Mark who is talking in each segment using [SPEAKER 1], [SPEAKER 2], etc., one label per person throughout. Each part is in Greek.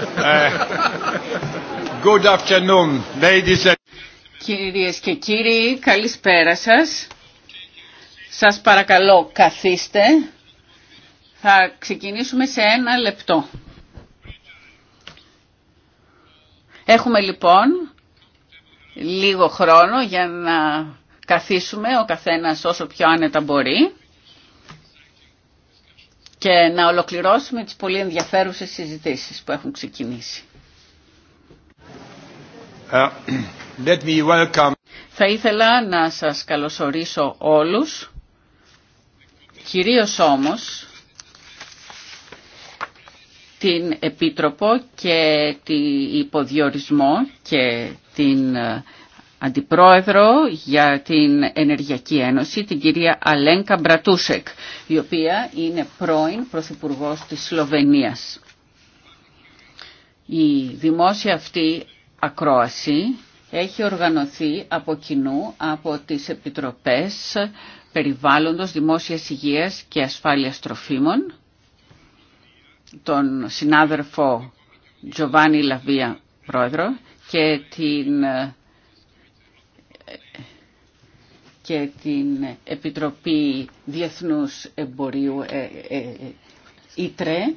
[SPEAKER 1] Ε, good afternoon, ladies and...
[SPEAKER 2] Κυρίες και κύριοι, καλησπέρα σας. Σας παρακαλώ, καθίστε. Θα ξεκινήσουμε σε ένα λεπτό. Έχουμε λοιπόν λίγο χρόνο για να καθίσουμε ο καθένας όσο πιο άνετα μπορεί και να ολοκληρώσουμε τις πολύ ενδιαφέρουσες συζητήσεις που έχουν ξεκινήσει.
[SPEAKER 1] Uh, let me
[SPEAKER 2] welcome. Θα ήθελα να σας καλωσορίσω όλους, κυρίως όμως την Επίτροπο και την υποδιορισμό και την uh, Αντιπρόεδρο για την Ενεργειακή Ένωση, την κυρία Αλένκα Μπρατούσεκ, η οποία είναι πρώην Πρωθυπουργό της Σλοβενίας. Η δημόσια αυτή ακρόαση έχει οργανωθεί από κοινού από τις Επιτροπές Περιβάλλοντος Δημόσιας Υγείας και Ασφάλειας Τροφίμων, τον συνάδελφο Τζοβάνι Λαβία Πρόεδρο και την και την Επιτροπή Διεθνούς Εμπορίου Ήτρε, ε, ε, ε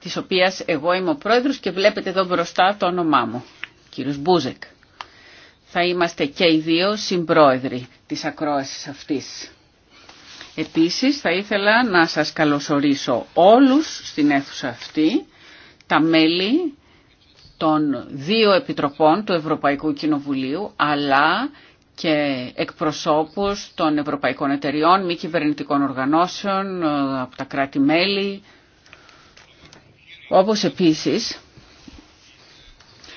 [SPEAKER 2] της οποίας εγώ είμαι ο πρόεδρος και βλέπετε εδώ μπροστά το όνομά μου, κύριος Μπούζεκ. Θα είμαστε και οι δύο συμπρόεδροι της ακρόασης αυτής. Επίσης θα ήθελα να σας καλωσορίσω όλους στην αίθουσα αυτή, τα μέλη των δύο επιτροπών του Ευρωπαϊκού Κοινοβουλίου, αλλά και εκπροσώπους των ευρωπαϊκών εταιριών, μη κυβερνητικών οργανώσεων, ε, από τα κράτη-μέλη, όπως επίσης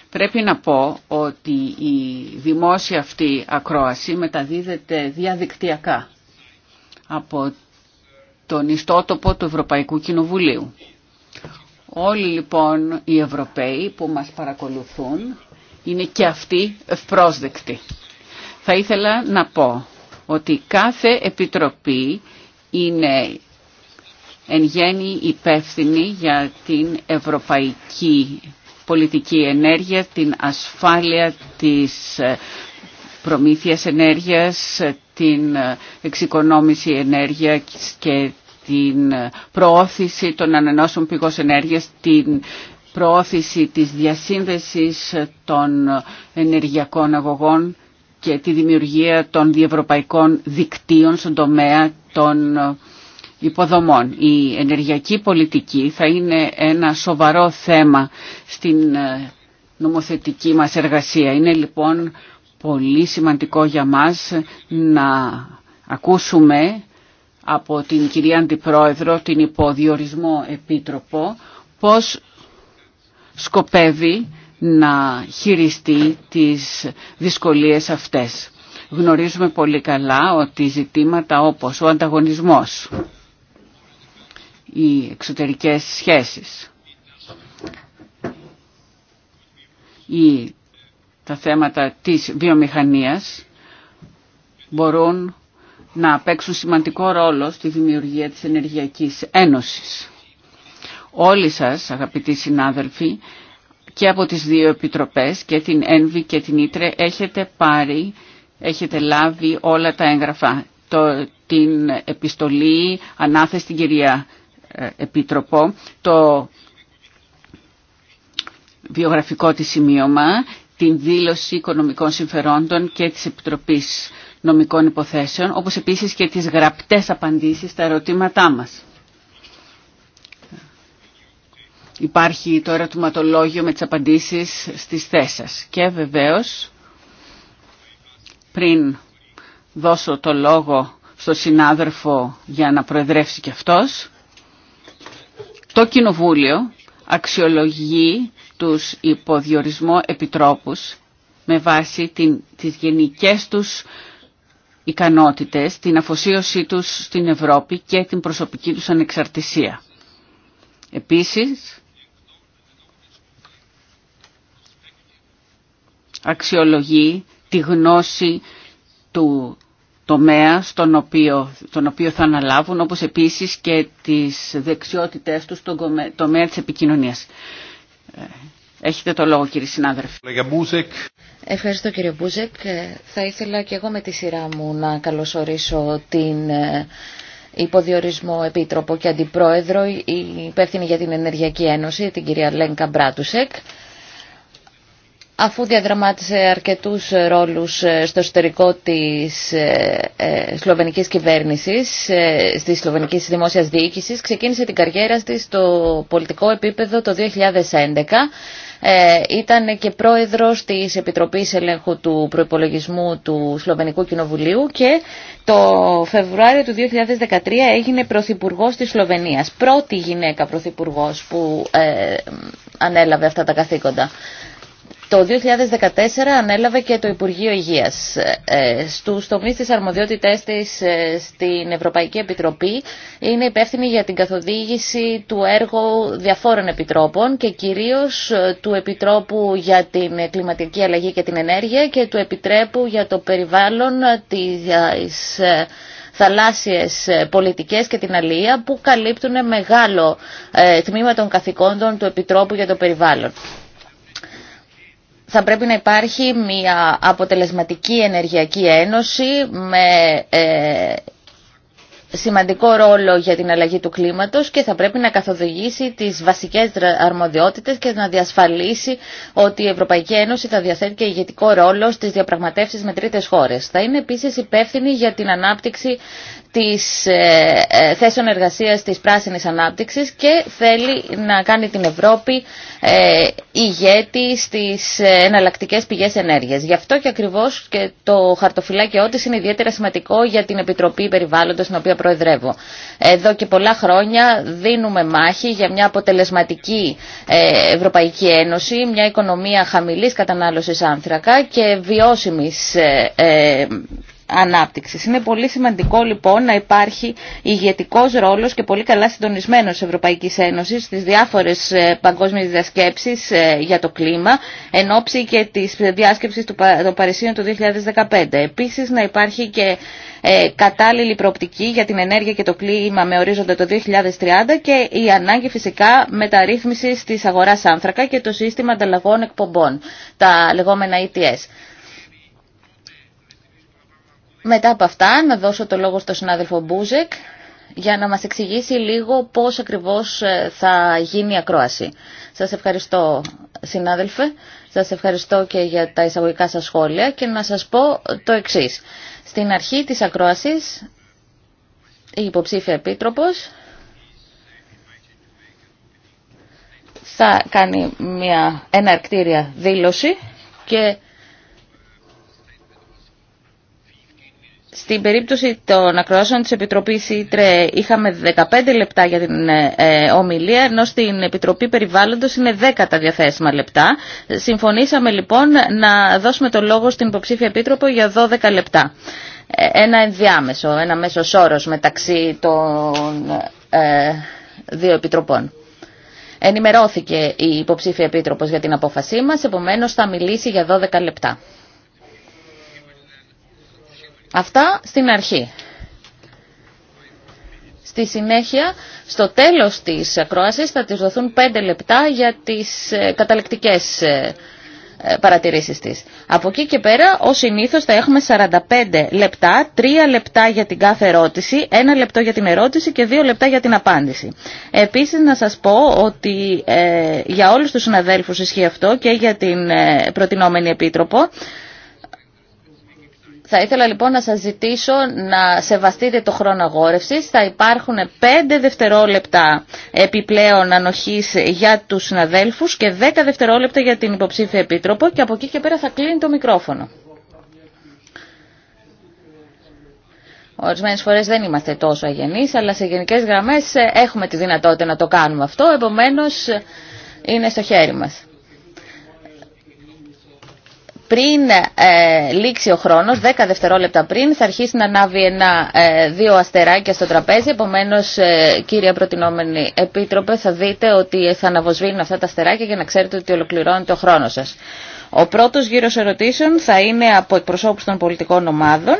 [SPEAKER 2] Πρέπει να πω ότι η δημόσια αυτή ακρόαση μεταδίδεται διαδικτυακά από τον ιστότοπο του Ευρωπαϊκού Κοινοβουλίου. Όλοι λοιπόν οι Ευρωπαίοι που μας παρακολουθούν είναι και αυτοί ευπρόσδεκτοι. Θα ήθελα να πω ότι κάθε επιτροπή είναι εν γέννη υπεύθυνη για την ευρωπαϊκή πολιτική ενέργεια, την ασφάλεια της ε, προμήθειας ενέργειας, την ε, εξοικονόμηση ενέργειας και την προώθηση των ανανεώσιμων πηγών ενέργειας, την προώθηση της διασύνδεσης των ενεργειακών αγωγών και τη δημιουργία των διευρωπαϊκών δικτύων στον τομέα των υποδομών. Η ενεργειακή πολιτική θα είναι ένα σοβαρό θέμα στην νομοθετική μας εργασία. Είναι λοιπόν πολύ σημαντικό για μας να ακούσουμε από την κυρία Αντιπρόεδρο, την υποδιορισμό επίτροπο, πώς σκοπεύει να χειριστεί τις δυσκολίες αυτές. Γνωρίζουμε πολύ καλά ότι ζητήματα όπως ο ανταγωνισμός, οι εξωτερικές σχέσεις, ή τα θέματα της βιομηχανίας μπορούν να παίξουν σημαντικό ρόλο στη δημιουργία της Ενεργειακής Ένωσης. Όλοι σας, αγαπητοί συνάδελφοι, και από τις δύο επιτροπές, και την ΕΝΒΙ και την Ήτρε, έχετε πάρει, έχετε λάβει όλα τα έγγραφα. Το, την επιστολή ανάθεση στην κυρία ε, Επίτροπο, το βιογραφικό της σημείωμα, την δήλωση οικονομικών συμφερόντων και της Επιτροπής νομικών υποθέσεων, όπως επίσης και τις γραπτές απαντήσεις στα ερωτήματά μας. Υπάρχει το ερωτηματολόγιο με τις απαντήσεις στις θέσεις Και βεβαίως, πριν δώσω το λόγο στο συνάδελφο για να προεδρεύσει και αυτός, το Κοινοβούλιο αξιολογεί τους υποδιορισμό επιτρόπους με βάση την, τις γενικές τους ικανότητες, την αφοσίωσή τους στην Ευρώπη και την προσωπική τους ανεξαρτησία. Επίσης, αξιολογεί τη γνώση του τομέα στον οποίο, τον οποίο θα αναλάβουν, όπως επίσης και τις δεξιότητές τους στον τομέα της επικοινωνίας. Ε, Έχετε το λόγο κύριε συνάδελφε.
[SPEAKER 3] Ευχαριστώ κύριε Μπούζεκ. Θα ήθελα και εγώ με τη σειρά μου να καλωσορίσω την ε, υποδιορισμό επίτροπο και αντιπρόεδρο η υπεύθυνη για την Ενεργειακή Ένωση, την κυρία Λένκα Μπράτουσεκ αφού διαδραμάτισε αρκετούς ρόλους ε, στο εσωτερικό της ε, σλοβενικής κυβέρνησης, της σλοβενικής δημόσιας διοίκησης, ξεκίνησε την καριέρα της στο πολιτικό επίπεδο το 2011 ε, ήταν και πρόεδρος της Επιτροπής Ελέγχου του Προϋπολογισμού του Σλοβενικού Κοινοβουλίου και το Φεβρουάριο του 2013 έγινε πρωθυπουργό της Σλοβενίας. Πρώτη γυναίκα πρωθυπουργό που ε, ανέλαβε αυτά τα καθήκοντα. Το 2014 ανέλαβε και το Υπουργείο Υγείας. Ε, Στου τομεί της αρμοδιότητές της ε, στην Ευρωπαϊκή Επιτροπή είναι υπεύθυνη για την καθοδήγηση του έργου διαφόρων επιτρόπων και κυρίως ε, του Επιτρόπου για την Κλιματική Αλλαγή και την Ενέργεια και του Επιτρέπου για το Περιβάλλον της θαλάσσιες πολιτικές και την αλληλεία που καλύπτουν μεγάλο τμήμα των καθηκόντων του Επιτρόπου για το Περιβάλλον θα πρέπει να υπάρχει μια αποτελεσματική ενεργειακή ένωση με ε, σημαντικό ρόλο για την αλλαγή του κλίματος και θα πρέπει να καθοδηγήσει τις βασικές αρμοδιότητες και να διασφαλίσει ότι η Ευρωπαϊκή Ένωση θα διαθέτει και ηγετικό ρόλο στις διαπραγματεύσεις με τρίτες χώρες. Θα είναι επίσης υπεύθυνη για την ανάπτυξη της ε, ε, θέσεων εργασίας της πράσινης ανάπτυξης και θέλει να κάνει την Ευρώπη ε, ηγέτη στις εναλλακτικές πηγές ενέργειας. Γι' αυτό και ακριβώς και το χαρτοφυλάκιό της είναι ιδιαίτερα σημαντικό για την Επιτροπή Περιβάλλοντος, την οποία προεδρεύω. Εδώ και πολλά χρόνια δίνουμε μάχη για μια αποτελεσματική Ευρωπαϊκή Ένωση, μια οικονομία χαμηλής κατανάλωσης άνθρακα και βιώσιμης είναι πολύ σημαντικό λοιπόν να υπάρχει ηγετικό ρόλο και πολύ καλά συντονισμένος Ευρωπαϊκής Ένωσης στις διάφορες ε, παγκόσμιες διασκέψεις ε, για το κλίμα εν ώψη και διάσκεψη του των Παρισίων του 2015. Επίση, να υπάρχει και ε, κατάλληλη προοπτική για την ενέργεια και το κλίμα με ορίζοντα το 2030 και η ανάγκη φυσικά μεταρρύθμισης τη αγορά άνθρακα και το σύστημα ανταλλαγών εκπομπών, τα λεγόμενα ETS. Μετά από αυτά να δώσω το λόγο στον συνάδελφο Μπούζεκ για να μας εξηγήσει λίγο πώς ακριβώς ε, θα γίνει η ακρόαση. Σας ευχαριστώ συνάδελφε, σας ευχαριστώ και για τα εισαγωγικά σας σχόλια και να σας πω το εξής. Στην αρχή της ακρόασης η υποψήφια επίτροπος θα κάνει μια εναρκτήρια δήλωση και Στην περίπτωση των ακροάσεων της Επιτροπής Ήτρε είχαμε 15 λεπτά για την ε, ε, ομιλία, ενώ στην Επιτροπή Περιβάλλοντος είναι 10 τα διαθέσιμα λεπτά. Συμφωνήσαμε λοιπόν να δώσουμε το λόγο στην υποψήφια Επίτροπο για 12 λεπτά. Ε, ένα ενδιάμεσο, ένα μέσο όρος μεταξύ των δύο επιτροπών. Ενημερώθηκε η υποψήφια Επίτροπος για την απόφασή μας, επομένως θα μιλήσει για 12 λεπτά. Αυτά στην αρχή. Στη συνέχεια, στο τέλος της ακρόασης θα της δοθούν 5 λεπτά για τις ε, καταλεκτικές ε, ε, παρατηρήσεις της. Από εκεί και πέρα, ό συνήθως, θα έχουμε 45 λεπτά, 3 λεπτά για την κάθε ερώτηση, 1 λεπτό για την ερώτηση και 2 λεπτά για την απάντηση. Επίσης, να σας πω ότι για όλους τους συναδέλφους ισχύει αυτό και για την προτινόμενη επίτροπο, θα ήθελα λοιπόν να σας ζητήσω να σεβαστείτε το χρόνο αγόρευσης. Θα υπάρχουν 5 δευτερόλεπτα επιπλέον ανοχής για τους συναδέλφους και 10 δευτερόλεπτα για την υποψήφια επίτροπο και από εκεί και πέρα θα κλείνει το μικρόφωνο. Ορισμένε φορέ δεν είμαστε τόσο αγενεί, αλλά σε γενικέ γραμμέ έχουμε τη δυνατότητα να το κάνουμε αυτό. Επομένω, είναι στο χέρι μας πριν ε, λήξει ο χρόνος, 10 δευτερόλεπτα πριν, θα αρχίσει να ανάβει ένα, ε, δύο αστεράκια στο τραπέζι. Επομένως, ε, κύριε Προτινόμενη Επίτροπε, θα δείτε ότι θα αναβοσβήνουν αυτά τα αστεράκια για να ξέρετε ότι ολοκληρώνεται ο χρόνος σας. Ο πρώτος γύρος ερωτήσεων θα είναι από εκπροσώπους των πολιτικών ομάδων.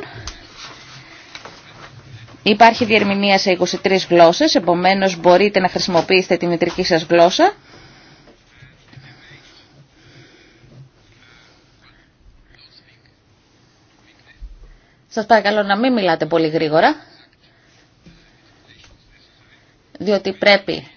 [SPEAKER 3] Υπάρχει διερμηνία σε 23 γλώσσες, επομένως μπορείτε να χρησιμοποιήσετε τη μητρική σας γλώσσα. Σας παρακαλώ να μην μιλάτε πολύ γρήγορα, διότι πρέπει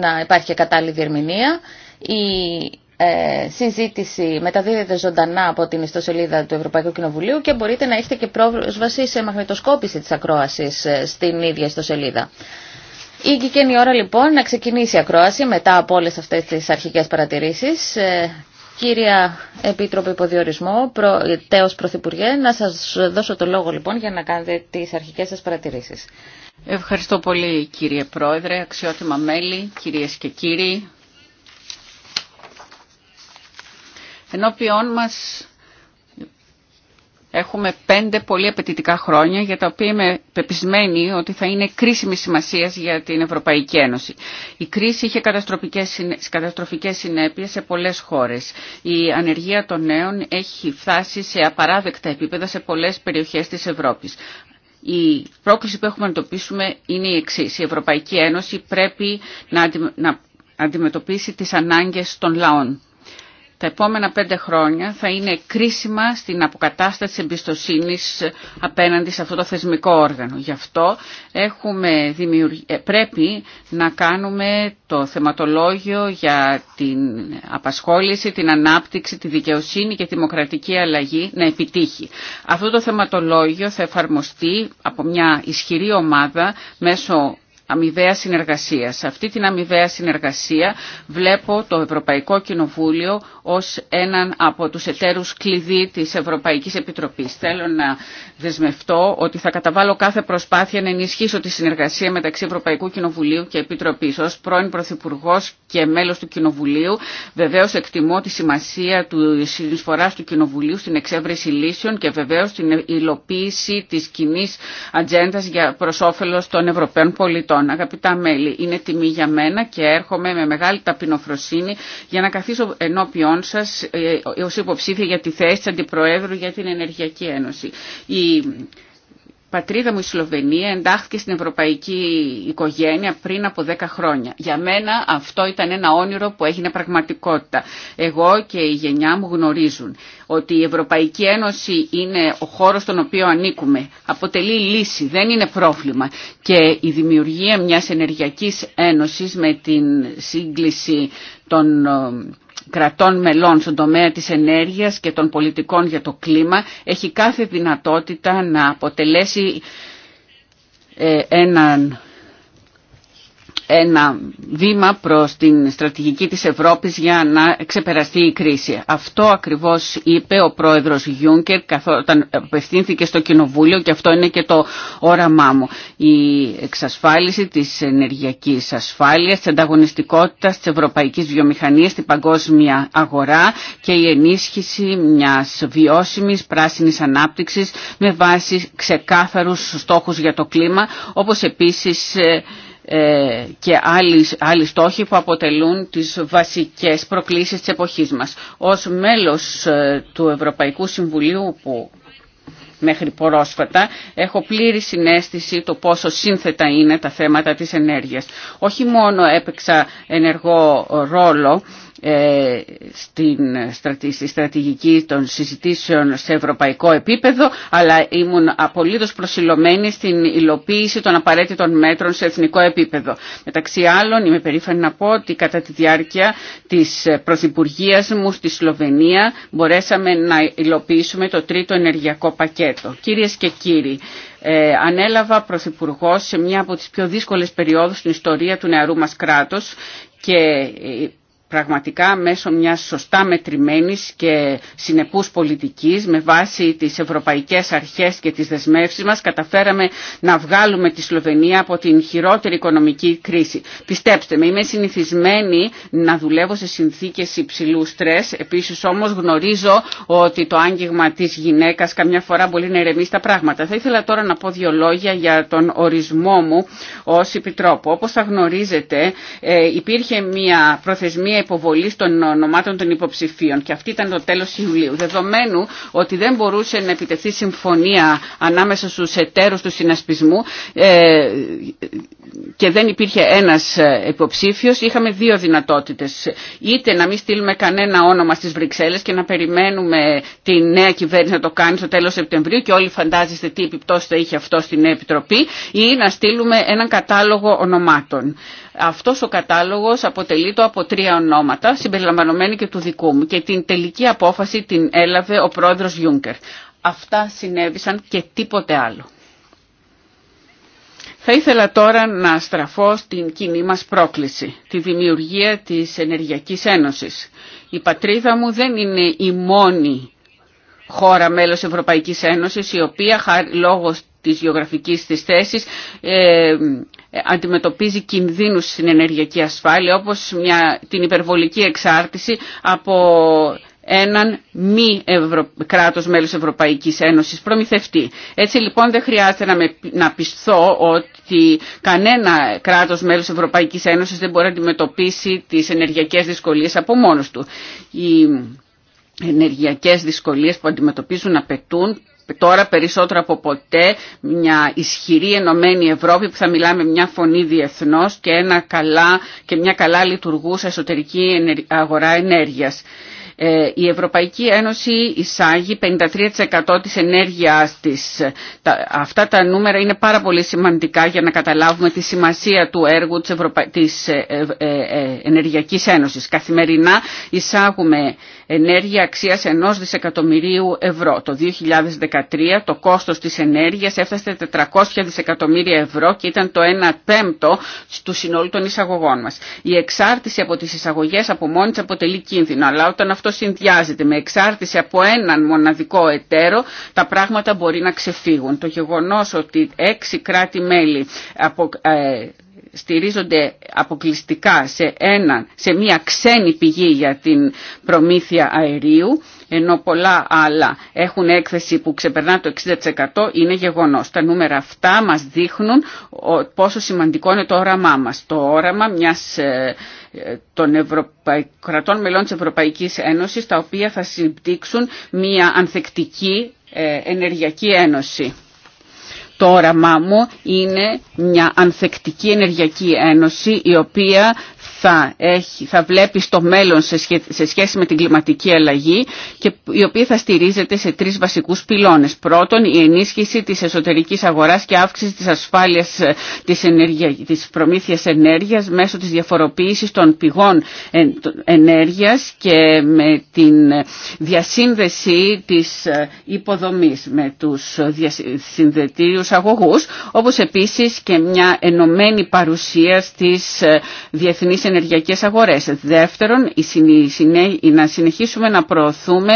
[SPEAKER 3] να υπάρχει κατάλληλη διερμηνία. Η ε, συζήτηση μεταδίδεται ζωντανά από την ιστοσελίδα του Ευρωπαϊκού Κοινοβουλίου και μπορείτε να έχετε και πρόσβαση σε μαγνητοσκόπηση της ακρόασης ε, στην ίδια ιστοσελίδα. Ήγηκε η ώρα λοιπόν να ξεκινήσει η ακρόαση μετά από όλες αυτές τις αρχικές παρατηρήσεις. Ε, Κύρια Επίτροπη Υποδιορισμό, τέος Πρωθυπουργέ, να σας δώσω το λόγο λοιπόν για να κάνετε τις αρχικές σας παρατηρήσεις. Ευχαριστώ πολύ κύριε Πρόεδρε, αξιότιμα μέλη, κυρίες και κύριοι.
[SPEAKER 2] Ενώπιόν μας Έχουμε πέντε πολύ απαιτητικά χρόνια για τα οποία είμαι πεπισμένη ότι θα είναι κρίσιμη σημασία για την Ευρωπαϊκή Ένωση. Η κρίση είχε καταστροφικέ συνέπειε σε πολλές χώρες. Η ανεργία των νέων έχει φτάσει σε απαράδεκτα επίπεδα σε πολλές περιοχές της Ευρώπης. Η πρόκληση που έχουμε να αντιμετωπίσουμε είναι η εξή. Η Ευρωπαϊκή Ένωση πρέπει να αντιμετωπίσει τι ανάγκε των λαών τα επόμενα πέντε χρόνια θα είναι κρίσιμα στην αποκατάσταση εμπιστοσύνης απέναντι σε αυτό το θεσμικό όργανο. Γι' αυτό έχουμε ε, πρέπει να κάνουμε το θεματολόγιο για την απασχόληση, την ανάπτυξη, τη δικαιοσύνη και τη δημοκρατική αλλαγή να επιτύχει. Αυτό το θεματολόγιο θα εφαρμοστεί από μια ισχυρή ομάδα μέσω αμοιβαία συνεργασία. Σε αυτή την αμοιβαία συνεργασία βλέπω το Ευρωπαϊκό Κοινοβούλιο ως έναν από τους εταίρους κλειδί της Ευρωπαϊκής Επιτροπής. Θέλω να δεσμευτώ ότι θα καταβάλω κάθε προσπάθεια να ενισχύσω τη συνεργασία μεταξύ Ευρωπαϊκού Κοινοβουλίου και Επιτροπής. Ως πρώην Πρωθυπουργό και μέλος του Κοινοβουλίου βεβαίως εκτιμώ τη σημασία του συνεισφοράς του Κοινοβουλίου στην εξέβρεση λύσεων και βεβαίως την υλοποίηση της κοινή ατζέντα για προς των Ευρωπαίων πολιτών. Λοιπόν, αγαπητά μέλη, είναι τιμή για μένα και έρχομαι με μεγάλη ταπεινοφροσύνη για να καθίσω ενώπιόν σας ε, ω υποψήφια για τη θέση τη Αντιπροέδρου για την Ενεργειακή Ένωση. Η πατρίδα μου η Σλοβενία εντάχθηκε στην ευρωπαϊκή οικογένεια πριν από 10 χρόνια. Για μένα αυτό ήταν ένα όνειρο που έγινε πραγματικότητα. Εγώ και η γενιά μου γνωρίζουν ότι η Ευρωπαϊκή Ένωση είναι ο χώρος στον οποίο ανήκουμε. Αποτελεί λύση, δεν είναι πρόβλημα. Και η δημιουργία μιας ενεργειακής ένωσης με την σύγκληση των κρατών μελών στον τομέα της ενέργειας και των πολιτικών για το κλίμα έχει κάθε δυνατότητα να αποτελέσει ε, έναν ένα βήμα προς την στρατηγική της Ευρώπης για να ξεπεραστεί η κρίση. Αυτό ακριβώς είπε ο πρόεδρος Γιούνκερ όταν απευθύνθηκε στο Κοινοβούλιο και αυτό είναι και το όραμά μου. Η εξασφάλιση της ενεργειακής ασφάλειας, της ανταγωνιστικότητας της ευρωπαϊκής βιομηχανίας στην παγκόσμια αγορά και η ενίσχυση μιας βιώσιμης πράσινης ανάπτυξης με βάση ξεκάθαρους στόχους για το κλίμα, όπως επίσης ε, ε, και άλλοι, άλλοι στόχοι που αποτελούν τις βασικές προκλήσεις της εποχής μας. Ως μέλος ε, του Ευρωπαϊκού Συμβουλίου που μέχρι πρόσφατα, έχω πλήρη συνέστηση το πόσο σύνθετα είναι τα θέματα της ενέργειας. Όχι μόνο έπαιξα ενεργό ρόλο ε, στη στρατηγική των συζητήσεων σε ευρωπαϊκό επίπεδο, αλλά ήμουν απολύτως προσιλωμένη στην υλοποίηση των απαραίτητων μέτρων σε εθνικό επίπεδο. Μεταξύ άλλων, είμαι περήφανη να πω ότι κατά τη διάρκεια της Πρωθυπουργία μου στη Σλοβενία μπορέσαμε να υλοποιήσουμε το τρίτο ενεργειακό πακέτο. Κυρίες και κύριοι, ε, ανέλαβα πρωθυπουργό σε μια από τις πιο δύσκολες περιόδους στην ιστορία του νεαρού μας κράτου και ε, πραγματικά μέσω μιας σωστά μετρημένης και συνεπούς πολιτικής με βάση τις ευρωπαϊκές αρχές και τις δεσμεύσεις μας καταφέραμε να βγάλουμε τη Σλοβενία από την χειρότερη οικονομική κρίση. Πιστέψτε με, είμαι συνηθισμένη να δουλεύω σε συνθήκες υψηλού στρες, επίσης όμως γνωρίζω ότι το άγγιγμα της γυναίκας καμιά φορά μπορεί να ερεμεί στα πράγματα. Θα ήθελα τώρα να πω δύο λόγια για τον ορισμό μου ως επιτρόπο. Όπως θα γνωρίζετε ε, υπήρχε μια προθεσμία υποβολή των ονομάτων των υποψηφίων και αυτή ήταν το τέλος Ιουλίου. Δεδομένου ότι δεν μπορούσε να επιτεθεί συμφωνία ανάμεσα στους εταίρου του συνασπισμού ε, και δεν υπήρχε ένας ε, υποψήφιος, είχαμε δύο δυνατότητες. Είτε να μην στείλουμε κανένα όνομα στις Βρυξέλλες και να περιμένουμε τη νέα κυβέρνηση να το κάνει στο τέλο Σεπτεμβρίου και όλοι φαντάζεστε τι επιπτώσει θα είχε αυτό στην Επιτροπή ή να στείλουμε έναν κατάλογο ονομάτων. Αυτός ο κατάλογος το από τρία ονόματα, συμπεριλαμβανομένη και του δικού μου και την τελική απόφαση την έλαβε ο πρόεδρος Γιούγκερ. Αυτά συνέβησαν και τίποτε άλλο. Θα ήθελα τώρα να στραφώ στην κοινή μας πρόκληση, τη δημιουργία της Ενεργειακής Ένωσης. Η πατρίδα μου δεν είναι η μόνη χώρα μέλος Ευρωπαϊκής Ένωσης, η οποία λόγω της γεωγραφικής της θέσης ε, ε, αντιμετωπίζει κινδύνους στην ενεργειακή ασφάλεια όπως μια, την υπερβολική εξάρτηση από έναν μη Ευρω... κράτος μέλος Ευρωπαϊκής Ένωσης προμηθευτή. Έτσι λοιπόν δεν χρειάζεται να, με... να πιστώ ότι κανένα κράτος μέλος Ευρωπαϊκής Ένωσης δεν μπορεί να αντιμετωπίσει τις ενεργειακές δυσκολίες από μόνος του. Οι ενεργειακές δυσκολίες που αντιμετωπίζουν απαιτούν τώρα περισσότερο από ποτέ μια ισχυρή ενωμένη Ευρώπη που θα μιλάμε μια φωνή διεθνώς και, ένα καλά, και μια καλά λειτουργούσα εσωτερική αγορά ενέργειας. Ε, η Ευρωπαϊκή Ένωση εισάγει 53% της ενέργειάς της. Αυτά τα νούμερα είναι πάρα πολύ σημαντικά για να καταλάβουμε τη σημασία του έργου της ε, ε, Ενεργειακής Ένωσης. Καθημερινά εισάγουμε ενέργεια αξίας 1 δισεκατομμυρίου ευρώ. Το 2013 το κόστος της ενέργειας έφτασε 400 δισεκατομμύρια ευρώ και ήταν το 1 πέμπτο του συνόλου των εισαγωγών μας. Η εξάρτηση από τις εισαγωγές από μόνη της αποτελεί κίνδυνο, αλλά όταν αυτό συνδυάζεται με εξάρτηση από έναν μοναδικό εταίρο, τα πράγματα μπορεί να ξεφύγουν. Το γεγονός ότι έξι κράτη-μέλη ε, στηρίζονται αποκλειστικά σε, ένα, σε μια ξένη πηγή για την προμήθεια αερίου, ενώ πολλά άλλα έχουν έκθεση που ξεπερνά το 60% είναι γεγονός. Τα νούμερα αυτά μας δείχνουν πόσο σημαντικό είναι το όραμά μας. Το όραμα μιας ε, των κρατών μελών της Ευρωπαϊκής Ένωσης, τα οποία θα συμπτύξουν μια ανθεκτική ε, ενεργειακή ένωση το όραμά μου είναι μια ανθεκτική ενεργειακή ένωση η οποία θα, έχει, θα βλέπει στο μέλλον σε, σε σχέση με την κλιματική αλλαγή και η οποία θα στηρίζεται σε τρεις βασικούς πυλώνες. Πρώτον, η ενίσχυση της εσωτερικής αγοράς και αύξηση της ασφάλειας ε, της, ενέργεια, της προμήθειας ενέργειας μέσω της διαφοροποίησης των πηγών ενέργειας και με την ε, διασύνδεση της ε, υποδομής με τους συνδετήριους αγωγούς, όπως επίσης και μια ενωμένη παρουσία στις διεθνείς ενεργειακές αγορές. Δεύτερον, να συνεχίσουμε να προωθούμε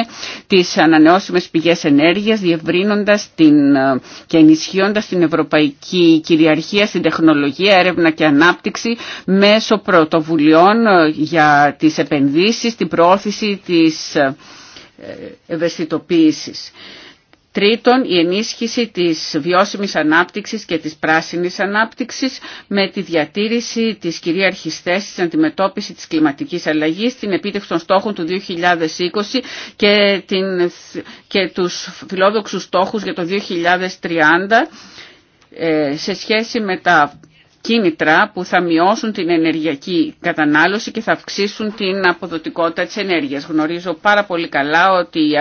[SPEAKER 2] τις ανανεώσιμες πηγές ενέργειας, διευρύνοντας την, ε, και ενισχύοντας την ευρωπαϊκή κυριαρχία στην τεχνολογία, έρευνα και ανάπτυξη μέσω πρωτοβουλειών ε, για τις επενδύσεις, την προώθηση της ε, ευαισθητοποίησης. Τρίτον, η ενίσχυση της βιώσιμης ανάπτυξης και της πράσινης ανάπτυξης με τη διατήρηση της κυρίαρχης θέσης στην αντιμετώπιση της κλιματικής αλλαγής, την επίτευξη των στόχων του 2020 και, την, και τους φιλόδοξους στόχους για το 2030 ε, σε σχέση με τα κίνητρα που θα μειώσουν την ενεργειακή κατανάλωση και θα αυξήσουν την αποδοτικότητα της ενέργειας. Γνωρίζω πάρα πολύ καλά ότι η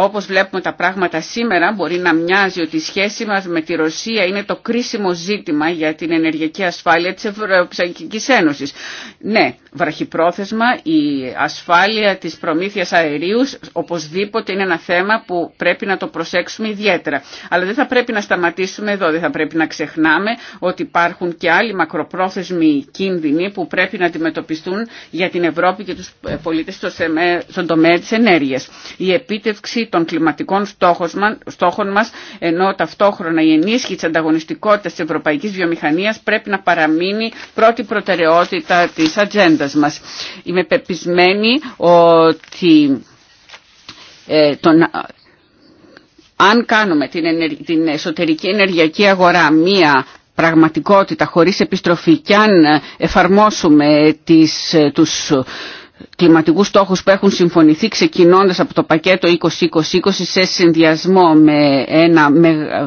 [SPEAKER 2] όπως βλέπουμε τα πράγματα σήμερα μπορεί να μοιάζει ότι η σχέση μας με τη Ρωσία είναι το κρίσιμο ζήτημα για την ενεργειακή ασφάλεια της Ευρωπαϊκής Ένωσης. Ναι, βραχυπρόθεσμα, η ασφάλεια της προμήθειας αερίου οπωσδήποτε είναι ένα θέμα που πρέπει να το προσέξουμε ιδιαίτερα. Αλλά δεν θα πρέπει να σταματήσουμε εδώ, δεν θα πρέπει να ξεχνάμε ότι υπάρχουν και άλλοι μακροπρόθεσμοι κίνδυνοι που πρέπει να αντιμετωπιστούν για την Ευρώπη και τους πολίτες στον τομέα της ενέργειας. Η επίτευξη των κλιματικών στόχων μας, ενώ ταυτόχρονα η ενίσχυση της ανταγωνιστικότητας της ευρωπαϊκής βιομηχανίας πρέπει να παραμείνει πρώτη προτεραιότητα της ατζέντα μας. Είμαι πεπισμένη ότι ε, αν κάνουμε την, την εσωτερική ενεργειακή αγορά μία πραγματικότητα χωρίς επιστροφή και αν ε, εφαρμόσουμε τις, ε, τους κλιματικούς στόχους που έχουν συμφωνηθεί ξεκινώντας από το πακέτο 2020 σε συνδυασμό με ένα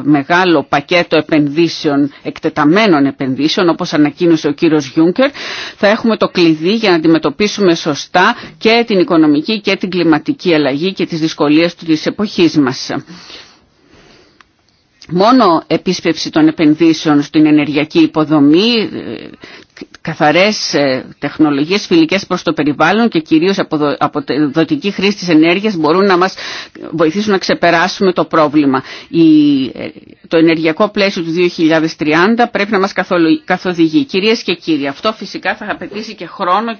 [SPEAKER 2] μεγάλο πακέτο επενδύσεων, εκτεταμένων επενδύσεων όπως ανακοίνωσε ο κύριος Γιούνκερ θα έχουμε το κλειδί για να αντιμετωπίσουμε σωστά και την οικονομική και την κλιματική αλλαγή και τις δυσκολίες της εποχής μας. Μόνο επίσπευση των επενδύσεων στην ενεργειακή υποδομή, καθαρές ε, τεχνολογίες φιλικές προς το περιβάλλον και κυρίως δοτική χρήση της ενέργειας μπορούν να μας βοηθήσουν να ξεπεράσουμε το πρόβλημα. Ε, το ενεργειακό πλαίσιο του 2030 πρέπει να μας καθοδηγεί. Κυρίες και κύριοι, αυτό φυσικά θα απαιτήσει και χρόνο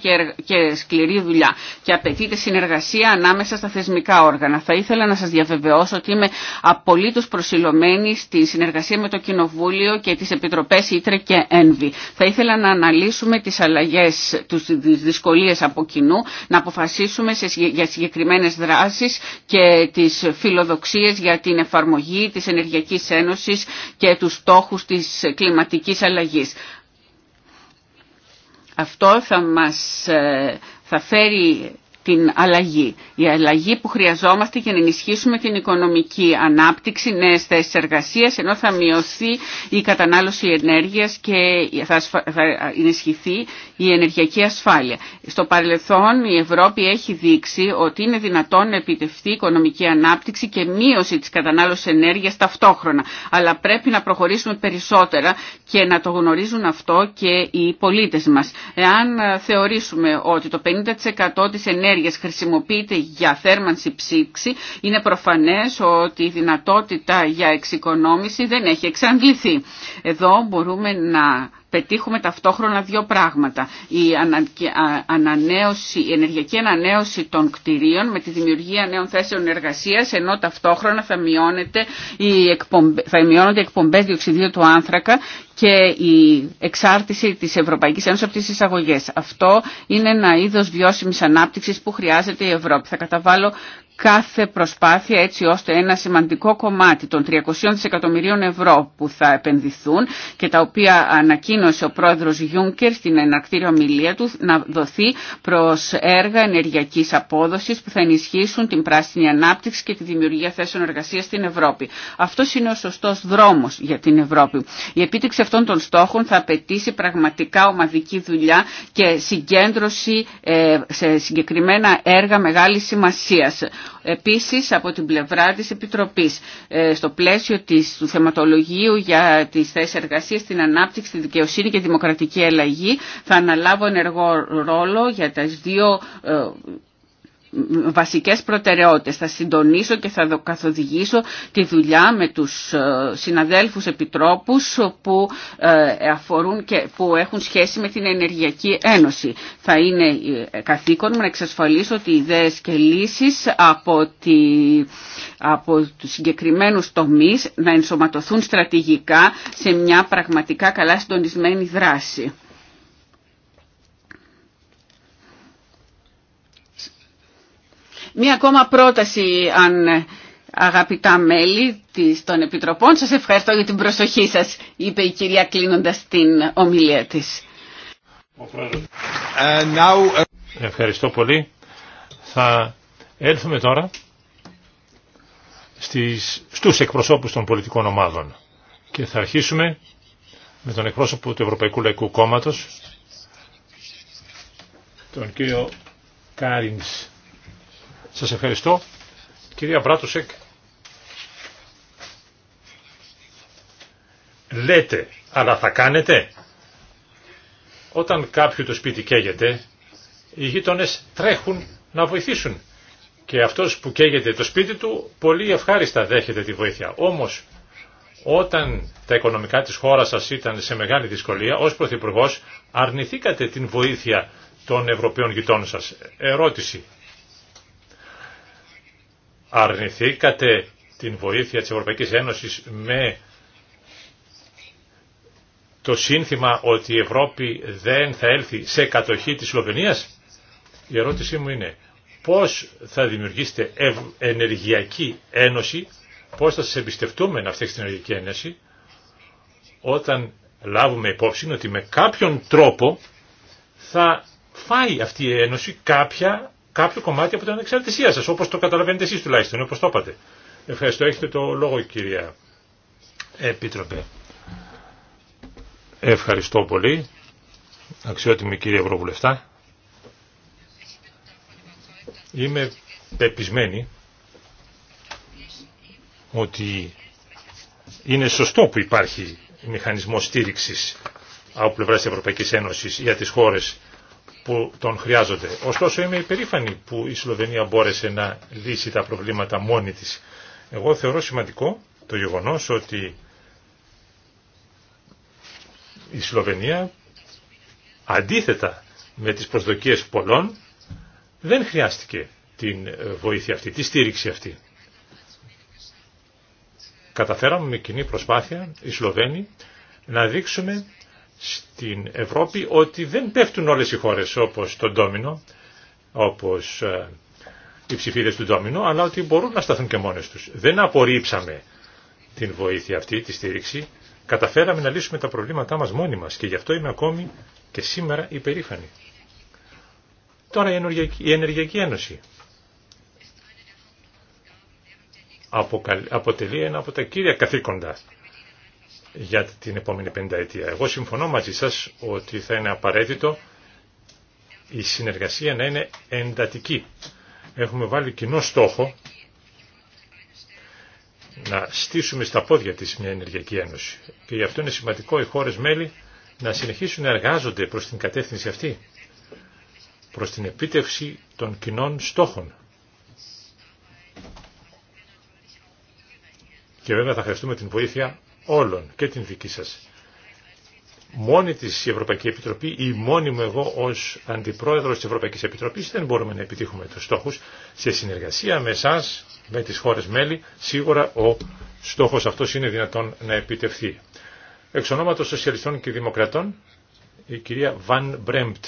[SPEAKER 2] και σκληρή δουλειά και απαιτείται συνεργασία ανάμεσα στα θεσμικά όργανα. Θα ήθελα να σας διαβεβαιώσω ότι είμαι απολύτως προσιλωμένη στη συνεργασία με το Κοινοβούλιο και τις Επιτροπές Ήτρε και Ένβη. Θα ήθελα να αναλύσουμε τις αλλαγές, τις δυσκολίες από κοινού, να αποφασίσουμε για συγκεκριμένες δράσεις και τις φιλοδοξίες για την εφαρμογή της Ενεργειακής Ένωσης και τους στόχους της κλιματικής αλλαγής. Αυτό θα μας ε, θα φέρει την αλλαγή. Η αλλαγή που χρειαζόμαστε για να ενισχύσουμε την οικονομική ανάπτυξη, νέε θέσει εργασία, ενώ θα μειωθεί η κατανάλωση ενέργεια και θα ενισχυθεί η ενεργειακή ασφάλεια. Στο παρελθόν η Ευρώπη έχει δείξει ότι είναι δυνατόν να επιτευχθεί οικονομική ανάπτυξη και μείωση τη κατανάλωση ενέργεια ταυτόχρονα. Αλλά πρέπει να προχωρήσουμε περισσότερα και να το γνωρίζουν αυτό και οι πολίτε μα. Εάν θεωρήσουμε ότι το 50% τη ενέργεια ενέργειας χρησιμοποιείται για θέρμανση ψήξη, είναι προφανές ότι η δυνατότητα για εξοικονόμηση δεν έχει εξαντληθεί. Εδώ μπορούμε να πετύχουμε ταυτόχρονα δύο πράγματα. Η, ανανέωση, ενεργειακή ανανέωση των κτηρίων με τη δημιουργία νέων θέσεων εργασίας, ενώ ταυτόχρονα θα, η θα μειώνονται οι εκπομπές διοξιδίου του άνθρακα και η εξάρτηση της Ευρωπαϊκής Ένωσης από τις εισαγωγές. Αυτό είναι ένα είδος βιώσιμης ανάπτυξης που χρειάζεται η Ευρώπη. Θα καταβάλω κάθε προσπάθεια έτσι ώστε ένα σημαντικό κομμάτι των 300 δισεκατομμυρίων ευρώ που θα επενδυθούν και τα οποία ανακοίνωσε ο πρόεδρος Γιούνκερ στην εναρκτήρια ομιλία του να δοθεί προς έργα ενεργειακής απόδοσης που θα ενισχύσουν την πράσινη ανάπτυξη και τη δημιουργία θέσεων εργασίας στην Ευρώπη. Αυτό είναι ο σωστός δρόμος για την Ευρώπη. Η επίτευξη αυτών των στόχων θα απαιτήσει πραγματικά ομαδική δουλειά και συγκέντρωση ε, σε συγκεκριμένα έργα μεγάλης σημασίας. Επίσης από την πλευρά της Επιτροπής ε, στο πλαίσιο της, του θεματολογίου για τις θέσεις εργασίας, την ανάπτυξη, τη δικαιοσύνη και τη δημοκρατική αλλαγή θα αναλάβω ενεργό ρόλο για τις δύο ε, βασικές προτεραιότητες. Θα συντονίσω και θα καθοδηγήσω τη δουλειά με τους ε, συναδέλφους επιτρόπους που, ε, αφορούν και που έχουν σχέση με την Ενεργειακή Ένωση. Θα είναι ε, καθήκον μου να εξασφαλίσω ότι οι ιδέες και λύσεις από, τη, από τους συγκεκριμένους τομείς να ενσωματωθούν στρατηγικά σε μια πραγματικά καλά συντονισμένη δράση. Μία ακόμα πρόταση αν αγαπητά μέλη της των Επιτροπών. Σας ευχαριστώ για την προσοχή σας, είπε η κυρία κλείνοντας την ομιλία της.
[SPEAKER 4] Ευχαριστώ πολύ. Θα έλθουμε τώρα στις, στους εκπροσώπους των πολιτικών ομάδων και θα αρχίσουμε με τον εκπρόσωπο του Ευρωπαϊκού Λαϊκού Κόμματος, τον κύριο Κάρινς. Σας ευχαριστώ. Κυρία Μπράτουσεκ, λέτε, αλλά θα κάνετε. Όταν κάποιο το σπίτι καίγεται, οι γείτονε τρέχουν να βοηθήσουν. Και αυτός που καίγεται το σπίτι του, πολύ ευχάριστα δέχεται τη βοήθεια. Όμως, όταν τα οικονομικά της χώρας σας ήταν σε μεγάλη δυσκολία, ως Πρωθυπουργός αρνηθήκατε την βοήθεια των Ευρωπαίων γειτόνων σας. Ερώτηση, αρνηθήκατε την βοήθεια της Ευρωπαϊκής Ένωσης με το σύνθημα ότι η Ευρώπη δεν θα έλθει σε κατοχή της Σλοβενίας. Η ερώτησή μου είναι πώς θα δημιουργήσετε ενεργειακή ένωση, πώς θα σας εμπιστευτούμε να φτιάξετε την ενεργειακή ένωση, όταν λάβουμε υπόψη ότι με κάποιον τρόπο θα φάει αυτή η ένωση κάποια κάποιο κομμάτι από την ανεξαρτησία σας, όπως το καταλαβαίνετε εσείς τουλάχιστον, όπως το είπατε. Ευχαριστώ, έχετε το λόγο κυρία Επίτροπε. Ευχαριστώ πολύ, αξιότιμη κυρία Ευρωβουλευτά. Είμαι πεπισμένη ότι είναι σωστό που υπάρχει μηχανισμός στήριξης από πλευρά της Ευρωπαϊκής Ένωσης για τις χώρες που τον χρειάζονται. Ωστόσο είμαι υπερήφανη που η Σλοβενία μπόρεσε να λύσει τα προβλήματα μόνη της. Εγώ θεωρώ σημαντικό το γεγονός ότι η Σλοβενία αντίθετα με τις προσδοκίες πολλών δεν χρειάστηκε την βοήθεια αυτή, τη στήριξη αυτή. Καταφέραμε με κοινή προσπάθεια οι Σλοβαίνοι να δείξουμε στην Ευρώπη ότι δεν πέφτουν όλες οι χώρες όπως το ντόμινο, όπως ε, οι ψηφίδες του ντόμινο, αλλά ότι μπορούν να σταθούν και μόνες τους. Δεν απορρίψαμε την βοήθεια αυτή, τη στήριξη, καταφέραμε να λύσουμε τα προβλήματά μας μόνοι μας και γι' αυτό είμαι ακόμη και σήμερα υπερήφανη. Τώρα η Ενεργειακή, η Ενεργειακή Ένωση αποτελεί ένα από τα κύρια καθήκοντα για την επόμενη πενταετία. Εγώ συμφωνώ μαζί σας ότι θα είναι απαραίτητο η συνεργασία να είναι εντατική. Έχουμε βάλει κοινό στόχο να στήσουμε στα πόδια της μια ενεργειακή ένωση. Και γι' αυτό είναι σημαντικό οι χώρες μέλη να συνεχίσουν να εργάζονται προς την κατεύθυνση αυτή, προς την επίτευξη των κοινών στόχων. Και βέβαια θα χρειαστούμε την βοήθεια όλων και την δική σας. Μόνη της η Ευρωπαϊκή Επιτροπή ή μόνη μου εγώ ως αντιπρόεδρος της Ευρωπαϊκής Επιτροπής δεν μπορούμε να επιτύχουμε τους στόχους. Σε συνεργασία με εσά, με τις χώρες μέλη, σίγουρα ο στόχος αυτός είναι δυνατόν να επιτευχθεί. Εξ ονόματος Σοσιαλιστών και Δημοκρατών, η κυρία Βαν Μπρέμπτ.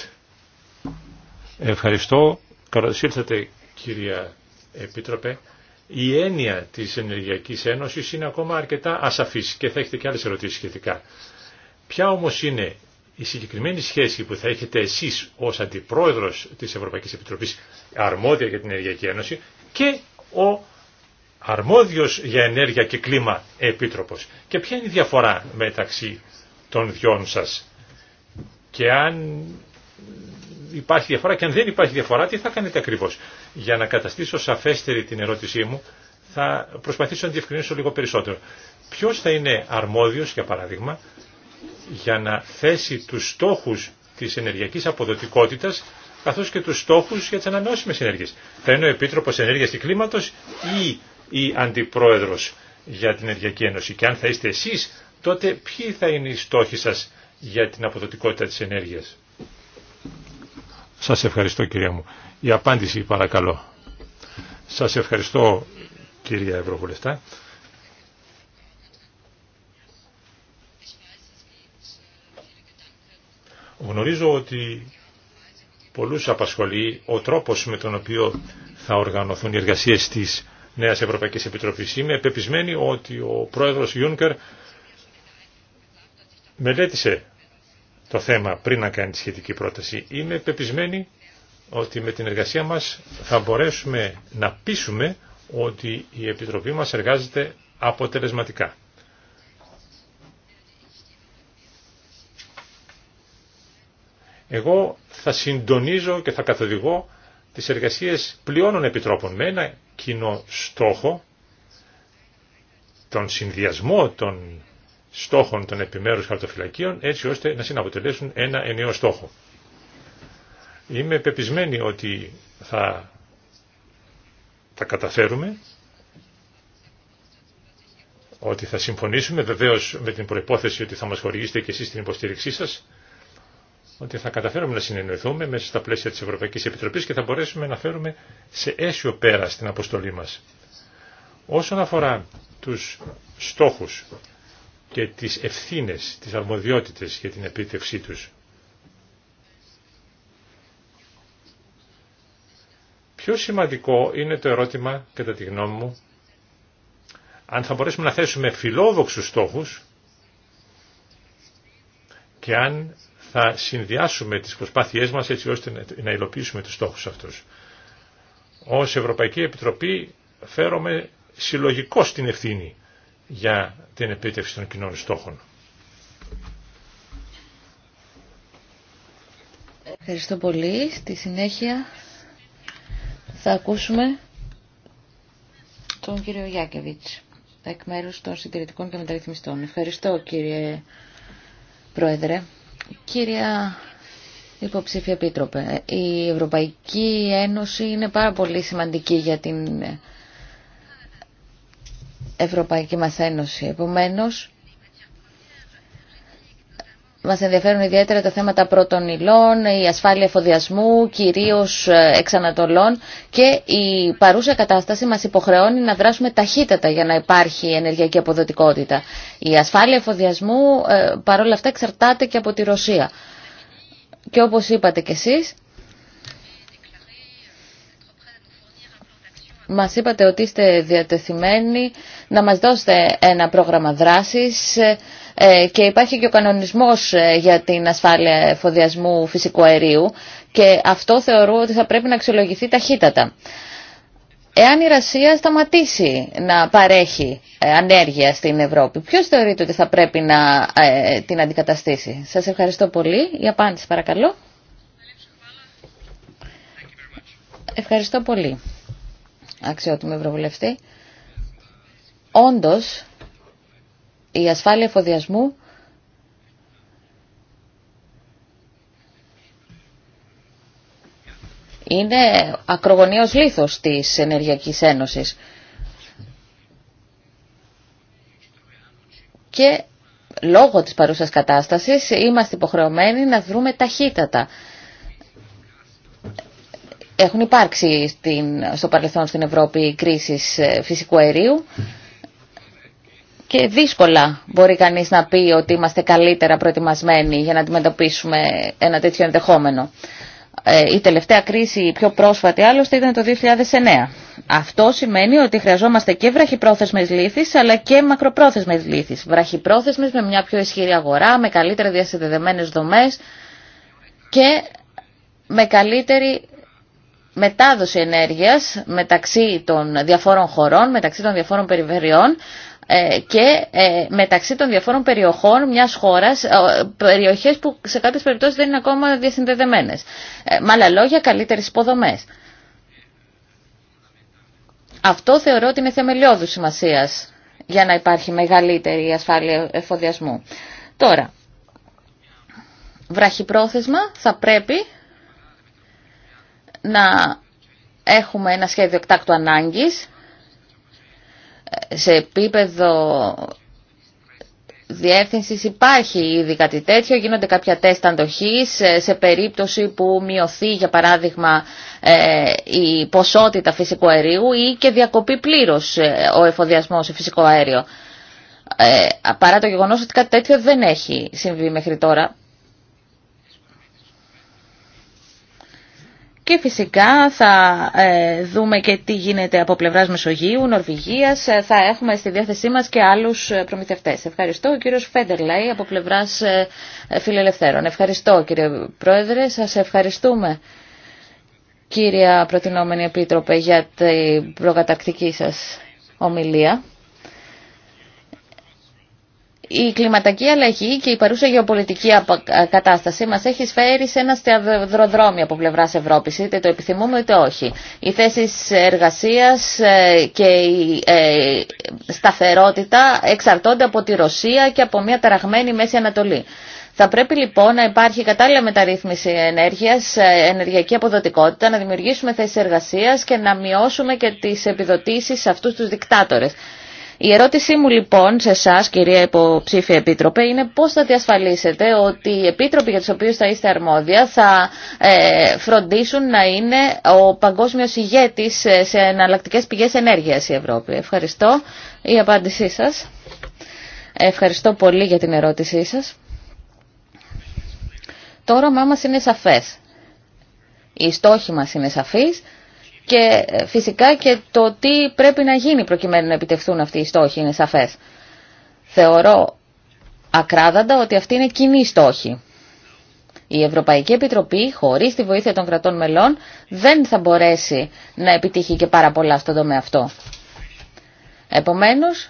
[SPEAKER 4] Ευχαριστώ. Καλώς ήρθατε κυρία Επίτροπε η έννοια της Ενεργειακής Ένωσης είναι ακόμα αρκετά ασαφής και θα έχετε και άλλες ερωτήσεις σχετικά. Ποια όμως είναι η συγκεκριμένη σχέση που θα έχετε εσείς ως Αντιπρόεδρος της Ευρωπαϊκής Επιτροπής αρμόδια για την Ενεργειακή Ένωση και ο αρμόδιος για ενέργεια και κλίμα επίτροπος. Και ποια είναι η διαφορά μεταξύ των δυο σας και αν υπάρχει διαφορά και αν δεν υπάρχει διαφορά τι θα κάνετε ακριβώς. Για να καταστήσω σαφέστερη την ερώτησή μου, θα προσπαθήσω να διευκρινίσω λίγο περισσότερο. Ποιο θα είναι αρμόδιο, για παράδειγμα, για να θέσει του στόχου τη ενεργειακή αποδοτικότητα καθώ και του στόχου για τι ανανεώσιμε ενέργειε. Θα είναι ο Επίτροπος ενέργεια και κλίματο η Αντιπρόεδρος για την Ενεργειακή Ένωση. Και αν θα είστε εσεί, τότε ποιοι θα είναι οι στόχοι σα για την αποδοτικότητα τη ενέργεια. Σας ευχαριστώ κυρία μου. Η απάντηση παρακαλώ. Σας ευχαριστώ κυρία Ευρωβουλευτά. Γνωρίζω ότι πολλούς απασχολεί ο τρόπος με τον οποίο θα οργανωθούν οι εργασίες της Νέας Ευρωπαϊκής Επιτροπής. Είμαι πεπισμένη ότι ο πρόεδρος Γιούνκερ μελέτησε το θέμα πριν να κάνει τη σχετική πρόταση. Είμαι πεπισμένη ότι με την εργασία μας θα μπορέσουμε να πείσουμε ότι η Επιτροπή μας εργάζεται αποτελεσματικά. Εγώ θα συντονίζω και θα καθοδηγώ τις εργασίες πλειώνων επιτρόπων με ένα κοινό στόχο, τον συνδυασμό των στόχων των επιμέρους χαρτοφυλακίων, έτσι ώστε να συναποτελέσουν ένα ενιαίο στόχο. Είμαι πεπισμένη ότι θα τα καταφέρουμε, ότι θα συμφωνήσουμε βεβαίως με την προϋπόθεση ότι θα μας χορηγήσετε και εσείς την υποστήριξή σας, ότι θα καταφέρουμε να συνεννοηθούμε μέσα στα πλαίσια της Ευρωπαϊκής Επιτροπής και θα μπορέσουμε να φέρουμε σε αίσιο πέρα στην αποστολή μας. Όσον αφορά τους στόχους και τις ευθύνες, τις αρμοδιότητες για την επίτευξή τους, Πιο σημαντικό είναι το ερώτημα, κατά τη γνώμη μου, αν θα μπορέσουμε να θέσουμε φιλόδοξους στόχους και αν θα συνδυάσουμε τις προσπάθειές μας έτσι ώστε να υλοποιήσουμε τους στόχους αυτούς. Ως Ευρωπαϊκή Επιτροπή φέρομαι συλλογικό στην ευθύνη για την επίτευξη των κοινών στόχων.
[SPEAKER 3] Ευχαριστώ πολύ. Στη συνέχεια θα ακούσουμε τον κύριο Γιάκεβιτς, εκ μέρους των συντηρητικών και μεταρρυθμιστών. Ευχαριστώ κύριε Πρόεδρε. Κύρια Υποψήφια Επίτροπε, η Ευρωπαϊκή Ένωση είναι πάρα πολύ σημαντική για την Ευρωπαϊκή μας Ένωση. Επομένως, μας ενδιαφέρουν ιδιαίτερα τα θέματα πρώτων υλών, η ασφάλεια εφοδιασμού, κυρίως ε, εξανατολών και η παρούσα κατάσταση μας υποχρεώνει να δράσουμε ταχύτατα για να υπάρχει ενεργειακή αποδοτικότητα. Η ασφάλεια εφοδιασμού ε, παρόλα αυτά εξαρτάται και από τη Ρωσία. Και όπως είπατε κι εσείς, Μας είπατε ότι είστε διατεθειμένοι να μας δώσετε ένα πρόγραμμα δράσης ε, ε, και υπάρχει και ο κανονισμός ε, για την ασφάλεια εφοδιασμού φυσικού αερίου και αυτό θεωρώ ότι θα πρέπει να αξιολογηθεί ταχύτατα. Εάν η Ρασία σταματήσει να παρέχει ανέργεια στην Ευρώπη, ποιος θεωρείτε ότι θα πρέπει να την αντικαταστήσει. Σας ευχαριστώ πολύ. Η απάντηση παρακαλώ. Ευχαριστώ πολύ αξιότιμη Ευρωβουλευτή, όντως η ασφάλεια εφοδιασμού είναι ακρογωνίος λίθος της Ενεργειακής Ένωσης. Και λόγω της παρούσας κατάστασης είμαστε υποχρεωμένοι να δρούμε ταχύτατα. Έχουν υπάρξει στην, στο παρελθόν στην Ευρώπη κρίσεις ε, φυσικού αερίου και δύσκολα μπορεί κανείς να πει ότι είμαστε καλύτερα προετοιμασμένοι για να αντιμετωπίσουμε ένα τέτοιο ενδεχόμενο. Ε, η τελευταία κρίση, η πιο πρόσφατη άλλωστε, ήταν το 2009. Αυτό σημαίνει ότι χρειαζόμαστε και βραχυπρόθεσμες λύθεις αλλά και μακροπρόθεσμες λύθεις. Βραχυπρόθεσμες με μια πιο ισχυρή αγορά, με καλύτερα διασυνδεδεμένες δομές και με καλύτερη μετάδοση ενέργειας μεταξύ των διαφόρων χωρών, μεταξύ των διαφόρων περιβεριών ε, και ε, μεταξύ των διαφόρων περιοχών μιας χώρας, ε, περιοχές που σε κάποιες περιπτώσεις δεν είναι ακόμα διασυνδεδεμένες. Με άλλα λόγια, καλύτερες υποδομές. Αυτό θεωρώ ότι είναι θεμελιώδου σημασίας για να υπάρχει μεγαλύτερη ασφάλεια εφοδιασμού. Τώρα, βραχυπρόθεσμα θα πρέπει να έχουμε ένα σχέδιο εκτάκτου ανάγκης σε επίπεδο διεύθυνσης υπάρχει ήδη κάτι τέτοιο, γίνονται κάποια τεστ αντοχής σε περίπτωση που μειωθεί για παράδειγμα ε, η ποσότητα φυσικού αερίου ή και διακοπεί πλήρως ε, ο εφοδιασμός σε φυσικό αέριο. Ε, παρά το γεγονός ότι κάτι τέτοιο δεν έχει συμβεί μέχρι τώρα. Και φυσικά θα ε, δούμε και τι γίνεται από πλευράς Μεσογείου, Νορβηγίας. Ε, θα έχουμε στη διάθεσή μας και άλλους ε, προμηθευτές. Ευχαριστώ ο κύριος Φέντερλαϊ από πλευράς Φιλελευθέρων. Ευχαριστώ κύριε Πρόεδρε, σας ευχαριστούμε. Κύρια Προτινόμενη Επίτροπε για την προκαταρκτική σας ομιλία η κλιματική αλλαγή και η παρούσα γεωπολιτική ε, κατάσταση μας έχει σφαίρει σε ένα στεαδροδρόμι από πλευράς Ευρώπης, είτε το επιθυμούμε είτε όχι. Οι θέσει εργασίας ε, και η ε, σταθερότητα εξαρτώνται από τη Ρωσία και από μια ταραγμένη Μέση Ανατολή. Θα πρέπει λοιπόν να υπάρχει κατάλληλα μεταρρύθμιση ενέργειας, ενεργειακή αποδοτικότητα, να δημιουργήσουμε θέσεις εργασίας και να μειώσουμε και τις επιδοτήσεις σε αυτούς τους δικτάτορες. Η ερώτησή μου λοιπόν σε εσά, κυρία Υποψήφια Επίτροπε, είναι πώς θα διασφαλίσετε ότι οι επίτροποι για τους οποίους θα είστε αρμόδια θα ε, φροντίσουν να είναι ο παγκόσμιος ηγέτης σε εναλλακτικέ πηγές ενέργειας η Ευρώπη. Ευχαριστώ η απάντησή σας. Ευχαριστώ πολύ για την ερώτησή σας. Το όραμά μας είναι σαφές. Οι στόχοι μας είναι σαφείς και ε, φυσικά και το τι πρέπει να γίνει προκειμένου να επιτευχθούν αυτοί οι στόχοι είναι σαφές. Θεωρώ ακράδαντα ότι αυτοί είναι κοινοί στόχοι. Η Ευρωπαϊκή Επιτροπή, χωρίς τη βοήθεια των κρατών μελών, δεν θα μπορέσει να επιτύχει και πάρα πολλά στον τομέα αυτό. Επομένως,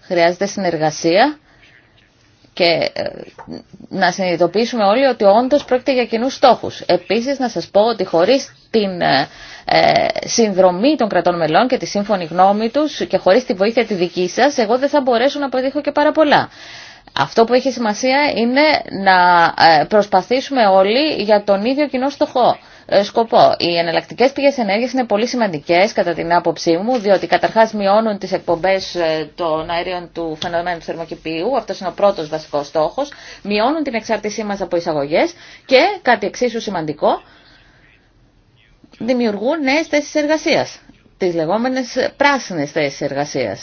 [SPEAKER 3] χρειάζεται συνεργασία και ε, να συνειδητοποιήσουμε όλοι ότι όντως πρόκειται για κοινού στόχους. Επίσης να σας πω ότι χωρίς την ε, ε, συνδρομή των κρατών μελών και τη σύμφωνη γνώμη τους και χωρίς τη βοήθεια τη δική σας, εγώ δεν θα μπορέσω να αποδείχω και πάρα πολλά. Αυτό που έχει σημασία είναι να προσπαθήσουμε όλοι για τον ίδιο κοινό στόχο. Ε, σκοπό. Οι εναλλακτικέ πηγέ ενέργεια είναι πολύ σημαντικέ κατά την άποψή μου, διότι καταρχά μειώνουν τι εκπομπέ ε, των αέριων του φαινομένου θερμοκηπίου, αυτό είναι ο πρώτο βασικό στόχο, μειώνουν την εξάρτησή μα από εισαγωγέ και κάτι εξίσου σημαντικό, δημιουργούν νέε θέσει εργασία, τι λεγόμενε πράσινε θέσει εργασία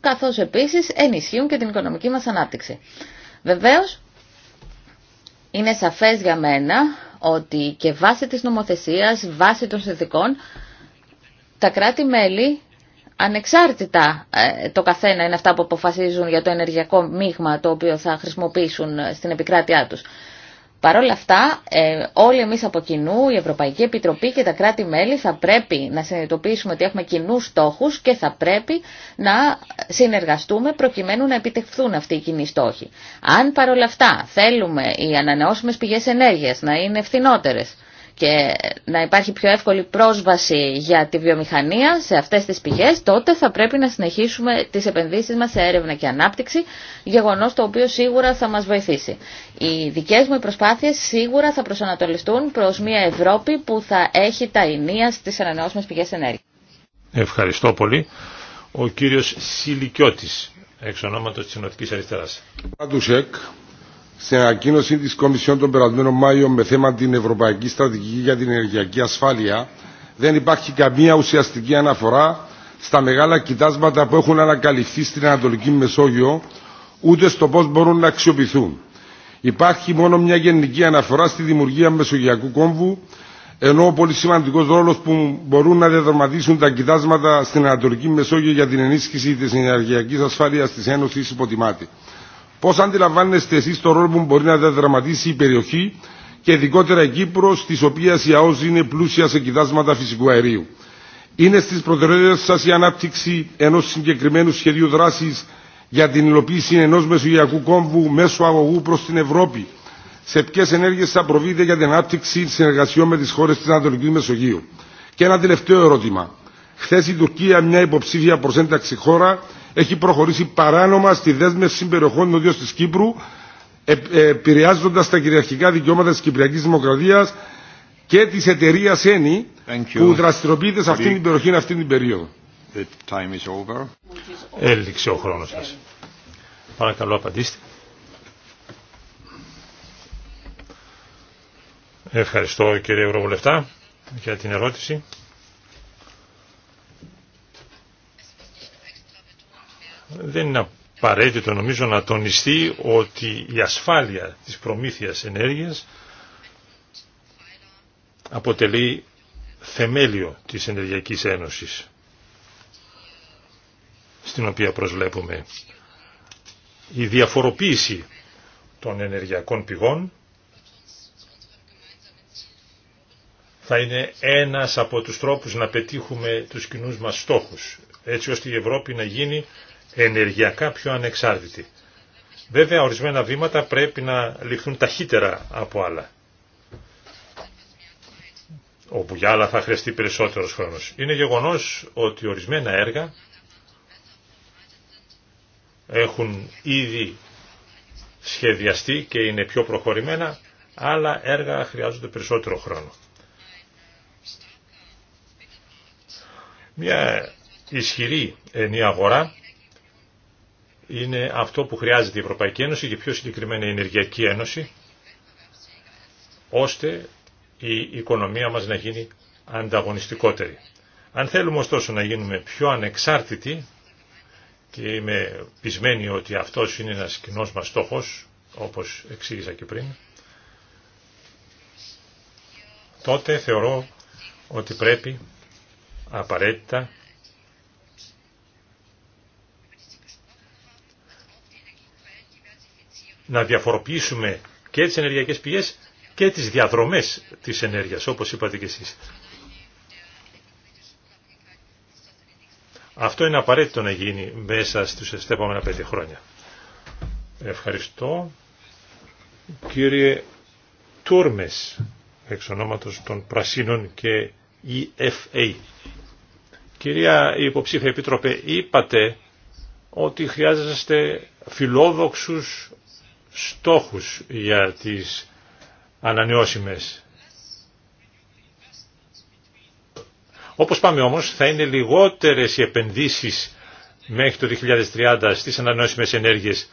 [SPEAKER 3] Καθώ επίση ενισχύουν και την οικονομική μα ανάπτυξη. Βεβαίω, είναι σαφές για μένα ότι και βάσει της νομοθεσίας, βάσει των συνθηκών, τα κράτη-μέλη ανεξάρτητα ε, το καθένα είναι αυτά που αποφασίζουν για το ενεργειακό μείγμα το οποίο θα χρησιμοποιήσουν στην επικράτειά τους. Παρ' όλα αυτά, ε, όλοι εμείς από κοινού, η Ευρωπαϊκή Επιτροπή και τα κράτη-μέλη θα πρέπει να συνειδητοποιήσουμε ότι έχουμε κοινούς στόχους και θα πρέπει να συνεργαστούμε προκειμένου να επιτευχθούν αυτοί οι κοινοί στόχοι. Αν παρ' όλα αυτά θέλουμε οι ανανεώσιμες πηγές ενέργειας να είναι φθηνότερες, και να υπάρχει πιο εύκολη πρόσβαση για τη βιομηχανία σε αυτές τις πηγές, τότε θα πρέπει να συνεχίσουμε τις επενδύσεις μας σε έρευνα και ανάπτυξη, γεγονός το οποίο σίγουρα θα μας βοηθήσει. Οι δικές μου προσπάθειες σίγουρα θα προσανατολιστούν προς μια Ευρώπη που θα έχει τα ενία στις ανανεώσιμες πηγές ενέργειας.
[SPEAKER 4] Ευχαριστώ πολύ. Ο κύριος Σιλικιώτης, εξ ονόματος της Αριστεράς.
[SPEAKER 1] Στην ανακοίνωση τη Κομισιόν τον περασμένο Μάιο με θέμα την Ευρωπαϊκή Στρατηγική για την Ενεργειακή Ασφάλεια δεν υπάρχει καμία ουσιαστική αναφορά στα μεγάλα κοιτάσματα που έχουν ανακαλυφθεί στην Ανατολική Μεσόγειο ούτε στο πώ μπορούν να αξιοποιηθούν. Υπάρχει μόνο μια γενική αναφορά στη δημιουργία Μεσογειακού κόμβου ενώ ο πολύ σημαντικό ρόλο που μπορούν να διαδραματίσουν τα κοιτάσματα στην Ανατολική Μεσόγειο για την ενίσχυση τη ενεργειακή ασφάλεια τη Ένωση υποτιμάται. Πώ αντιλαμβάνεστε εσεί το ρόλο που μπορεί να διαδραματίσει η περιοχή και ειδικότερα η Κύπρο, τη οποία η ΑΟΣ είναι πλούσια σε κοιτάσματα φυσικού αερίου. Είναι στι προτεραιότητε σα η ανάπτυξη ενό συγκεκριμένου σχεδίου δράση για την υλοποίηση ενό μεσογειακού κόμβου μέσω αγωγού προ την Ευρώπη. Σε ποιε ενέργειε θα προβείτε για την ανάπτυξη συνεργασιών με τι χώρε τη Ανατολική Μεσογείου. Και ένα τελευταίο ερώτημα. Χθε η Τουρκία, μια υποψήφια προσένταξη χώρα, έχει προχωρήσει παράνομα στη δέσμευση περιοχών νοδιό τη Κύπρου, ε, ε, επηρεάζοντα τα κυριαρχικά δικαιώματα τη Κυπριακή Δημοκρατία και τη εταιρεία ΕΝΗ που δραστηριοποιείται σε αυτήν την περιοχή αυτή την περίοδο.
[SPEAKER 4] Έληξε ο χρόνο σα. Παρακαλώ απαντήστε. Ευχαριστώ κύριε Ευρωβουλευτά για την ερώτηση. Δεν είναι απαραίτητο νομίζω να τονιστεί ότι η ασφάλεια της προμήθειας ενέργειας αποτελεί θεμέλιο της Ενεργειακής Ένωσης στην οποία προσβλέπουμε η διαφοροποίηση των ενεργειακών πηγών θα είναι ένας από τους τρόπους να πετύχουμε τους κοινούς μας στόχους, έτσι ώστε η Ευρώπη να γίνει ενεργειακά πιο ανεξάρτητοι. Βέβαια ορισμένα βήματα πρέπει να ληφθούν ταχύτερα από άλλα. Όπου για άλλα θα χρειαστεί περισσότερος χρόνος. Είναι γεγονός ότι ορισμένα έργα έχουν ήδη σχεδιαστεί και είναι πιο προχωρημένα, άλλα έργα χρειάζονται περισσότερο χρόνο. Μια ισχυρή ενή αγορά είναι αυτό που χρειάζεται η Ευρωπαϊκή Ένωση και πιο συγκεκριμένα η Ενεργειακή Ένωση, ώστε η οικονομία μας να γίνει ανταγωνιστικότερη. Αν θέλουμε ωστόσο να γίνουμε πιο ανεξάρτητοι, και είμαι πεισμένη ότι αυτός είναι ένας κοινό μας στόχος, όπως εξήγησα και πριν, τότε θεωρώ ότι πρέπει απαραίτητα να διαφοροποιήσουμε και τις ενεργειακές πηγές και τις διαδρομές της ενέργειας, όπως είπατε και εσείς. Αυτό είναι απαραίτητο να γίνει μέσα στους επόμενα πέντε χρόνια. Ευχαριστώ. Κύριε Τούρμες, εξ ονόματος των Πρασίνων και EFA. Κυρία υποψήφια Επίτροπε, είπατε ότι χρειάζεστε φιλόδοξους στόχους για τις ανανεώσιμες. Όπως πάμε όμως θα είναι λιγότερες οι επενδύσεις μέχρι το 2030 στις ανανεώσιμες ενέργειες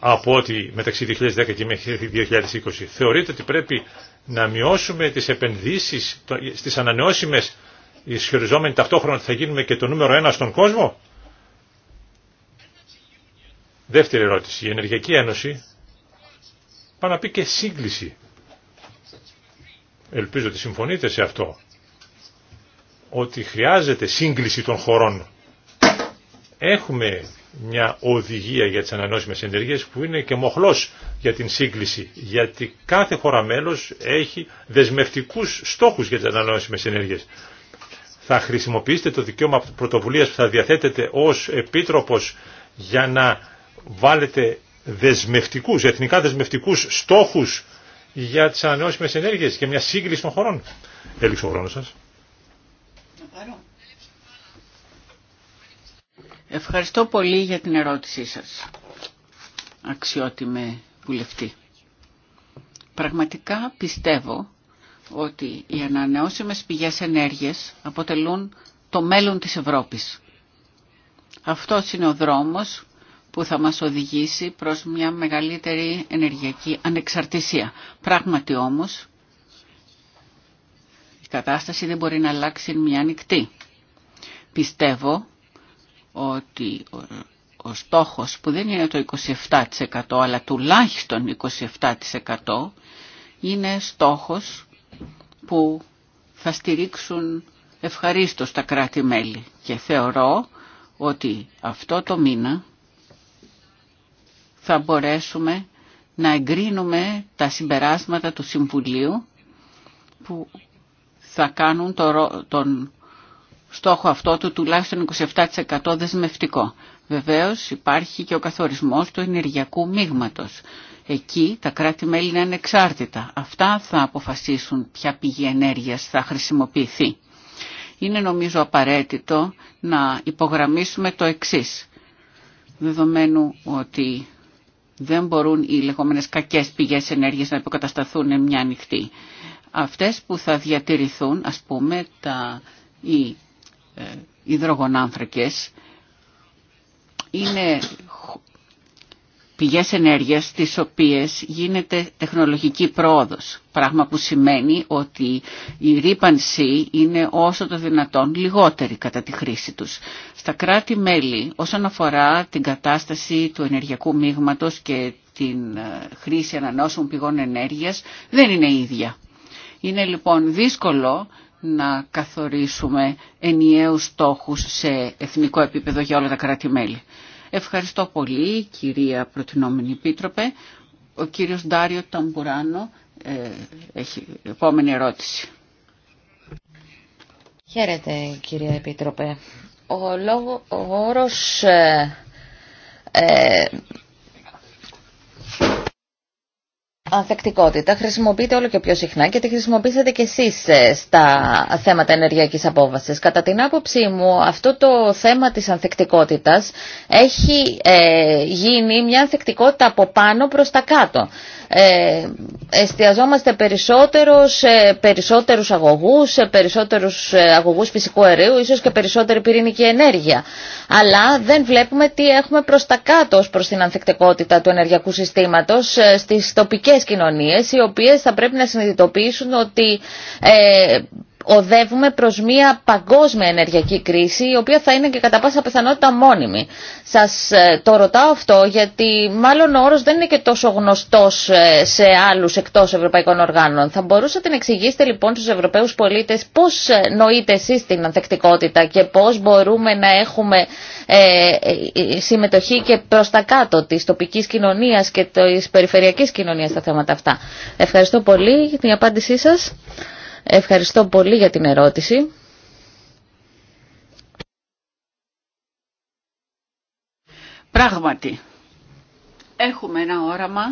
[SPEAKER 4] από ότι μεταξύ 2010 και μέχρι 2020. Θεωρείτε ότι πρέπει να μειώσουμε τις επενδύσεις στις ανανεώσιμες ισχυριζόμενοι ταυτόχρονα ότι θα γίνουμε και το νούμερο ένα στον κόσμο. Δεύτερη ερώτηση. Η Ενεργειακή Ένωση πάνω πει και σύγκληση. Ελπίζω ότι συμφωνείτε σε αυτό. Ότι χρειάζεται σύγκληση των χωρών. Έχουμε μια οδηγία για τις ανανεώσιμες ενέργειες που είναι και μοχλός για την σύγκληση. Γιατί κάθε χώρα μέλος έχει δεσμευτικούς στόχους για τις ανανεώσιμες ενέργειες. Θα χρησιμοποιήσετε το δικαίωμα πρωτοβουλίας που θα διαθέτετε ως επίτροπος για να βάλετε δεσμευτικούς, εθνικά δεσμευτικούς στόχους για τις ανανεώσιμες ενέργειες και μια σύγκληση των χωρών. Έληξε ο χρόνος σας.
[SPEAKER 2] Ευχαριστώ πολύ για την ερώτησή σας, αξιότιμε βουλευτή. Πραγματικά πιστεύω ότι οι ανανεώσιμες πηγές ενέργειας αποτελούν το μέλλον της Ευρώπης. Αυτό είναι ο δρόμος που θα μας οδηγήσει προς μια μεγαλύτερη ενεργειακή ανεξαρτησία. Πράγματι όμως, η κατάσταση δεν μπορεί να αλλάξει μια νυχτή. Πιστεύω ότι ο στόχος που δεν είναι το 27% αλλά τουλάχιστον 27% είναι στόχος που θα στηρίξουν ευχαρίστως τα κράτη-μέλη και θεωρώ ότι αυτό το μήνα θα μπορέσουμε να εγκρίνουμε τα συμπεράσματα του Συμβουλίου που θα κάνουν τον στόχο αυτό του τουλάχιστον 27% δεσμευτικό. Βεβαίως υπάρχει και ο καθορισμός του ενεργειακού μείγματος. Εκεί τα κράτη-μέλη είναι ανεξάρτητα. Αυτά θα αποφασίσουν ποια πηγή ενέργειας θα χρησιμοποιηθεί. Είναι νομίζω απαραίτητο να υπογραμμίσουμε το εξής. Δεδομένου ότι δεν μπορούν οι λεγόμενες κακές πηγές ενέργειας να υποκατασταθούν μια ανοιχτή. Αυτές που θα διατηρηθούν, ας πούμε, τα, οι ε, υδρογονάνθρακες, είναι πηγές ενέργειας στις οποίες γίνεται τεχνολογική πρόοδος. Πράγμα που σημαίνει ότι η ρήπανση είναι όσο το δυνατόν λιγότερη κατά τη χρήση τους. Στα κράτη-μέλη όσον αφορά την κατάσταση του ενεργειακού μείγματος και την ε, χρήση ανανεώσιμων πηγών ενέργειας δεν είναι ίδια. Είναι λοιπόν δύσκολο να καθορίσουμε ενιαίους στόχους σε εθνικό επίπεδο για όλα τα κράτη-μέλη. Ευχαριστώ πολύ κυρία Προτινόμενη Επίτροπε. Ο κύριος Ντάριο Ταμπουράνο ε, έχει επόμενη ερώτηση.
[SPEAKER 3] Χαίρετε κυρία Επίτροπε. Ο, λόγο, όρος ε, ε, ανθεκτικότητα χρησιμοποιείται όλο και πιο συχνά και τη χρησιμοποιήσατε και εσείς ε, στα θέματα ενεργειακής απόβασης. Κατά την άποψή μου αυτό το θέμα της ανθεκτικότητας έχει ε, γίνει μια ανθεκτικότητα από πάνω προς τα κάτω. Ε, εστιαζόμαστε περισσότερο σε περισσότερους αγωγούς, σε περισσότερους ε, αγωγούς φυσικού αερίου, ίσως και περισσότερη πυρηνική ενέργεια. Αλλά δεν βλέπουμε τι έχουμε προς τα κάτω ως προς την ανθεκτικότητα του ενεργειακού συστήματος ε, στις τοπικές κοινωνίες οι οποίες θα πρέπει να συνειδητοποιήσουν ότι ε, οδεύουμε προς μια παγκόσμια ενεργειακή κρίση η οποία θα είναι και κατά πάσα πιθανότητα μόνιμη. Σας ε, το ρωτάω αυτό γιατί μάλλον ο όρος δεν είναι και τόσο γνωστός ε, σε άλλους εκτός ευρωπαϊκών οργάνων. Θα μπορούσατε να εξηγήσετε λοιπόν στους Ευρωπαίους πολίτες πώς ε, νοείτε εσείς την ανθεκτικότητα και πώς μπορούμε να έχουμε συμμετοχή και προς τα κάτω της τοπικής κοινωνίας και της περιφερειακής κοινωνίας στα θέματα αυτά. Ευχαριστώ πολύ για την απάντησή σας. Ευχαριστώ πολύ για την ερώτηση.
[SPEAKER 2] Πράγματι, έχουμε ένα όραμα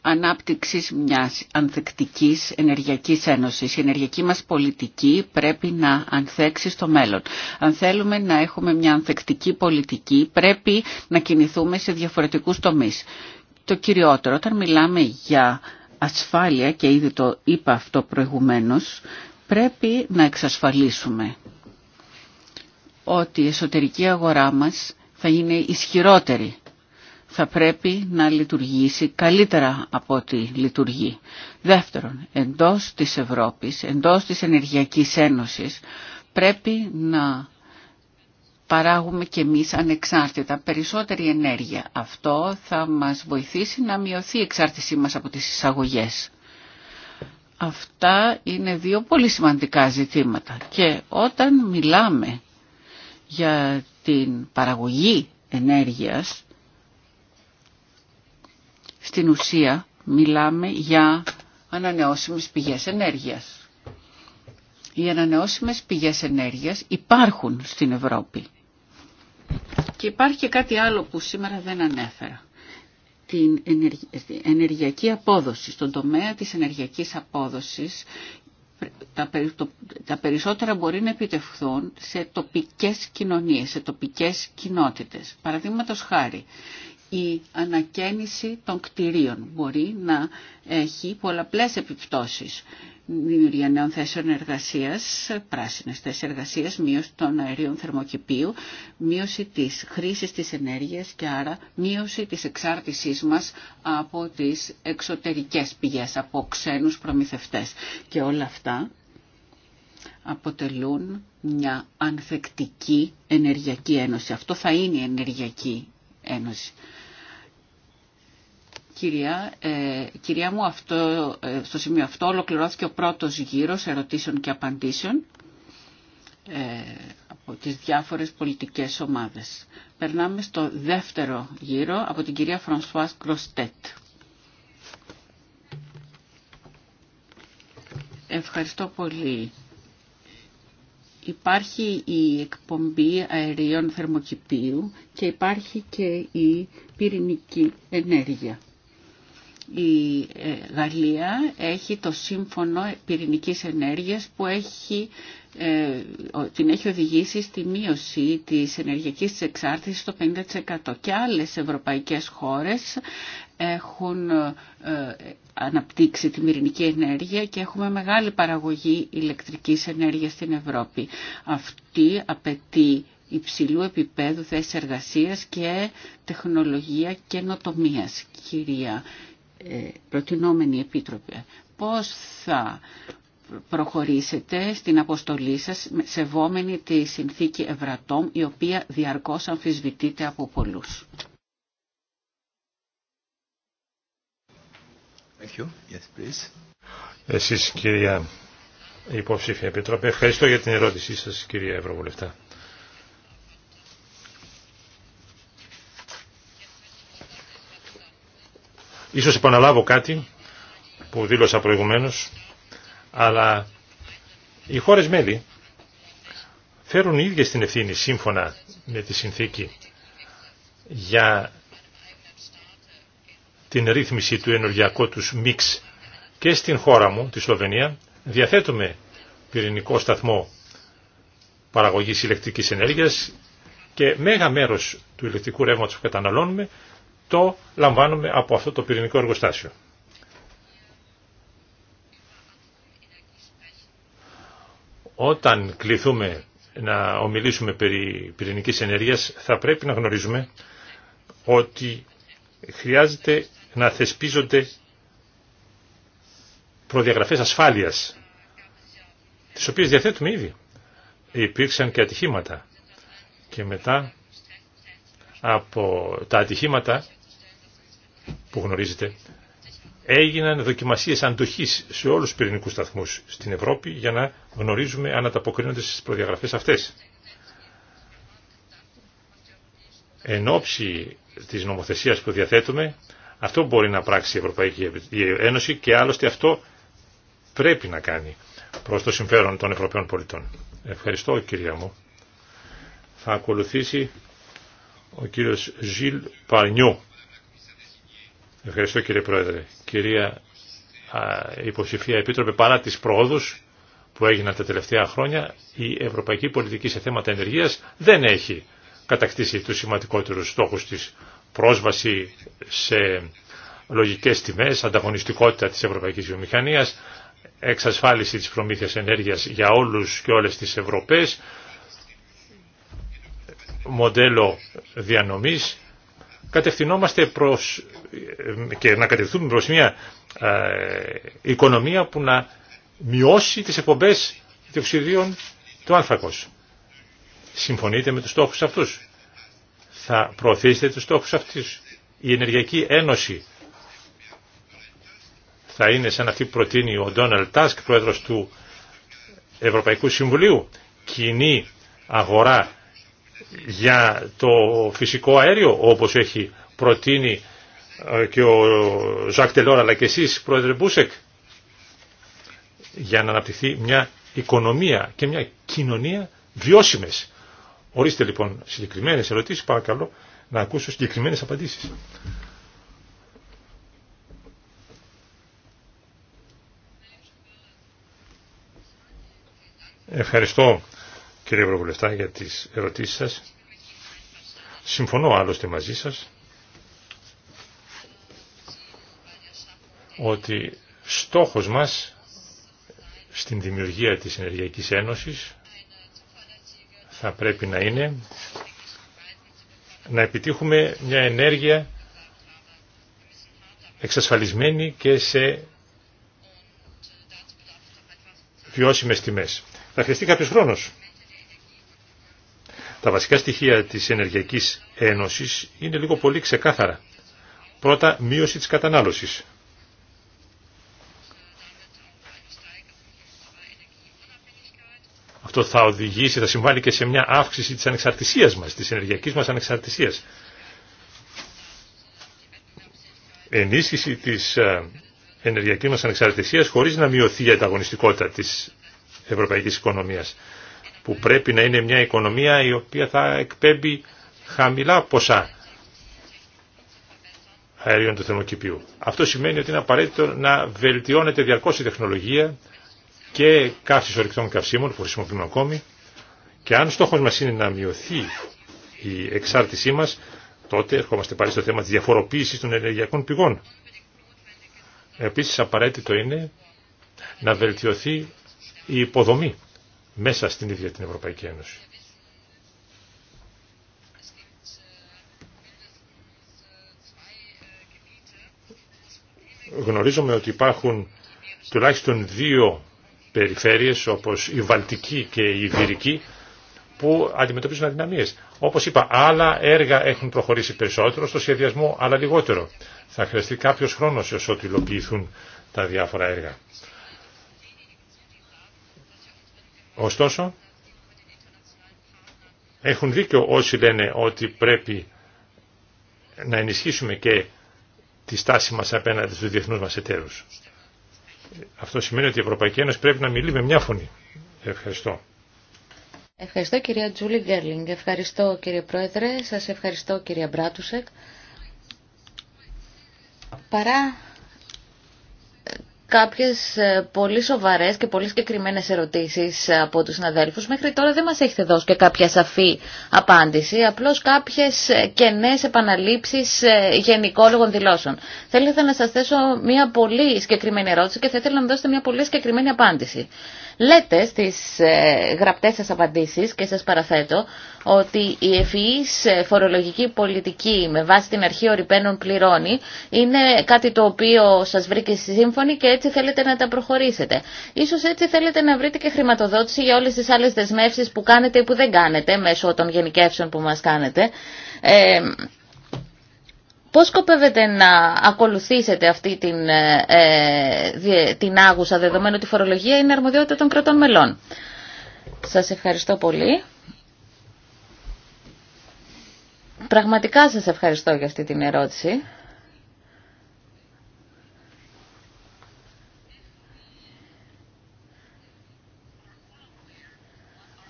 [SPEAKER 2] ανάπτυξης μιας ανθεκτικής ενεργειακής ένωσης. Η ενεργειακή μας πολιτική πρέπει να ανθέξει στο μέλλον. Αν θέλουμε να έχουμε μια ανθεκτική πολιτική πρέπει να κινηθούμε σε διαφορετικούς τομείς. Το κυριότερο, όταν μιλάμε για ασφάλεια και ήδη το είπα αυτό προηγουμένως πρέπει να εξασφαλίσουμε ότι η εσωτερική αγορά μας θα είναι ισχυρότερη. Θα πρέπει να λειτουργήσει καλύτερα από ό,τι λειτουργεί. Δεύτερον, εντός της Ευρώπης, εντός της Ενεργειακής Ένωσης, πρέπει να παράγουμε και εμείς ανεξάρτητα περισσότερη ενέργεια. Αυτό θα μας βοηθήσει να μειωθεί η εξάρτησή μας από τις εισαγωγές. Αυτά είναι δύο πολύ σημαντικά ζητήματα και όταν μιλάμε για την παραγωγή ενέργειας, στην ουσία μιλάμε για ανανεώσιμες πηγές ενέργειας. Οι ανανεώσιμες πηγές ενέργειας υπάρχουν στην Ευρώπη. Και υπάρχει και κάτι άλλο που σήμερα δεν ανέφερα. Την ενεργειακή απόδοση. Στον τομέα της ενεργειακής απόδοσης τα περισσότερα μπορεί να επιτευχθούν σε τοπικές κοινωνίες, σε τοπικές κοινότητες. Παραδείγματο χάρη, η ανακαίνιση των κτηρίων μπορεί να έχει πολλαπλές επιπτώσεις δημιουργία νέων θέσεων εργασίας, πράσινες θέσεις εργασίας, μείωση των αερίων θερμοκηπίου, μείωση της χρήση της ενέργεια και άρα μείωση της εξάρτηση μας από τι εξωτερικέ πηγές, από ξένους προμηθευτές. Και όλα αυτά αποτελούν μια ανθεκτική ενεργειακή ένωση. Αυτό θα είναι η ενεργειακή ένωση. Κυρία, ε, κυρία μου, αυτό, ε, στο σημείο αυτό ολοκληρώθηκε ο πρώτος γύρος ερωτήσεων και απαντήσεων ε, από τις διάφορες πολιτικές ομάδες. Περνάμε στο δεύτερο γύρο από την κυρία Φρανσουάς Γκροστέτ. Ευχαριστώ πολύ. Υπάρχει η εκπομπή αερίων θερμοκηπίου και υπάρχει και η πυρηνική ενέργεια η ε, Γαλλία έχει το σύμφωνο πυρηνικής ενέργειας που έχει, ε, την έχει οδηγήσει στη μείωση της ενεργειακής της εξάρτησης στο 50% και άλλες ευρωπαϊκές χώρες έχουν ε, αναπτύξει την πυρηνική ενέργεια και έχουμε μεγάλη παραγωγή ηλεκτρικής ενέργειας στην Ευρώπη. Αυτή απαιτεί υψηλού επίπεδου θέσεις εργασίας και τεχνολογία καινοτομία κυρία ε, προτινόμενη επίτροπε, πώς θα προχωρήσετε στην αποστολή σας σεβόμενη τη συνθήκη Ευρατόμ η οποία διαρκώς αμφισβητείται από πολλούς.
[SPEAKER 4] Εσείς κυρία υποψήφια Επιτροπή, ευχαριστώ για την ερώτησή σας κυρία Ευρωβουλευτά. Ίσως επαναλάβω κάτι που δήλωσα προηγουμένως, αλλά οι χώρες μέλη φέρουν οι ίδιες την ευθύνη σύμφωνα με τη συνθήκη για την ρύθμιση του ενεργειακού τους μίξ και στην χώρα μου, τη Σλοβενία, διαθέτουμε πυρηνικό σταθμό παραγωγής ηλεκτρικής ενέργειας και μέγα μέρος του ηλεκτρικού ρεύματος που καταναλώνουμε το λαμβάνουμε από αυτό το πυρηνικό εργοστάσιο. Όταν κληθούμε να ομιλήσουμε περί πυρηνικής ενέργειας θα πρέπει να γνωρίζουμε ότι χρειάζεται να θεσπίζονται προδιαγραφές ασφάλειας τις οποίες διαθέτουμε ήδη. Υπήρξαν και ατυχήματα και μετά από τα ατυχήματα που γνωρίζετε, έγιναν δοκιμασίες αντοχής σε όλους του πυρηνικού σταθμού στην Ευρώπη για να γνωρίζουμε αν ανταποκρίνονται στις προδιαγραφές αυτές. Εν ώψη της νομοθεσίας που διαθέτουμε, αυτό μπορεί να πράξει η Ευρωπαϊκή Ένωση και άλλωστε αυτό πρέπει να κάνει προς το συμφέρον των Ευρωπαίων πολιτών. Ευχαριστώ κυρία μου. Θα ακολουθήσει ο κύριος Ζιλ Παρνιού Ευχαριστώ κύριε Πρόεδρε. Κυρία υποψηφία επίτροπε, παρά τις πρόοδους που έγιναν τα τελευταία χρόνια, η ευρωπαϊκή πολιτική σε θέματα ενεργείας δεν έχει κατακτήσει τους σημαντικότερους στόχους της πρόσβαση σε λογικές τιμές, ανταγωνιστικότητα της ευρωπαϊκής βιομηχανίας, εξασφάλιση της προμήθειας ενέργειας για όλους και όλες τις Ευρωπαίες, μοντέλο διανομής κατευθυνόμαστε προς, και να κατευθύνουμε προς μια ε, οικονομία που να μειώσει τις εκπομπές διοξιδίων του άνθρακος. Συμφωνείτε με τους στόχους αυτούς. Θα προωθήσετε τους στόχους αυτούς. Η Ενεργειακή Ένωση θα είναι σαν αυτή που προτείνει ο Ντόναλτ Τάσκ, πρόεδρος του Ευρωπαϊκού Συμβουλίου. Κοινή αγορά για το φυσικό αέριο όπως έχει προτείνει ε, και ο Ζακ Τελόρα αλλά και εσείς πρόεδρε Μπούσεκ για να αναπτυχθεί μια οικονομία και μια κοινωνία βιώσιμες. Ορίστε λοιπόν συγκεκριμένες ερωτήσεις, παρακαλώ να ακούσω συγκεκριμένες απαντήσεις. Ευχαριστώ κύριε Ευρωβουλευτά για τις ερωτήσεις σας. Συμφωνώ άλλωστε μαζί σας ότι στόχος μας στην δημιουργία της Ενεργειακής Ένωσης θα πρέπει να είναι να επιτύχουμε μια ενέργεια εξασφαλισμένη και σε βιώσιμες τιμές. Θα χρειαστεί κάποιος χρόνος τα βασικά στοιχεία της Ενεργειακής Ένωσης είναι λίγο πολύ ξεκάθαρα. Πρώτα, μείωση της κατανάλωσης. Αυτό θα οδηγήσει, θα συμβάλλει και σε μια αύξηση της ανεξαρτησίας μας, της ενεργειακής μας ανεξαρτησίας. Ενίσχυση της ε, ενεργειακής μας ανεξαρτησίας χωρίς να μειωθεί η ανταγωνιστικότητα της ευρωπαϊκής οικονομίας που πρέπει να είναι μια οικονομία η οποία θα εκπέμπει χαμηλά ποσά αερίων του θερμοκηπίου. Αυτό σημαίνει ότι είναι απαραίτητο να βελτιώνεται διαρκώς η τεχνολογία και καύσης ορυκτών καυσίμων που χρησιμοποιούμε ακόμη και αν στόχος μας είναι να μειωθεί η εξάρτησή μας τότε ερχόμαστε πάλι στο θέμα της διαφοροποίησης των ενεργειακών πηγών. Επίσης απαραίτητο είναι να βελτιωθεί η υποδομή μέσα στην ίδια την Ευρωπαϊκή Ένωση. Γνωρίζουμε ότι υπάρχουν τουλάχιστον δύο περιφέρειες όπως η Βαλτική και η Ιβυρική που αντιμετωπίζουν αδυναμίες. Όπως είπα, άλλα έργα έχουν προχωρήσει περισσότερο στο σχεδιασμό, αλλά λιγότερο. Θα χρειαστεί κάποιος χρόνος ώστε ότι υλοποιηθούν τα διάφορα έργα. Ωστόσο, έχουν δίκιο όσοι λένε ότι πρέπει να ενισχύσουμε και τη στάση μας απέναντι στους διεθνούς μας εταίρους. Αυτό σημαίνει ότι η Ευρωπαϊκή Ένωση πρέπει να μιλεί με μια φωνή. Ευχαριστώ.
[SPEAKER 3] Ευχαριστώ κυρία Τζούλη Γκέρλινγκ. Ευχαριστώ κύριε Πρόεδρε. Σας ευχαριστώ κυρία Μπράτουσεκ. Παρά κάποιες ε, πολύ σοβαρές και πολύ συγκεκριμένε ερωτήσεις από τους συναδέλφους. Μέχρι τώρα δεν μας έχετε δώσει και κάποια σαφή απάντηση, απλώς κάποιες ε, κενές επαναλήψεις ε, γενικόλογων δηλώσεων. Θέλετε να σας θέσω μια πολύ συγκεκριμένη ερώτηση και θα ήθελα να μου δώσετε μια πολύ συγκεκριμένη απάντηση. Λέτε στις ε, γραπτές σας απαντήσεις και σας παραθέτω ότι η ευφυής ε, φορολογική πολιτική με βάση την αρχή ορυπαίνων πληρώνει είναι κάτι το οποίο σας βρήκε στη σύμφωνη και έτσι θέλετε να τα προχωρήσετε. Ίσως έτσι θέλετε να βρείτε και χρηματοδότηση για όλες τις άλλες δεσμεύσεις που κάνετε ή που δεν κάνετε μέσω των γενικεύσεων που μας κάνετε. Ε, Πώς σκοπεύετε να ακολουθήσετε αυτή την, ε, ε, την άγουσα δεδομένου ότι η φορολογία είναι αρμοδιότητα των κρατών μελών. Σας ευχαριστώ πολύ. Πραγματικά σας ευχαριστώ για αυτή την ερώτηση.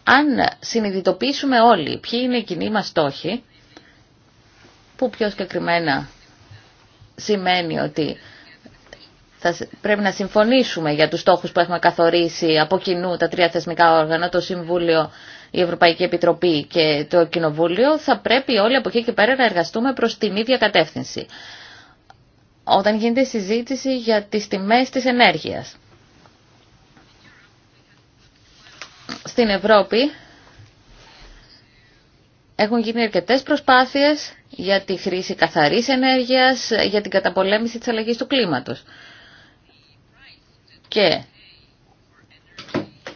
[SPEAKER 3] Αν συνειδητοποιήσουμε όλοι ποιοι είναι οι κοινοί μας στόχοι, που πιο συγκεκριμένα σημαίνει ότι θα πρέπει να συμφωνήσουμε για τους στόχους που έχουμε καθορίσει από κοινού τα τρία θεσμικά όργανα, το Συμβούλιο, η Ευρωπαϊκή Επιτροπή και το Κοινοβούλιο, θα πρέπει όλοι από εκεί και πέρα να εργαστούμε προς την ίδια κατεύθυνση. Όταν γίνεται συζήτηση για τις τιμές της ενέργειας. Στην Ευρώπη έχουν γίνει αρκετές προσπάθειες για τη χρήση καθαρής ενέργειας, για την καταπολέμηση της αλλαγής του κλίματος. Και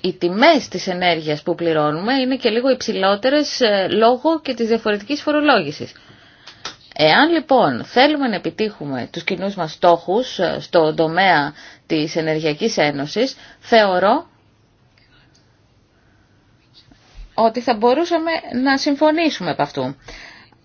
[SPEAKER 3] οι τιμές της ενέργειας που πληρώνουμε είναι και λίγο υψηλότερες ε, λόγω και της διαφορετικής φορολόγησης. Εάν λοιπόν θέλουμε να επιτύχουμε τους κοινού μας στόχους ε, στον τομέα της Ενεργειακής Ένωσης, θεωρώ ότι θα μπορούσαμε να συμφωνήσουμε από αυτού.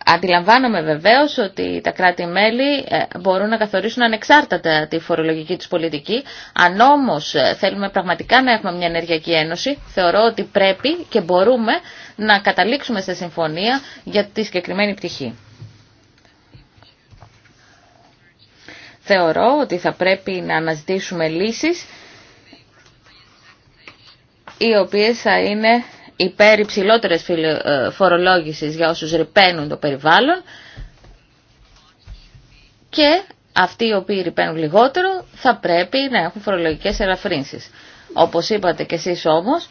[SPEAKER 3] Αντιλαμβάνομαι βεβαίως ότι τα κράτη-μέλη ε, μπορούν να καθορίσουν ανεξάρτητα τη φορολογική του πολιτική. Αν όμως ε, θέλουμε πραγματικά να έχουμε μια ενεργειακή ένωση, θεωρώ ότι πρέπει και μπορούμε να καταλήξουμε σε συμφωνία για τη συγκεκριμένη πτυχή. Θεωρώ ότι θα πρέπει να αναζητήσουμε λύσεις οι οποίες θα είναι υπέρ υψηλότερες ε, φορολόγησης για όσους ρηπαίνουν το περιβάλλον και αυτοί οι οποίοι ρηπαίνουν λιγότερο θα πρέπει να έχουν φορολογικές ελαφρύνσεις. Όπως είπατε κι εσείς όμως,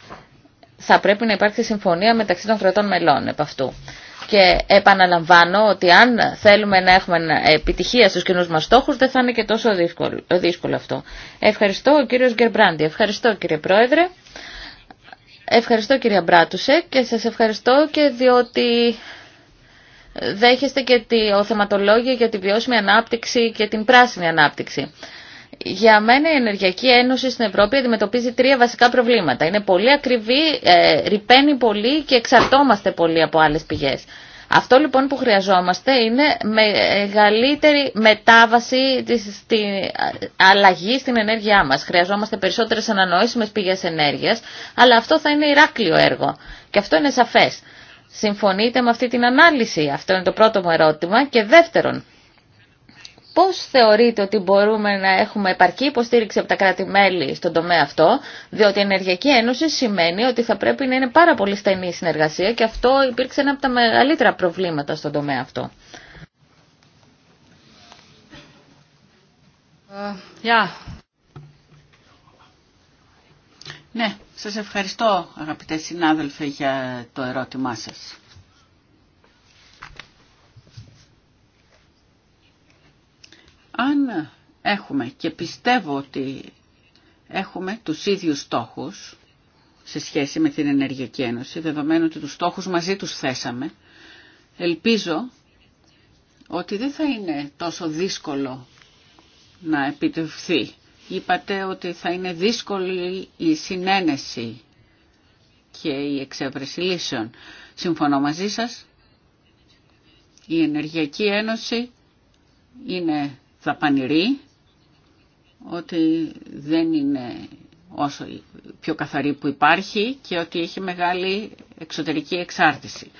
[SPEAKER 3] θα πρέπει να υπάρξει συμφωνία μεταξύ των κρατών μελών επ' αυτού. Και επαναλαμβάνω ότι αν θέλουμε να έχουμε επιτυχία στους κοινούς μας στόχους δεν θα είναι και τόσο δύσκολο, αυτό. Ευχαριστώ ο κύριος Ευχαριστώ κύριε Πρόεδρε. Ευχαριστώ κυρία Μπράτουσε και σας ευχαριστώ και διότι δέχεστε και τη θεματολόγιο για τη βιώσιμη ανάπτυξη και την πράσινη ανάπτυξη. Για μένα η Ενεργειακή Ένωση στην Ευρώπη αντιμετωπίζει τρία βασικά προβλήματα. Είναι πολύ ακριβή, ε, ρηπαίνει πολύ και εξαρτώμαστε πολύ από άλλες πηγές. Αυτό λοιπόν που χρειαζόμαστε είναι μεγαλύτερη μετάβαση της, στη αλλαγή στην ενέργειά μας. Χρειαζόμαστε περισσότερες ανανόησιμες πηγές ενέργειας, αλλά αυτό θα είναι ηράκλειο έργο. Και αυτό είναι σαφές. Συμφωνείτε με αυτή την ανάλυση. Αυτό είναι το πρώτο μου ερώτημα. Και δεύτερον, Πώς θεωρείτε ότι μπορούμε να έχουμε επαρκή υποστήριξη από τα κράτη-μέλη στον τομέα αυτό, διότι η Ενεργειακή Ένωση σημαίνει ότι θα πρέπει να είναι πάρα πολύ στενή η συνεργασία και αυτό υπήρξε ένα από τα μεγαλύτερα προβλήματα στον τομέα αυτό.
[SPEAKER 5] Yeah. Ε, ναι,
[SPEAKER 2] σας ευχαριστώ αγαπητέ συνάδελφε για το ερώτημά σας. Αν έχουμε και πιστεύω ότι έχουμε τους ίδιους στόχους σε σχέση με την Ενεργειακή Ένωση, δεδομένου ότι τους στόχους μαζί τους θέσαμε, ελπίζω ότι δεν θα είναι τόσο δύσκολο να επιτευχθεί. Είπατε ότι θα είναι δύσκολη η συνένεση και η εξέβρεση λύσεων. Συμφωνώ μαζί σας. Η Ενεργειακή Ένωση είναι ότι δεν είναι όσο πιο καθαρή που υπάρχει και ότι έχει μεγάλη εξωτερική εξάρτηση.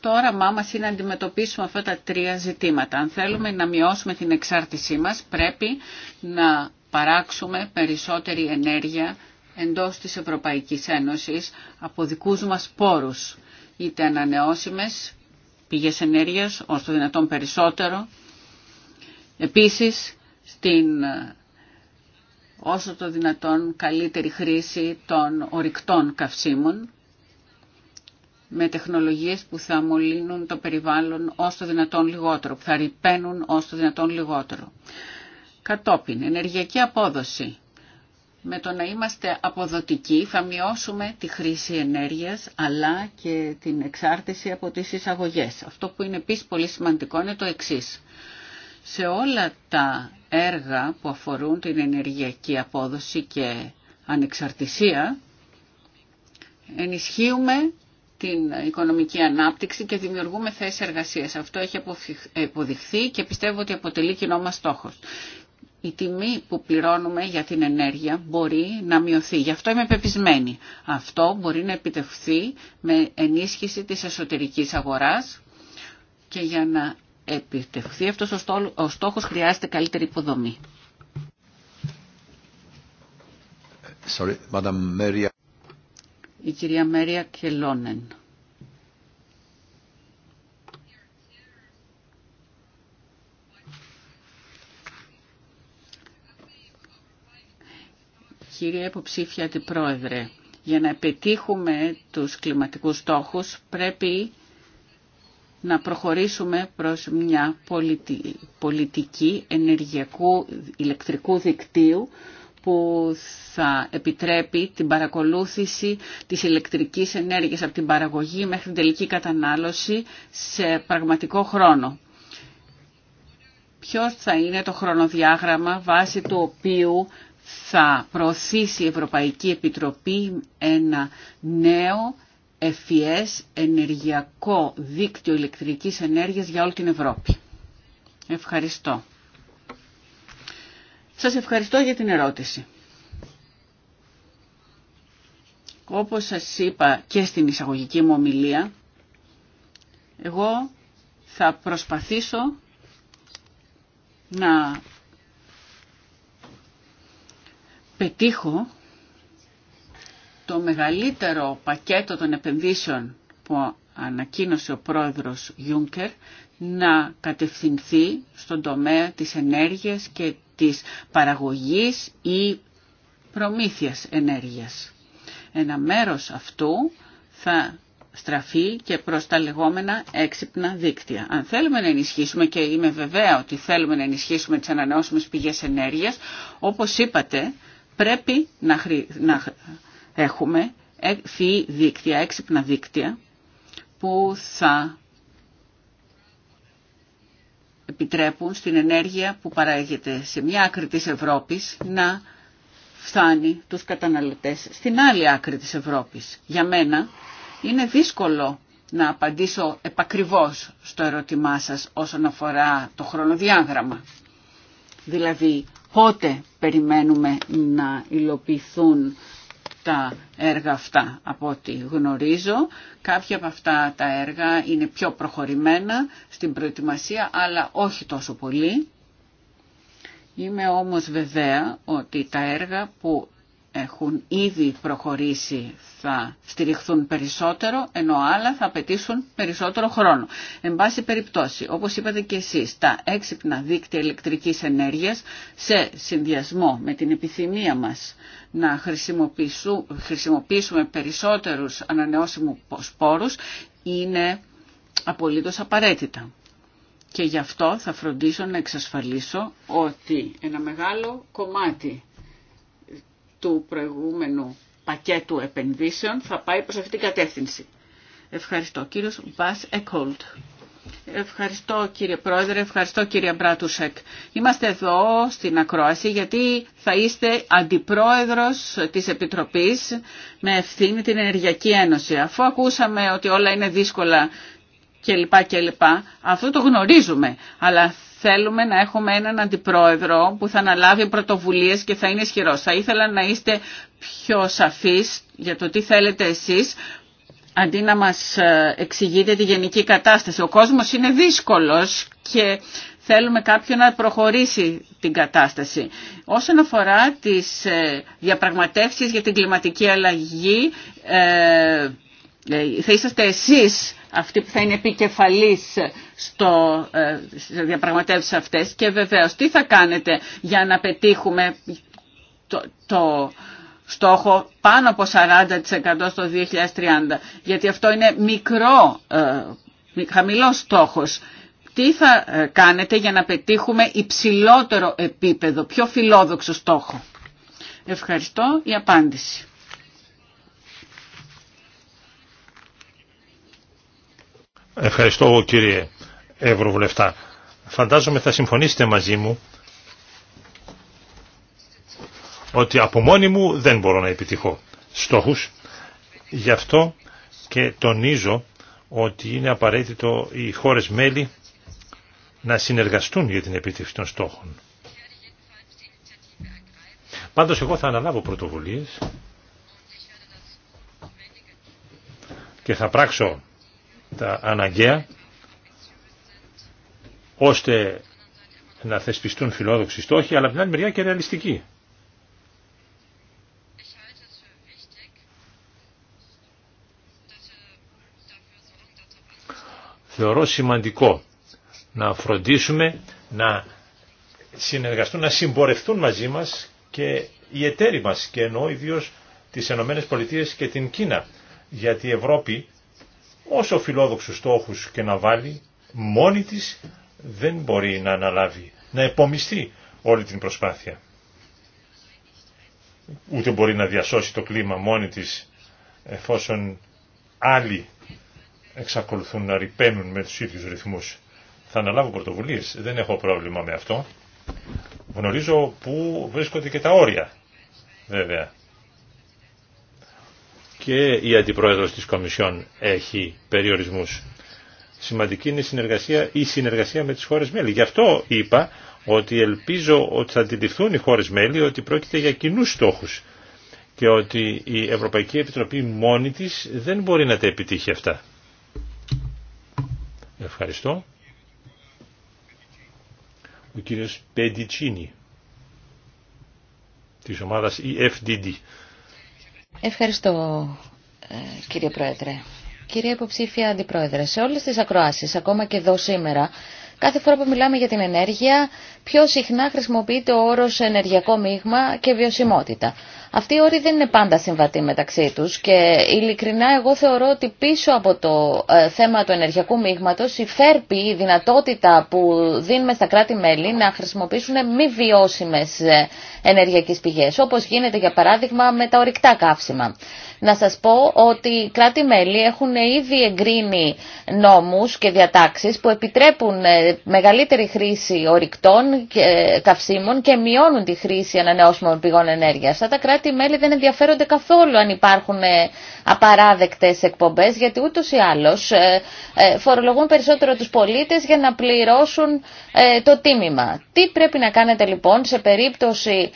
[SPEAKER 2] Τώρα όραμά μας είναι να αντιμετωπίσουμε αυτά τα τρία ζητήματα. Αν θέλουμε να μειώσουμε την εξάρτησή μας, πρέπει να παράξουμε περισσότερη ενέργεια εντός της Ευρωπαϊκής Ένωσης από δικούς μας πόρους, είτε ανανεώσιμες πηγές ενέργειας, όσο δυνατόν περισσότερο, Επίσης, στην όσο το δυνατόν καλύτερη χρήση των ορυκτών καυσίμων με τεχνολογίες που θα μολύνουν το περιβάλλον όσο το δυνατόν λιγότερο, που θα ρηπαίνουν όσο το δυνατόν λιγότερο. Κατόπιν, ενεργειακή απόδοση. Με το να είμαστε αποδοτικοί θα μειώσουμε τη χρήση ενέργειας αλλά και την εξάρτηση από τις εισαγωγές. Αυτό που είναι επίσης πολύ σημαντικό είναι το εξής σε όλα τα έργα που αφορούν την ενεργειακή απόδοση και ανεξαρτησία, ενισχύουμε την οικονομική ανάπτυξη και δημιουργούμε θέσεις εργασίας. Αυτό έχει αποδειχθεί και πιστεύω ότι αποτελεί κοινό μας στόχος. Η τιμή που πληρώνουμε για την ενέργεια μπορεί να μειωθεί. Γι' αυτό είμαι πεπισμένη. Αυτό μπορεί να επιτευχθεί με ενίσχυση της εσωτερικής αγοράς και για να επιτευχθεί αυτός ο στόχος χρειάζεται καλύτερη υποδομή.
[SPEAKER 4] Sorry,
[SPEAKER 2] Η κυρία Μέρια Κελόνεν. Κύριε υποψήφια την Πρόεδρε, για να επιτύχουμε τους κλιματικούς στόχους πρέπει να προχωρήσουμε προς μια πολιτική ενεργειακού ηλεκτρικού δικτύου που θα επιτρέπει την παρακολούθηση της ηλεκτρικής ενέργειας από την παραγωγή μέχρι την τελική κατανάλωση σε πραγματικό χρόνο. Ποιο θα είναι το χρονοδιάγραμμα βάσει του οποίου θα προωθήσει η Ευρωπαϊκή Επιτροπή ένα νέο ευφυές ενεργειακό δίκτυο ηλεκτρικής ενέργειας για όλη την Ευρώπη. Ευχαριστώ. Σας ευχαριστώ για την ερώτηση. Όπως σας είπα και στην εισαγωγική μου ομιλία, εγώ θα προσπαθήσω να πετύχω το μεγαλύτερο πακέτο των επενδύσεων που ανακοίνωσε ο πρόεδρος Γιούνκερ να κατευθυνθεί στον τομέα της ενέργειας και της παραγωγής ή προμήθειας ενέργειας. Ένα μέρος αυτού θα στραφεί και προς τα λεγόμενα έξυπνα δίκτυα. Αν θέλουμε να ενισχύσουμε και είμαι βεβαία ότι θέλουμε να ενισχύσουμε τις ανανεώσιμες πηγές ενέργειας, όπως είπατε πρέπει να, έχουμε θεοί δίκτυα, έξυπνα δίκτυα, που θα επιτρέπουν στην ενέργεια που παράγεται σε μια άκρη της Ευρώπης να φτάνει τους καταναλωτές στην άλλη άκρη της Ευρώπης. Για μένα είναι δύσκολο να απαντήσω επακριβώς στο ερώτημά σας όσον αφορά το χρονοδιάγραμμα. Δηλαδή, πότε περιμένουμε να υλοποιηθούν τα έργα αυτά από ό,τι γνωρίζω. Κάποια από αυτά τα έργα είναι πιο προχωρημένα στην προετοιμασία, αλλά όχι τόσο πολύ. Είμαι όμως βεβαία ότι τα έργα που έχουν ήδη προχωρήσει θα στηριχθούν περισσότερο, ενώ άλλα θα απαιτήσουν περισσότερο χρόνο. Εν πάση περιπτώσει, όπως είπατε και εσείς, τα έξυπνα δίκτυα ηλεκτρικής ενέργειας σε συνδυασμό με την επιθυμία μας να χρησιμοποιήσουμε περισσότερους ανανεώσιμους πόρους είναι απολύτως απαραίτητα. Και γι' αυτό θα φροντίσω να εξασφαλίσω ότι ένα μεγάλο κομμάτι του προηγούμενου πακέτου επενδύσεων θα πάει προς αυτή την κατεύθυνση. Ευχαριστώ. Κύριος Βάς Εκόλτ. Ευχαριστώ κύριε Πρόεδρε, ευχαριστώ κύριε Μπράτουσεκ. Είμαστε εδώ στην Ακρόαση γιατί θα είστε αντιπρόεδρος της Επιτροπής με ευθύνη την Ενεργειακή Ένωση. Αφού ακούσαμε ότι όλα είναι δύσκολα κλπ. κλπ. Αυτό το γνωρίζουμε. Αλλά θέλουμε να έχουμε έναν αντιπρόεδρο που θα αναλάβει πρωτοβουλίες και θα είναι ισχυρός. Θα ήθελα να είστε πιο σαφείς για το τι θέλετε εσείς, αντί να μας ε, εξηγείτε τη γενική κατάσταση. Ο κόσμος είναι δύσκολος και θέλουμε κάποιον να προχωρήσει την κατάσταση. Όσον αφορά τις ε, διαπραγματεύσεις για την κλιματική αλλαγή, ε, θα είσαστε εσείς αυτή που θα είναι επικεφαλής στο ε, διαπραγματεύσει αυτές και βεβαίως τι θα κάνετε για να πετύχουμε το, το στόχο πάνω από 40% στο 2030 γιατί αυτό είναι μικρό, ε, χαμηλός στόχος. Τι θα ε, κάνετε για να πετύχουμε υψηλότερο επίπεδο, πιο φιλόδοξο στόχο. Ευχαριστώ. Η απάντηση.
[SPEAKER 4] Ευχαριστώ κύριε Ευρωβουλευτά. Φαντάζομαι θα συμφωνήσετε μαζί μου ότι από μόνη μου δεν μπορώ να επιτυχώ στόχους. Γι' αυτό και τονίζω ότι είναι απαραίτητο οι χώρες μέλη να συνεργαστούν για την επίτευξη των στόχων. Πάντως εγώ θα αναλάβω πρωτοβουλίες και θα πράξω τα αναγκαία ώστε να θεσπιστούν φιλόδοξοι στόχοι, αλλά από την άλλη μεριά και ρεαλιστικοί. Θεωρώ σημαντικό να φροντίσουμε να συνεργαστούν, να συμπορευτούν μαζί μας και οι εταίροι μας και εννοώ ιδίως τις Ενωμένες Πολιτείες και την Κίνα. Γιατί η Ευρώπη όσο φιλόδοξους στόχους και να βάλει, μόνη της δεν μπορεί να αναλάβει, να επομιστεί όλη την προσπάθεια. Ούτε μπορεί να διασώσει το κλίμα μόνη της εφόσον άλλοι εξακολουθούν να ρηπαίνουν με τους ίδιους ρυθμούς. Θα αναλάβω πρωτοβουλίες, δεν έχω πρόβλημα με αυτό. Γνωρίζω πού βρίσκονται και τα όρια, βέβαια και η Αντιπρόεδρος της Κομισιόν έχει περιορισμούς. Σημαντική είναι η συνεργασία, η συνεργασία με τις χώρες μέλη. Γι' αυτό είπα ότι ελπίζω ότι θα αντιληφθούν οι χώρες μέλη ότι πρόκειται για κοινού στόχους και ότι η Ευρωπαϊκή Επιτροπή μόνη της δεν μπορεί να τα επιτύχει αυτά. Ευχαριστώ. Ο κύριος Πεντιτσίνη της ομάδας EFDD.
[SPEAKER 3] Ευχαριστώ ε, κύριε Πρόεδρε. Κύριε Υποψήφια Αντιπρόεδρε, σε όλες τις ακροάσεις, ακόμα και εδώ σήμερα, κάθε φορά που μιλάμε για την ενέργεια, πιο συχνά χρησιμοποιείται ο όρος ενεργειακό μείγμα και βιωσιμότητα. Αυτοί οι όροι δεν είναι πάντα συμβατοί μεταξύ του και ειλικρινά εγώ θεωρώ ότι πίσω από το ε, θέμα του ενεργειακού μείγματο υφέρπει η δυνατότητα που δίνουμε στα κράτη-μέλη να χρησιμοποιήσουν μη βιώσιμε ενεργειακέ πηγέ, όπω γίνεται για παράδειγμα με τα ορυκτά καύσιμα. Να σας πω ότι οι κράτη-μέλη έχουν ήδη εγκρίνει νόμους και διατάξεις που επιτρέπουν ε, μεγαλύτερη χρήση ορυκτών και ε, καυσίμων και μειώνουν τη χρήση ανανεώσιμων πηγών ενέργειας οι μελη δεν ενδιαφέρονται καθόλου αν υπάρχουν ε, απαράδεκτες εκπομπές, γιατί ούτως ή άλλως ε, ε, φορολογούν περισσότερο τους πολίτες για να πληρώσουν το τίμημα. Τι πρέπει να κάνετε λοιπόν σε περίπτωση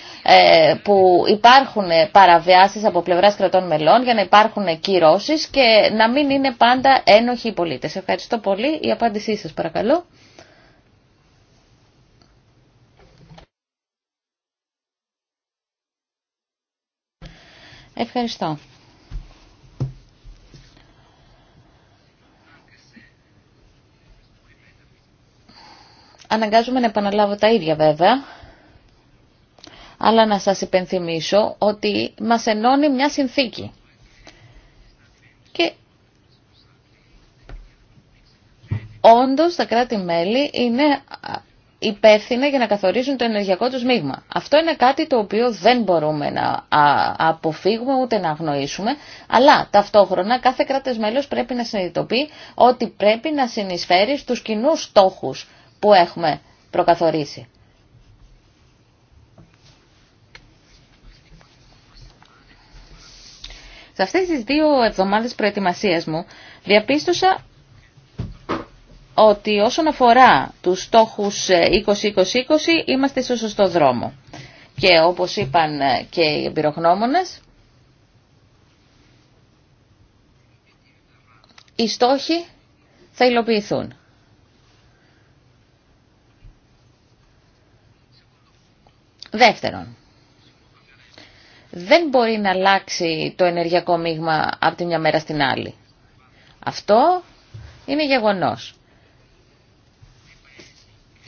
[SPEAKER 3] που υπάρχουν παραβιάσεις από πλευράς κρατών μελών για να υπάρχουν κυρώσεις και να μην είναι πάντα ένοχοι οι πολίτες. Ευχαριστώ πολύ. Η απάντησή σας παρακαλώ. Ευχαριστώ. Αναγκάζομαι να επαναλάβω τα ίδια βέβαια, αλλά να σας υπενθυμίσω ότι μας ενώνει μια συνθήκη. Και όντως τα κράτη-μέλη είναι υπεύθυνα για να καθορίζουν το ενεργειακό τους μείγμα. Αυτό είναι κάτι το οποίο δεν μπορούμε να αποφύγουμε ούτε να αγνοήσουμε, αλλά ταυτόχρονα κάθε κράτος μέλος πρέπει να συνειδητοποιεί ότι πρέπει να συνεισφέρει στους κοινούς στόχους που έχουμε προκαθορίσει. Σε αυτές τις δύο εβδομάδες προετοιμασίας μου διαπίστωσα ότι όσον αφορά τους στόχους 20-20-20 ε, είμαστε στο σωστό δρόμο. Και όπως είπαν ε, και οι εμπειρογνώμονες, οι στόχοι θα υλοποιηθούν. Δεύτερον, δεν μπορεί να αλλάξει το ενεργειακό μείγμα από τη μια μέρα στην άλλη. Αυτό είναι γεγονός.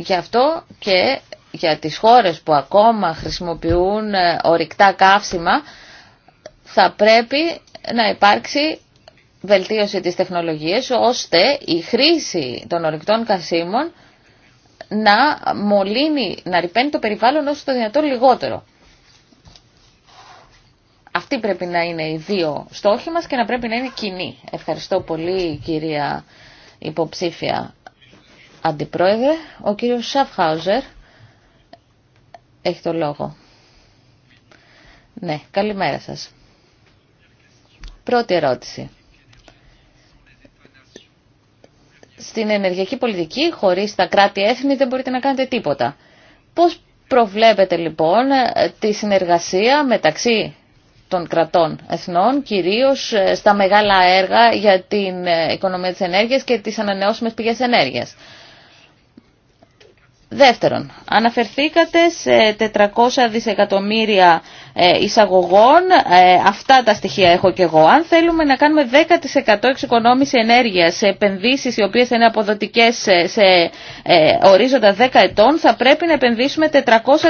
[SPEAKER 3] Γι' αυτό και για τις χώρες που ακόμα χρησιμοποιούν ε, ορυκτά καύσιμα θα πρέπει να υπάρξει βελτίωση της τεχνολογίας ώστε η χρήση των ορυκτών καυσίμων να μολύνει, να ρηπαίνει το περιβάλλον όσο το δυνατόν λιγότερο. Αυτή πρέπει να είναι οι δύο στόχοι μας και να πρέπει να είναι κοινή. Ευχαριστώ πολύ κυρία υποψήφια Αντιπρόεδρε, ο κύριος Σαφχάουζερ έχει το λόγο. Ναι, καλημέρα σας. Πρώτη ερώτηση. Στην ενεργειακή πολιτική, χωρίς τα κράτη έθνη, δεν μπορείτε να κάνετε τίποτα. Πώς προβλέπετε λοιπόν τη συνεργασία μεταξύ των κρατών εθνών, κυρίως ε, στα μεγάλα έργα για την ε, οικονομία της ενέργειας και τις ανανεώσιμες πηγές ενέργειας. Δεύτερον, αναφερθήκατε σε 400 δισεκατομμύρια ε, εισαγωγών. Ε, αυτά τα στοιχεία έχω και εγώ. Αν θέλουμε να κάνουμε 10% εξοικονόμηση ενέργειας σε επενδύσεις οι οποίες είναι αποδοτικές σε ε, ορίζοντα 10 ετών θα πρέπει να επενδύσουμε 400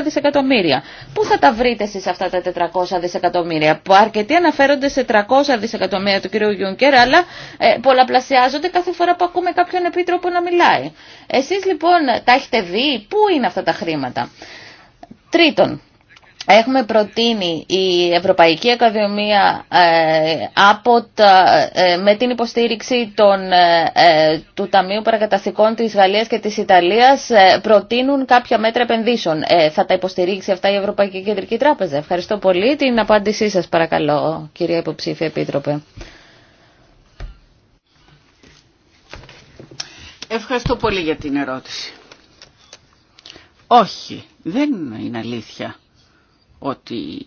[SPEAKER 3] δισεκατομμύρια. Πού θα τα βρείτε εσεί αυτά τα 400 δισεκατομμύρια που αρκετοί αναφέρονται σε 300 δισεκατομμύρια του κ. Γιούνκερ αλλά πολλαπλασιάζονται κάθε φορά που ακούμε κάποιον επίτροπο να μιλάει. Εσεί λοιπόν τα έχετε δει, πού είναι αυτά τα χρήματα. Τρίτον, Έχουμε προτείνει η Ευρωπαϊκή Ακαδημία ε, από τα, ε, με την υποστήριξη των, ε, του Ταμείου Παρακαταστικών της Γαλλίας και της Ιταλίας προτείνουν κάποια μέτρα επενδύσεων. θα τα υποστηρίξει αυτά η Ευρωπαϊκή Κεντρική Τράπεζα. Ευχαριστώ πολύ. Την απάντησή σας παρακαλώ κυρία Υποψήφια Επίτροπε.
[SPEAKER 2] Ευχαριστώ πολύ για την ερώτηση. Όχι, δεν είναι αλήθεια ότι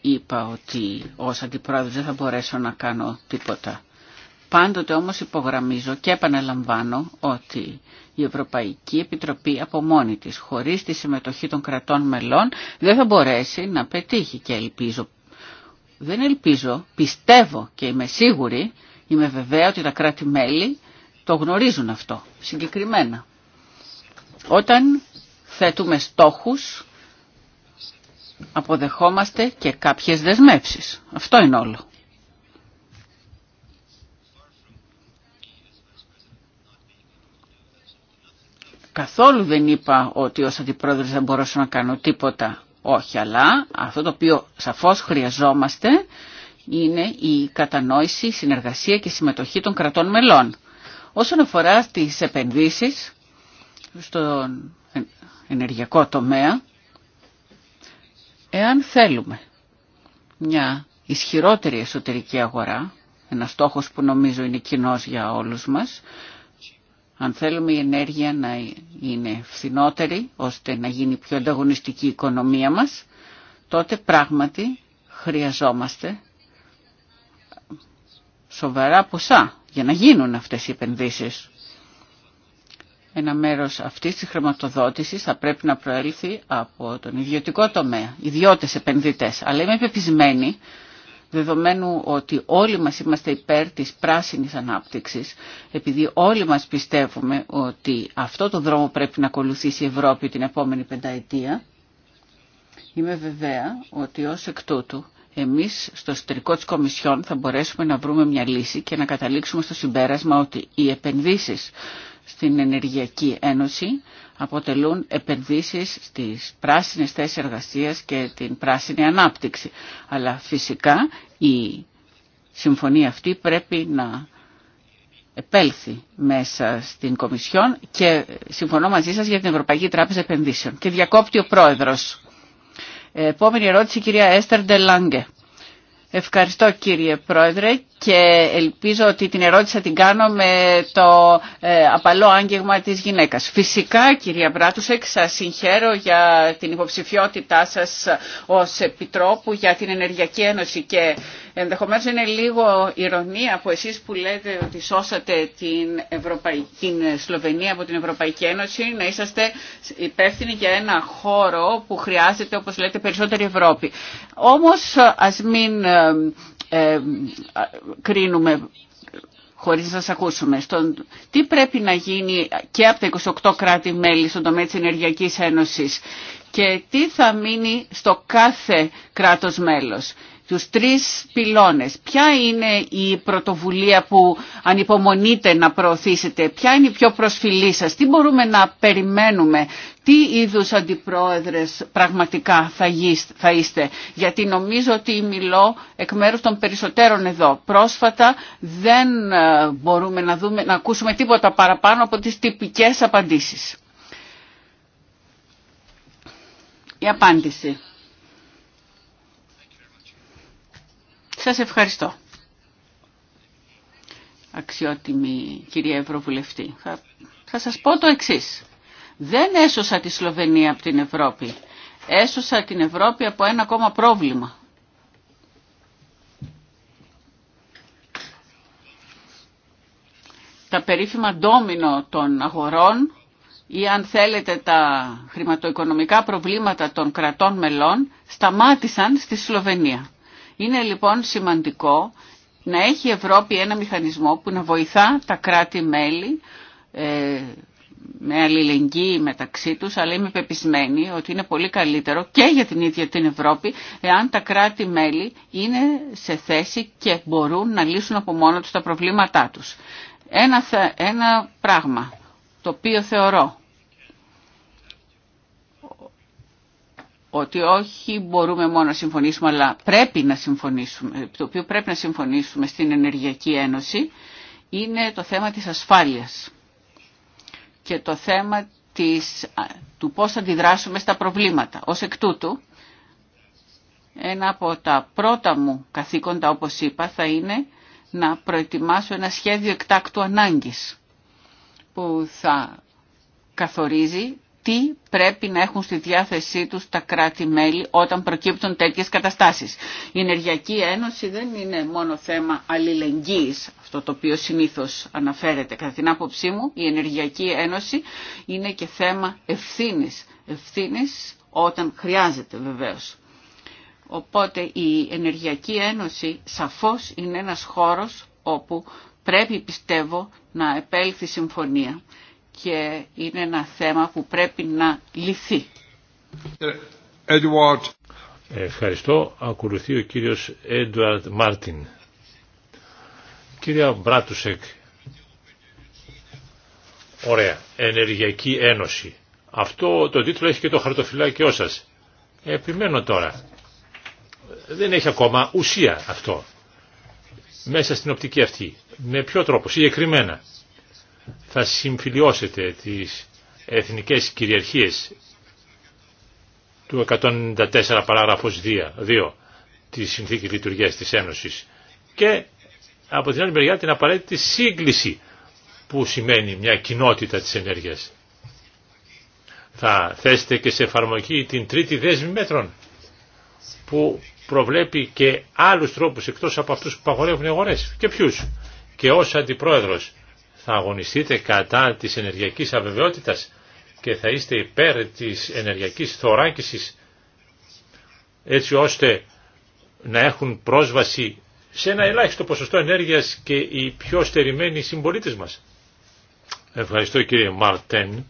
[SPEAKER 2] είπα ότι ως αντιπρόεδρος δεν θα μπορέσω να κάνω τίποτα. Πάντοτε όμως υπογραμμίζω και επαναλαμβάνω ότι η Ευρωπαϊκή Επιτροπή από μόνη της, χωρίς τη συμμετοχή των κρατών μελών, δεν θα μπορέσει να πετύχει και ελπίζω. Δεν ελπίζω, πιστεύω και είμαι σίγουρη, είμαι βεβαία ότι τα κράτη-μέλη το γνωρίζουν αυτό, συγκεκριμένα. Όταν θέτουμε στόχους αποδεχόμαστε και κάποιες δεσμεύσεις. Αυτό είναι όλο. Καθόλου δεν είπα ότι ως αντιπρόεδρος δεν μπορούσα να κάνω τίποτα. Όχι, αλλά αυτό το οποίο σαφώς χρειαζόμαστε είναι η κατανόηση, η συνεργασία και η συμμετοχή των κρατών μελών. Όσον αφορά τις επενδύσεις στον ενεργειακό τομέα, Εάν θέλουμε μια ισχυρότερη εσωτερική αγορά, ένα στόχος που νομίζω είναι κοινό για όλους μας, αν θέλουμε η ενέργεια να είναι φθηνότερη, ώστε να γίνει πιο ανταγωνιστική η οικονομία μας, τότε πράγματι χρειαζόμαστε σοβαρά ποσά για να γίνουν αυτές οι επενδύσεις. Ένα μέρος αυτής της χρηματοδότησης θα πρέπει να προέλθει από τον ιδιωτικό τομέα, ιδιώτες επενδυτές. Αλλά είμαι πεπισμένη, δεδομένου ότι όλοι μας είμαστε υπέρ της πράσινης ανάπτυξης, επειδή όλοι μας πιστεύουμε ότι αυτό το δρόμο πρέπει να ακολουθήσει η Ευρώπη την επόμενη πενταετία, είμαι βεβαία ότι ως εκ τούτου εμείς στο εσωτερικό της Κομισιόν θα μπορέσουμε να βρούμε μια λύση και να καταλήξουμε στο συμπέρασμα ότι οι επενδύσεις στην Ενεργειακή Ένωση αποτελούν επενδύσεις στις πράσινες θέσεις εργασίας και την πράσινη ανάπτυξη. Αλλά φυσικά η συμφωνία αυτή πρέπει να επέλθει μέσα στην Κομισιόν και συμφωνώ μαζί σας για την Ευρωπαϊκή Τράπεζα Επενδύσεων. Και διακόπτει ο Πρόεδρος. Επόμενη ερώτηση, κυρία Έστερ Ντελάνγκε. Ευχαριστώ κύριε Πρόεδρε και ελπίζω ότι την ερώτηση θα την κάνω με το ε, απαλό άγγεγμα της γυναίκας. Φυσικά κυρία Μπράτουσεκ σας συγχαίρω για την υποψηφιότητά σας ως Επιτρόπου για την Ενεργειακή Ένωση και Ενδεχομένως είναι λίγο ηρωνία που εσείς που λέτε ότι σώσατε την, Ευρωπαϊ... Σλοβενία από την Ευρωπαϊκή Ένωση να είσαστε υπεύθυνοι για ένα χώρο που χρειάζεται όπως λέτε περισσότερη Ευρώπη. Όμως ας μην ε, ε, κρίνουμε χωρίς να σας ακούσουμε. τι πρέπει να γίνει και από τα 28 κράτη-μέλη στον τομέα της Ενεργειακής Ένωσης και τι θα μείνει στο κάθε κράτος μέλος τους τρεις πυλώνες. Ποια είναι η πρωτοβουλία που ανυπομονείτε να προωθήσετε, ποια είναι η πιο προσφυλή σας, τι μπορούμε να περιμένουμε, τι είδους αντιπρόεδρες πραγματικά θα είστε. Γιατί νομίζω ότι μιλώ εκ μέρους των περισσότερων εδώ. Πρόσφατα δεν ε, μπορούμε να, δούμε, να ακούσουμε τίποτα παραπάνω από τις τυπικές απαντήσεις. Η απάντηση. Σας ευχαριστώ. Αξιότιμη κυρία Ευρωβουλευτή, θα, σας πω το εξής. Δεν έσωσα τη Σλοβενία από την Ευρώπη. Έσωσα την Ευρώπη από ένα ακόμα πρόβλημα. Τα περίφημα ντόμινο των αγορών ή αν θέλετε τα χρηματοοικονομικά προβλήματα των κρατών μελών σταμάτησαν στη Σλοβενία. Είναι λοιπόν σημαντικό να έχει η Ευρώπη ένα μηχανισμό που να βοηθά τα κράτη-μέλη ε, με αλληλεγγύη μεταξύ τους, αλλά είμαι πεπισμένη ότι είναι πολύ καλύτερο και για την ίδια την Ευρώπη, εάν τα κράτη-μέλη είναι σε θέση και μπορούν να λύσουν από μόνο τους τα προβλήματά τους. Ένα, ένα πράγμα το οποίο θεωρώ ότι όχι μπορούμε μόνο να συμφωνήσουμε, αλλά πρέπει να συμφωνήσουμε, το οποίο πρέπει να συμφωνήσουμε στην Ενεργειακή Ένωση, είναι το θέμα της ασφάλειας και το θέμα της, του πώς θα αντιδράσουμε στα προβλήματα. Ως εκ τούτου, ένα από τα πρώτα μου καθήκοντα, όπως είπα, θα είναι να προετοιμάσω ένα σχέδιο εκτάκτου ανάγκης που θα καθορίζει τι πρέπει να έχουν στη διάθεσή τους τα κράτη-μέλη όταν προκύπτουν τέτοιες καταστάσεις. Η Ενεργειακή Ένωση δεν είναι μόνο θέμα αλληλεγγύης, αυτό το οποίο συνήθως αναφέρεται. Κατά την άποψή μου, η Ενεργειακή Ένωση είναι και θέμα ευθύνης. Ευθύνης όταν χρειάζεται βεβαίως. Οπότε η Ενεργειακή Ένωση σαφώς είναι ένας χώρος όπου πρέπει πιστεύω να επέλθει συμφωνία και είναι ένα θέμα που πρέπει να λυθεί.
[SPEAKER 4] Edward. Ευχαριστώ. Ακολουθεί ο κύριος Έντουαρτ Μάρτιν. Κύρια Μπράτουσεκ, ωραία, Ενεργειακή Ένωση. Αυτό το τίτλο έχει και το χαρτοφυλάκιό σας. Επιμένω τώρα. Δεν έχει ακόμα ουσία αυτό. Μέσα στην οπτική αυτή. Με ποιο τρόπο, συγκεκριμένα θα συμφιλιώσετε τις εθνικές κυριαρχίες του 194 παράγραφος 2 της Συνθήκης Λειτουργίας της Ένωσης και από την άλλη μεριά την απαραίτητη σύγκληση που σημαίνει μια κοινότητα της ενέργειας. Θα θέσετε και σε εφαρμογή την τρίτη δέσμη μέτρων που προβλέπει και άλλους τρόπους εκτός από αυτούς που παγορεύουν οι αγορές. Και ποιους. Και ως αντιπρόεδρος θα αγωνιστείτε κατά της ενεργειακής αβεβαιότητας και θα είστε υπέρ της ενεργειακής θωράκισης έτσι ώστε να έχουν πρόσβαση σε ένα ελάχιστο ποσοστό ενέργειας και οι πιο στερημένοι συμπολίτε μας. Ευχαριστώ κύριε Μαρτέν,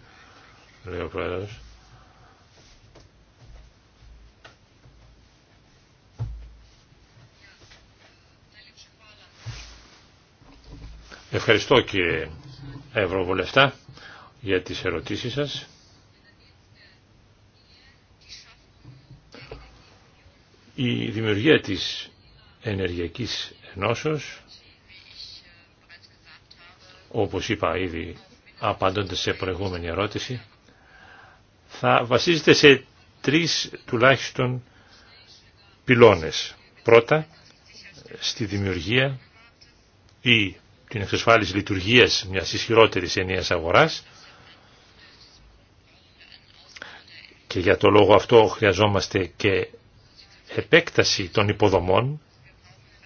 [SPEAKER 4] Ευχαριστώ και Ευρωβουλευτά για τις ερωτήσεις σας. Η δημιουργία της Ενεργειακής Ενώσεως, όπως είπα ήδη απαντώντας σε προηγούμενη ερώτηση, θα βασίζεται σε τρεις τουλάχιστον πυλώνες. Πρώτα, στη δημιουργία ή την εξασφάλιση λειτουργίας μιας ισχυρότερης ενιαίας αγοράς και για το λόγο αυτό χρειαζόμαστε και επέκταση των υποδομών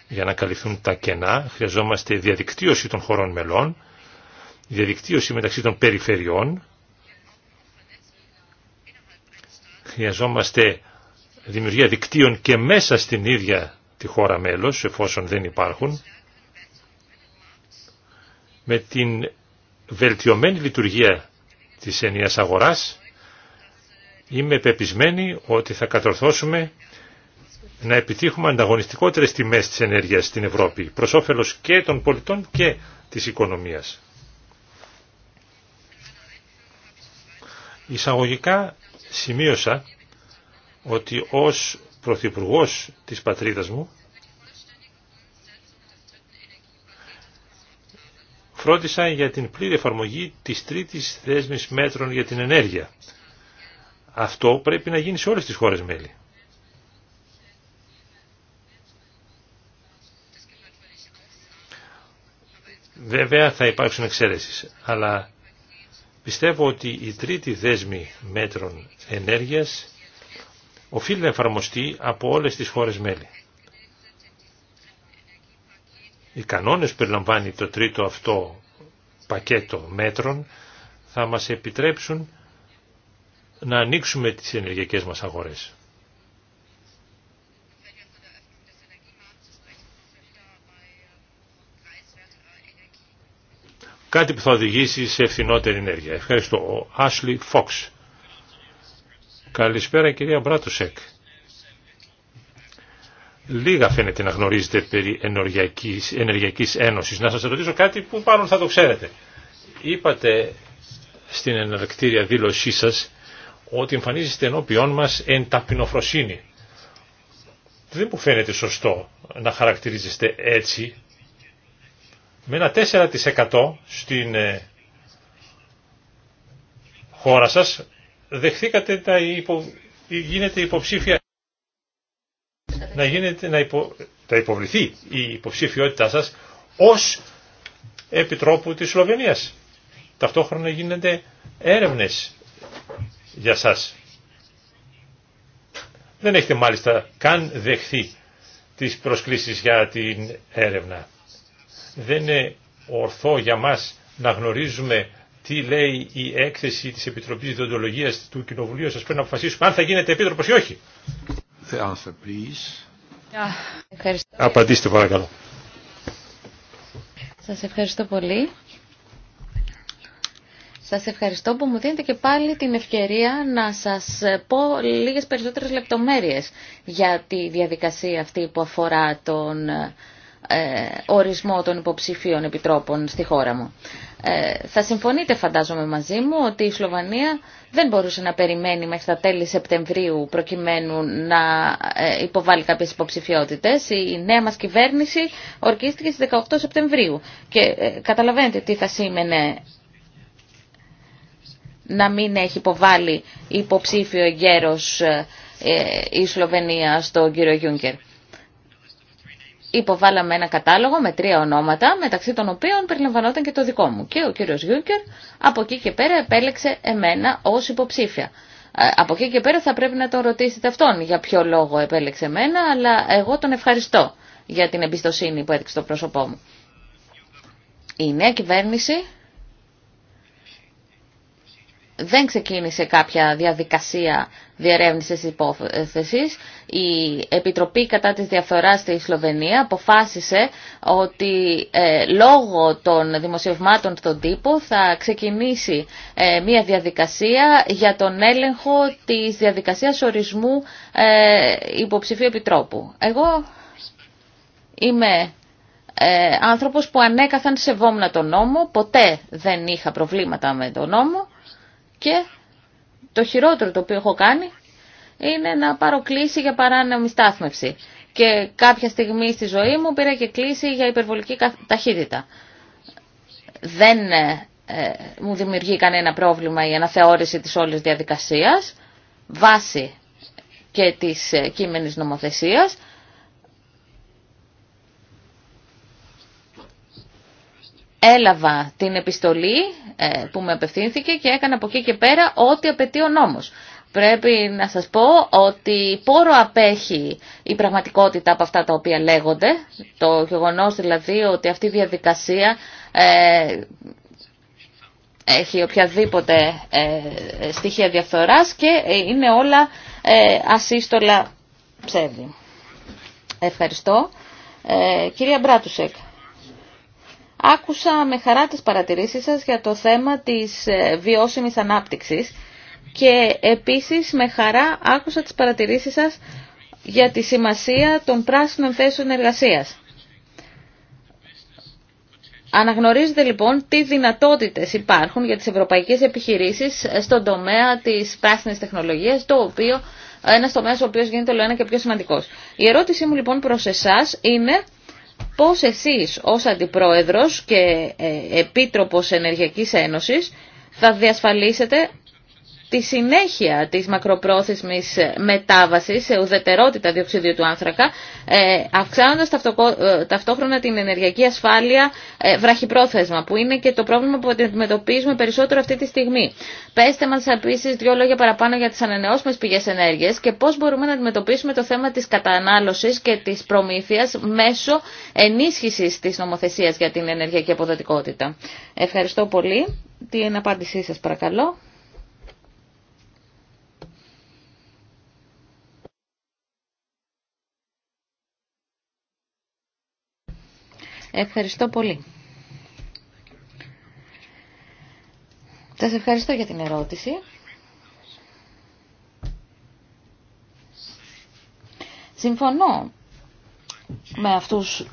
[SPEAKER 4] για να καλυφθούν τα κενά, χρειαζόμαστε διαδικτύωση των χωρών μελών, διαδικτύωση μεταξύ των περιφερειών, χρειαζόμαστε δημιουργία δικτύων και μέσα στην ίδια τη χώρα μέλος, εφόσον δεν υπάρχουν, με την βελτιωμένη λειτουργία της ενιαίας αγοράς είμαι πεπισμένη ότι θα κατορθώσουμε να επιτύχουμε ανταγωνιστικότερες τιμές της ενέργειας στην Ευρώπη προς όφελος και των πολιτών και της οικονομίας. Εισαγωγικά σημείωσα ότι ως πρωθυπουργός της πατρίδας μου φρόντισαν για την πλήρη εφαρμογή της τρίτης δέσμης μέτρων για την ενέργεια. Αυτό πρέπει να γίνει σε όλες τις χώρες μέλη. Βέβαια θα υπάρξουν εξαίρεσεις, αλλά πιστεύω ότι η τρίτη δέσμη μέτρων ενέργειας οφείλει να εφαρμοστεί από όλες τις χώρες μέλη οι κανόνες που περιλαμβάνει το τρίτο αυτό πακέτο μέτρων θα μας επιτρέψουν να ανοίξουμε τις ενεργειακές μας αγορές. Κάτι που θα οδηγήσει σε ευθυνότερη ενέργεια. Ευχαριστώ. Ο Ashley Φοξ. Καλησπέρα κυρία Μπράτουσεκ. Λίγα φαίνεται να γνωρίζετε περί ενεργειακής, ενεργειακής ένωσης. Να σας ρωτήσω κάτι που πάνω θα το ξέρετε. Είπατε στην εναρκτήρια δήλωσή σας ότι εμφανίζεστε ενώπιόν μας εν ταπεινοφροσύνη. Δεν μου φαίνεται σωστό να χαρακτηρίζεστε έτσι με ένα 4% στην ε, χώρα σας δεχθήκατε τα γίνεται υποψήφια να, γίνετε, να, υπο, να υποβληθεί η υποψηφιότητά σας ως επιτρόπου της Σλοβενίας. Ταυτόχρονα γίνονται έρευνες για σας. Δεν έχετε μάλιστα καν δεχθεί τις προσκλήσεις για την έρευνα. Δεν είναι ορθό για μας να γνωρίζουμε τι λέει η έκθεση της Επιτροπής Διοντολογίας του Κοινοβουλίου σας πριν να αποφασίσουμε αν θα γίνετε επίτροπος ή όχι. The
[SPEAKER 1] please.
[SPEAKER 3] Ευχαριστώ. Απαντήστε παρακαλώ. Σας ευχαριστώ πολύ. Σας ευχαριστώ που μου δίνετε και πάλι την ευκαιρία να σας πω λίγες περισσότερες λεπτομέρειες για τη διαδικασία αυτή που αφορά τον ε, ορισμό των υποψηφίων επιτρόπων στη χώρα μου. Ε, θα συμφωνείτε φαντάζομαι μαζί μου ότι η Σλοβανία δεν μπορούσε να περιμένει μέχρι τα τέλη Σεπτεμβρίου προκειμένου να ε, υποβάλει κάποιες υποψηφιότητες. Η νέα μας κυβέρνηση ορκίστηκε στις 18 Σεπτεμβρίου και ε, καταλαβαίνετε τι θα σήμαινε να μην έχει υποβάλει υποψήφιο γέρος η Σλοβενία στον κύριο Γιούγκερ υποβάλαμε ένα κατάλογο με τρία ονόματα, μεταξύ των οποίων περιλαμβανόταν και το δικό μου. Και ο κύριος Γιούγκερ από εκεί και πέρα επέλεξε εμένα ως υποψήφια. Ε, από εκεί και πέρα θα πρέπει να τον ρωτήσετε αυτόν για ποιο λόγο επέλεξε εμένα, αλλά εγώ τον ευχαριστώ για την εμπιστοσύνη που έδειξε το πρόσωπό μου. Η νέα κυβέρνηση δεν ξεκίνησε κάποια διαδικασία διερεύνησης υπόθεσης. Η Επιτροπή κατά της διαφθοράς στη Σλοβενία αποφάσισε ότι ε, λόγω των δημοσιευμάτων στον τύπο θα ξεκινήσει ε, μια διαδικασία για τον έλεγχο της διαδικασίας ορισμού ε, υποψηφίου επιτρόπου. Εγώ είμαι άνθρωπος που ανέκαθαν σεβόμουν τον νόμο, ποτέ δεν είχα προβλήματα με τον νόμο και το χειρότερο το οποίο έχω κάνει είναι να πάρω κλίση για παράνομη στάθμευση. Και κάποια στιγμή στη ζωή μου πήρα και κλίση για υπερβολική ταχύτητα. Δεν ε, ε, μου δημιουργεί κανένα πρόβλημα η αναθεώρηση της όλης διαδικασίας, βάση και της ε, κείμενης νομοθεσίας, έλαβα την επιστολή ε, που με απευθύνθηκε και έκανα από εκεί και πέρα ό,τι απαιτεί ο νόμος. Πρέπει να σας πω ότι πόρο απέχει η πραγματικότητα από αυτά τα οποία λέγονται, το γεγονός δηλαδή ότι αυτή η διαδικασία ε, έχει οποιαδήποτε ε, στοιχεία διαφθοράς και είναι όλα ασύστολα ψεύδι. Ευχαριστώ. Κυρία Μπράτουσεκ. Άκουσα με χαρά τις παρατηρήσεις σας για το θέμα της ε, βιώσιμης ανάπτυξης και επίσης με χαρά άκουσα τις παρατηρήσεις σας για τη σημασία των πράσινων θέσεων εργασίας. Αναγνωρίζετε λοιπόν τι δυνατότητες υπάρχουν για τις ευρωπαϊκές επιχειρήσεις ε, στον τομέα της πράσινης τεχνολογίας, το οποίο, ε, ένας τομέας ο οποίος γίνεται όλο ένα και πιο σημαντικός. Η ερώτησή μου λοιπόν προς εσάς είναι πώς εσείς ως Αντιπρόεδρος και ε, Επίτροπος Ενεργειακής Ένωσης θα διασφαλίσετε τη συνέχεια της μακροπρόθεσμης μετάβασης σε ουδετερότητα διοξιδίου του άνθρακα, ε, αυξάνοντας ε, ταυτόχρονα την ενεργειακή ασφάλεια ε, βραχυπρόθεσμα, που είναι και το πρόβλημα που αντιμετωπίζουμε περισσότερο αυτή τη στιγμή. Πέστε μας επίσης δύο λόγια παραπάνω για τις ανανεώσιμες πηγές ενέργειας και πώς μπορούμε να αντιμετωπίσουμε το θέμα της κατανάλωσης και της προμήθειας μέσω ενίσχυσης της νομοθεσίας για την ενεργειακή αποδοτικότητα. Ευχαριστώ πολύ. Την απάντησή σας παρακαλώ. Ευχαριστώ πολύ. Σας ευχαριστώ για την ερώτηση. Συμφωνώ με αυτούς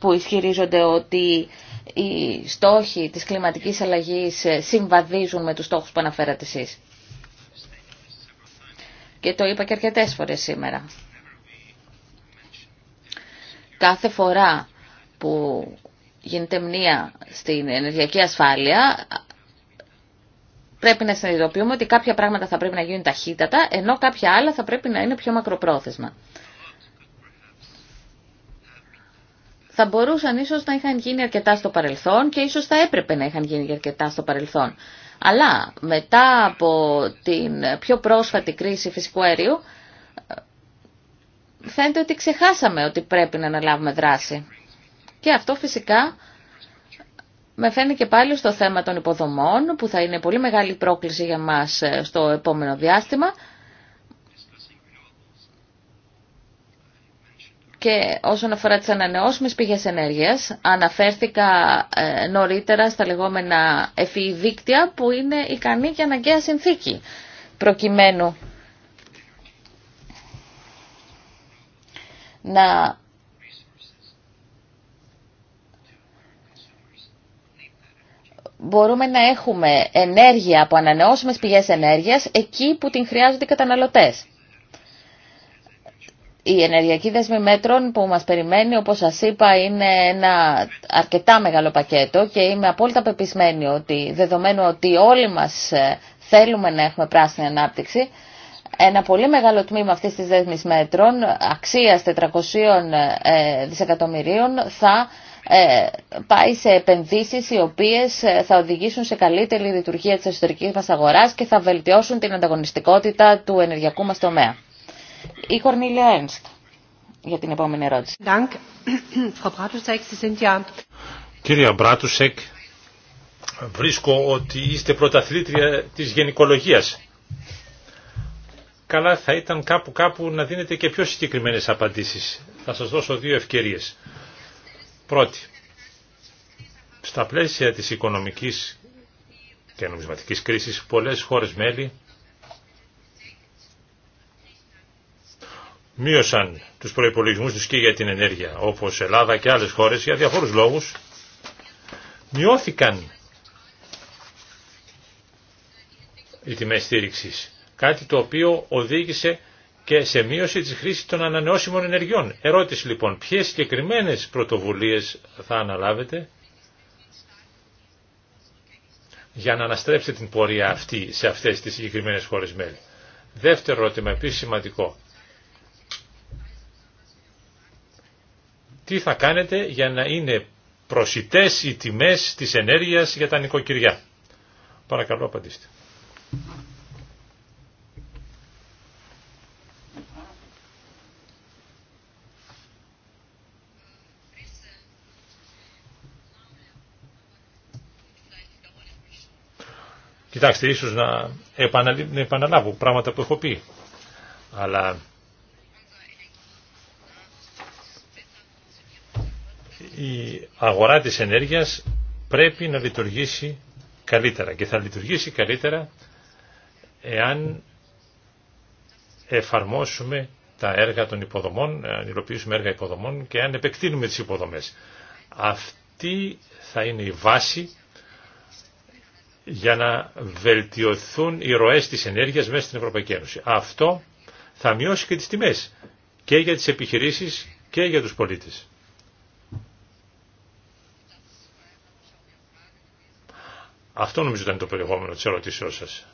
[SPEAKER 3] που ισχυρίζονται ότι οι στόχοι της κλιματικής αλλαγής συμβαδίζουν με τους στόχους που αναφέρατε εσείς. Και το είπα και αρκετές φορές σήμερα. Κάθε φορά που γίνεται μνήα στην ενεργειακή ασφάλεια, πρέπει να συνειδητοποιούμε ότι κάποια πράγματα θα πρέπει να γίνουν ταχύτατα, ενώ κάποια άλλα θα πρέπει να είναι πιο μακροπρόθεσμα. Θα μπορούσαν ίσως να είχαν γίνει αρκετά στο παρελθόν και ίσως θα έπρεπε να είχαν γίνει αρκετά στο παρελθόν. Αλλά μετά από την πιο πρόσφατη κρίση φυσικού αερίου, φαίνεται ότι ξεχάσαμε ότι πρέπει να αναλάβουμε δράση. Και αυτό φυσικά με φαίνει και πάλι στο θέμα των υποδομών, που θα είναι πολύ μεγάλη πρόκληση για μας ε, στο επόμενο διάστημα. Και όσον αφορά τις ανανεώσιμες πηγές ενέργειας, αναφέρθηκα ε, νωρίτερα στα λεγόμενα ευφυή που είναι ικανή και αναγκαία συνθήκη προκειμένου να μπορούμε να έχουμε ενέργεια από ανανεώσιμες πηγές ενέργειας εκεί που την χρειάζονται οι καταναλωτές. Η ενεργειακή δέσμη μέτρων που μας περιμένει, όπως σας είπα, είναι ένα αρκετά μεγάλο πακέτο και είμαι απόλυτα πεπισμένη ότι, δεδομένου ότι όλοι μας ε, θέλουμε να έχουμε πράσινη ανάπτυξη, ένα πολύ μεγάλο τμήμα αυτής της δέσμης μέτρων, αξίας 400 ε, δισεκατομμυρίων, θα ε, πάει σε επενδύσεις οι οποίες ε, θα οδηγήσουν σε καλύτερη λειτουργία της εσωτερικής μας αγοράς και θα βελτιώσουν την ανταγωνιστικότητα του ενεργειακού μας τομέα. Η Κορνίλια Ένστ για την επόμενη ερώτηση.
[SPEAKER 4] Κύριε Μπράτουσεκ, βρίσκω ότι είστε πρωταθλήτρια της γενικολογίας. Καλά θα ήταν κάπου κάπου να δίνετε και πιο συγκεκριμένες απαντήσεις. Θα σας δώσω δύο ευκαιρίες. Πρώτη, στα πλαίσια της οικονομικής και νομισματικής κρίσης, πολλές χώρες μέλη μείωσαν τους προϋπολογισμούς τους και για την ενέργεια, όπως Ελλάδα και άλλες χώρες, για διαφόρους λόγους, μειώθηκαν οι τιμές στήριξης, κάτι το οποίο οδήγησε και σε μείωση της χρήσης των ανανεώσιμων ενεργειών. Ερώτηση λοιπόν, ποιες συγκεκριμένε πρωτοβουλίες θα αναλάβετε για να αναστρέψετε την πορεία αυτή σε αυτές τις συγκεκριμένες χώρες μέλη. Δεύτερο ερώτημα, επίση σημαντικό. Τι θα κάνετε για να είναι προσιτές οι τιμές της ενέργειας για τα νοικοκυριά. Παρακαλώ απαντήστε. Κοιτάξτε, ίσως να, να επαναλάβω πράγματα που έχω πει. Αλλά η αγορά της ενέργειας πρέπει να λειτουργήσει καλύτερα και θα λειτουργήσει καλύτερα εάν εφαρμόσουμε τα έργα των υποδομών, ε, αν υλοποιήσουμε έργα υποδομών και αν επεκτείνουμε τις υποδομές. Αυτή θα είναι η βάση για να βελτιωθούν οι ροές της ενέργειας μέσα στην Ευρωπαϊκή Ένωση. Αυτό θα μειώσει και τις τιμές και για τις επιχειρήσεις και για τους πολίτες. Αυτό νομίζω ήταν το περιεχόμενο της ερωτήσεώς σας.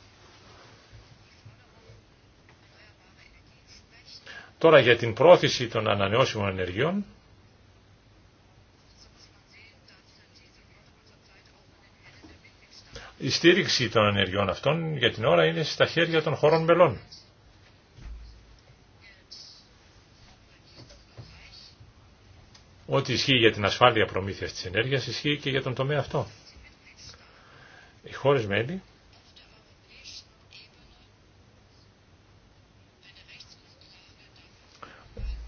[SPEAKER 4] Τώρα για την πρόθεση των ανανεώσιμων ενεργειών Η στήριξη των ενεργειών αυτών για την ώρα είναι στα χέρια των χωρών μελών. Ό,τι ισχύει για την ασφάλεια προμήθειας της ενέργειας ισχύει και για τον τομέα αυτό. Οι χώρες μέλη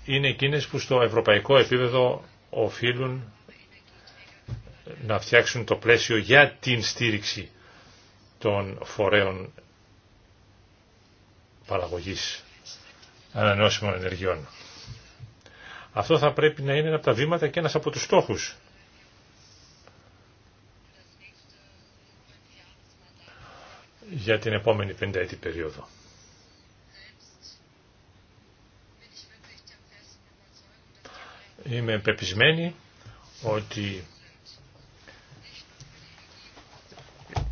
[SPEAKER 4] είναι εκείνες που στο ευρωπαϊκό επίπεδο οφείλουν να φτιάξουν το πλαίσιο για την στήριξη των φορέων παραγωγής ανανεώσιμων ενεργειών. Αυτό θα πρέπει να είναι ένα από τα βήματα και ένας από τους στόχους. για την επόμενη πενταετή περίοδο. Είμαι πεπισμένη ότι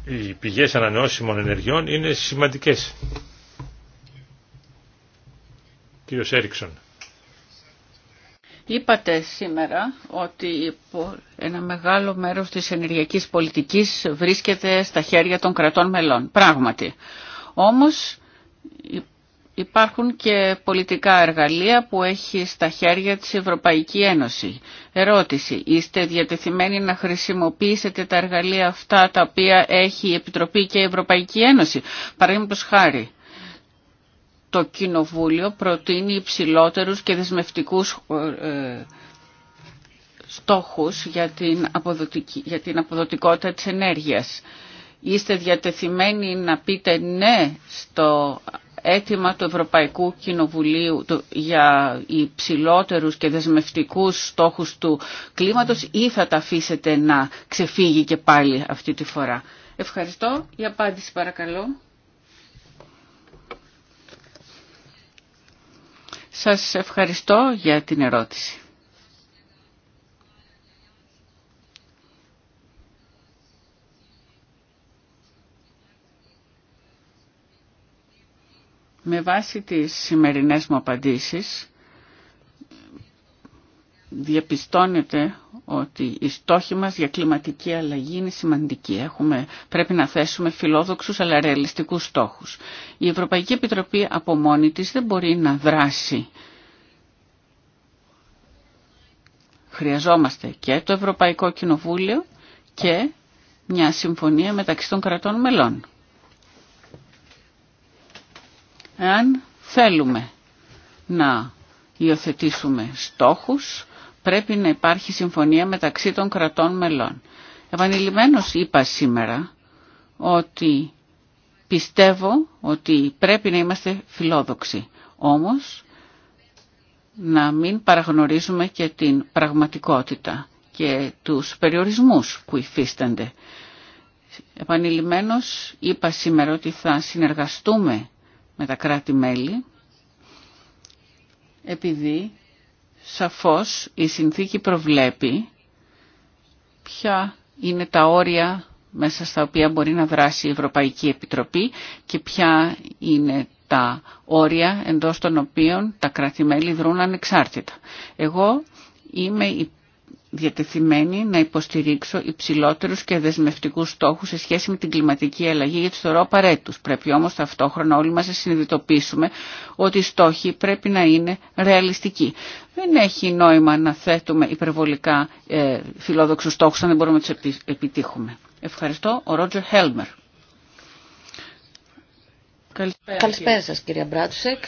[SPEAKER 4] οι πηγές ανανεώσιμων ενεργειών είναι σημαντικές. Κύριος Έριξον.
[SPEAKER 2] Είπατε σήμερα ότι ένα μεγάλο μέρος της ενεργειακής πολιτικής βρίσκεται στα χέρια των κρατών μελών. Πράγματι. Όμως Υπάρχουν και πολιτικά εργαλεία που έχει στα χέρια της Ευρωπαϊκή Ένωση. Ερώτηση, είστε διατεθειμένοι να χρησιμοποιήσετε τα εργαλεία αυτά τα οποία έχει η Επιτροπή και η Ευρωπαϊκή Ένωση. Παραδείγματος χάρη, το Κοινοβούλιο προτείνει υψηλότερους και δεσμευτικούς ε, στόχους για την, για την αποδοτικότητα της ενέργειας. Είστε διατεθειμένοι να πείτε ναι στο Έτοιμα του Ευρωπαϊκού Κοινοβουλίου για υψηλότερου και δεσμευτικούς στόχους του κλίματος ή θα τα αφήσετε να ξεφύγει και πάλι αυτή τη φορά. Ευχαριστώ. Η απάντηση παρακαλώ. Σας ευχαριστώ για την ερώτηση. Με βάση τις σημερινές μου απαντήσεις, διαπιστώνεται ότι οι στόχοι μας για κλιματική αλλαγή είναι σημαντικοί. Έχουμε, πρέπει να θέσουμε φιλόδοξους αλλά ρεαλιστικούς στόχους. Η Ευρωπαϊκή Επιτροπή από μόνη της δεν μπορεί να δράσει. Χρειαζόμαστε και το Ευρωπαϊκό Κοινοβούλιο και μια συμφωνία μεταξύ των κρατών μελών. Εάν θέλουμε να υιοθετήσουμε στόχους, πρέπει να υπάρχει συμφωνία μεταξύ των κρατών μελών. Επανειλημμένως είπα σήμερα ότι πιστεύω ότι πρέπει να είμαστε φιλόδοξοι. Όμως, να μην παραγνωρίζουμε και την πραγματικότητα και τους περιορισμούς που υφίστανται. Επανειλημμένως είπα σήμερα ότι θα συνεργαστούμε με τα κράτη-μέλη, επειδή σαφώς η συνθήκη προβλέπει ποια είναι τα όρια μέσα στα οποία μπορεί να δράσει η Ευρωπαϊκή Επιτροπή και ποια είναι τα όρια εντός των οποίων τα κράτη-μέλη δρούν ανεξάρτητα. Εγώ είμαι διατεθειμένη να υποστηρίξω υψηλότερους και δεσμευτικούς στόχους σε σχέση με την κλιματική αλλαγή για τους θεωρώ απαραίτητους. Πρέπει όμως ταυτόχρονα όλοι μας να συνειδητοποιήσουμε ότι οι στόχοι πρέπει να είναι ρεαλιστικοί. Δεν έχει νόημα να θέτουμε υπερβολικά ε, φιλόδοξους στόχους αν δεν μπορούμε να τους επιτύχουμε. Ευχαριστώ. Ο Ρότζερ Χέλμερ.
[SPEAKER 3] Καλησπέρα, Καλησπέρα σας κυρία Μπράτσεκ.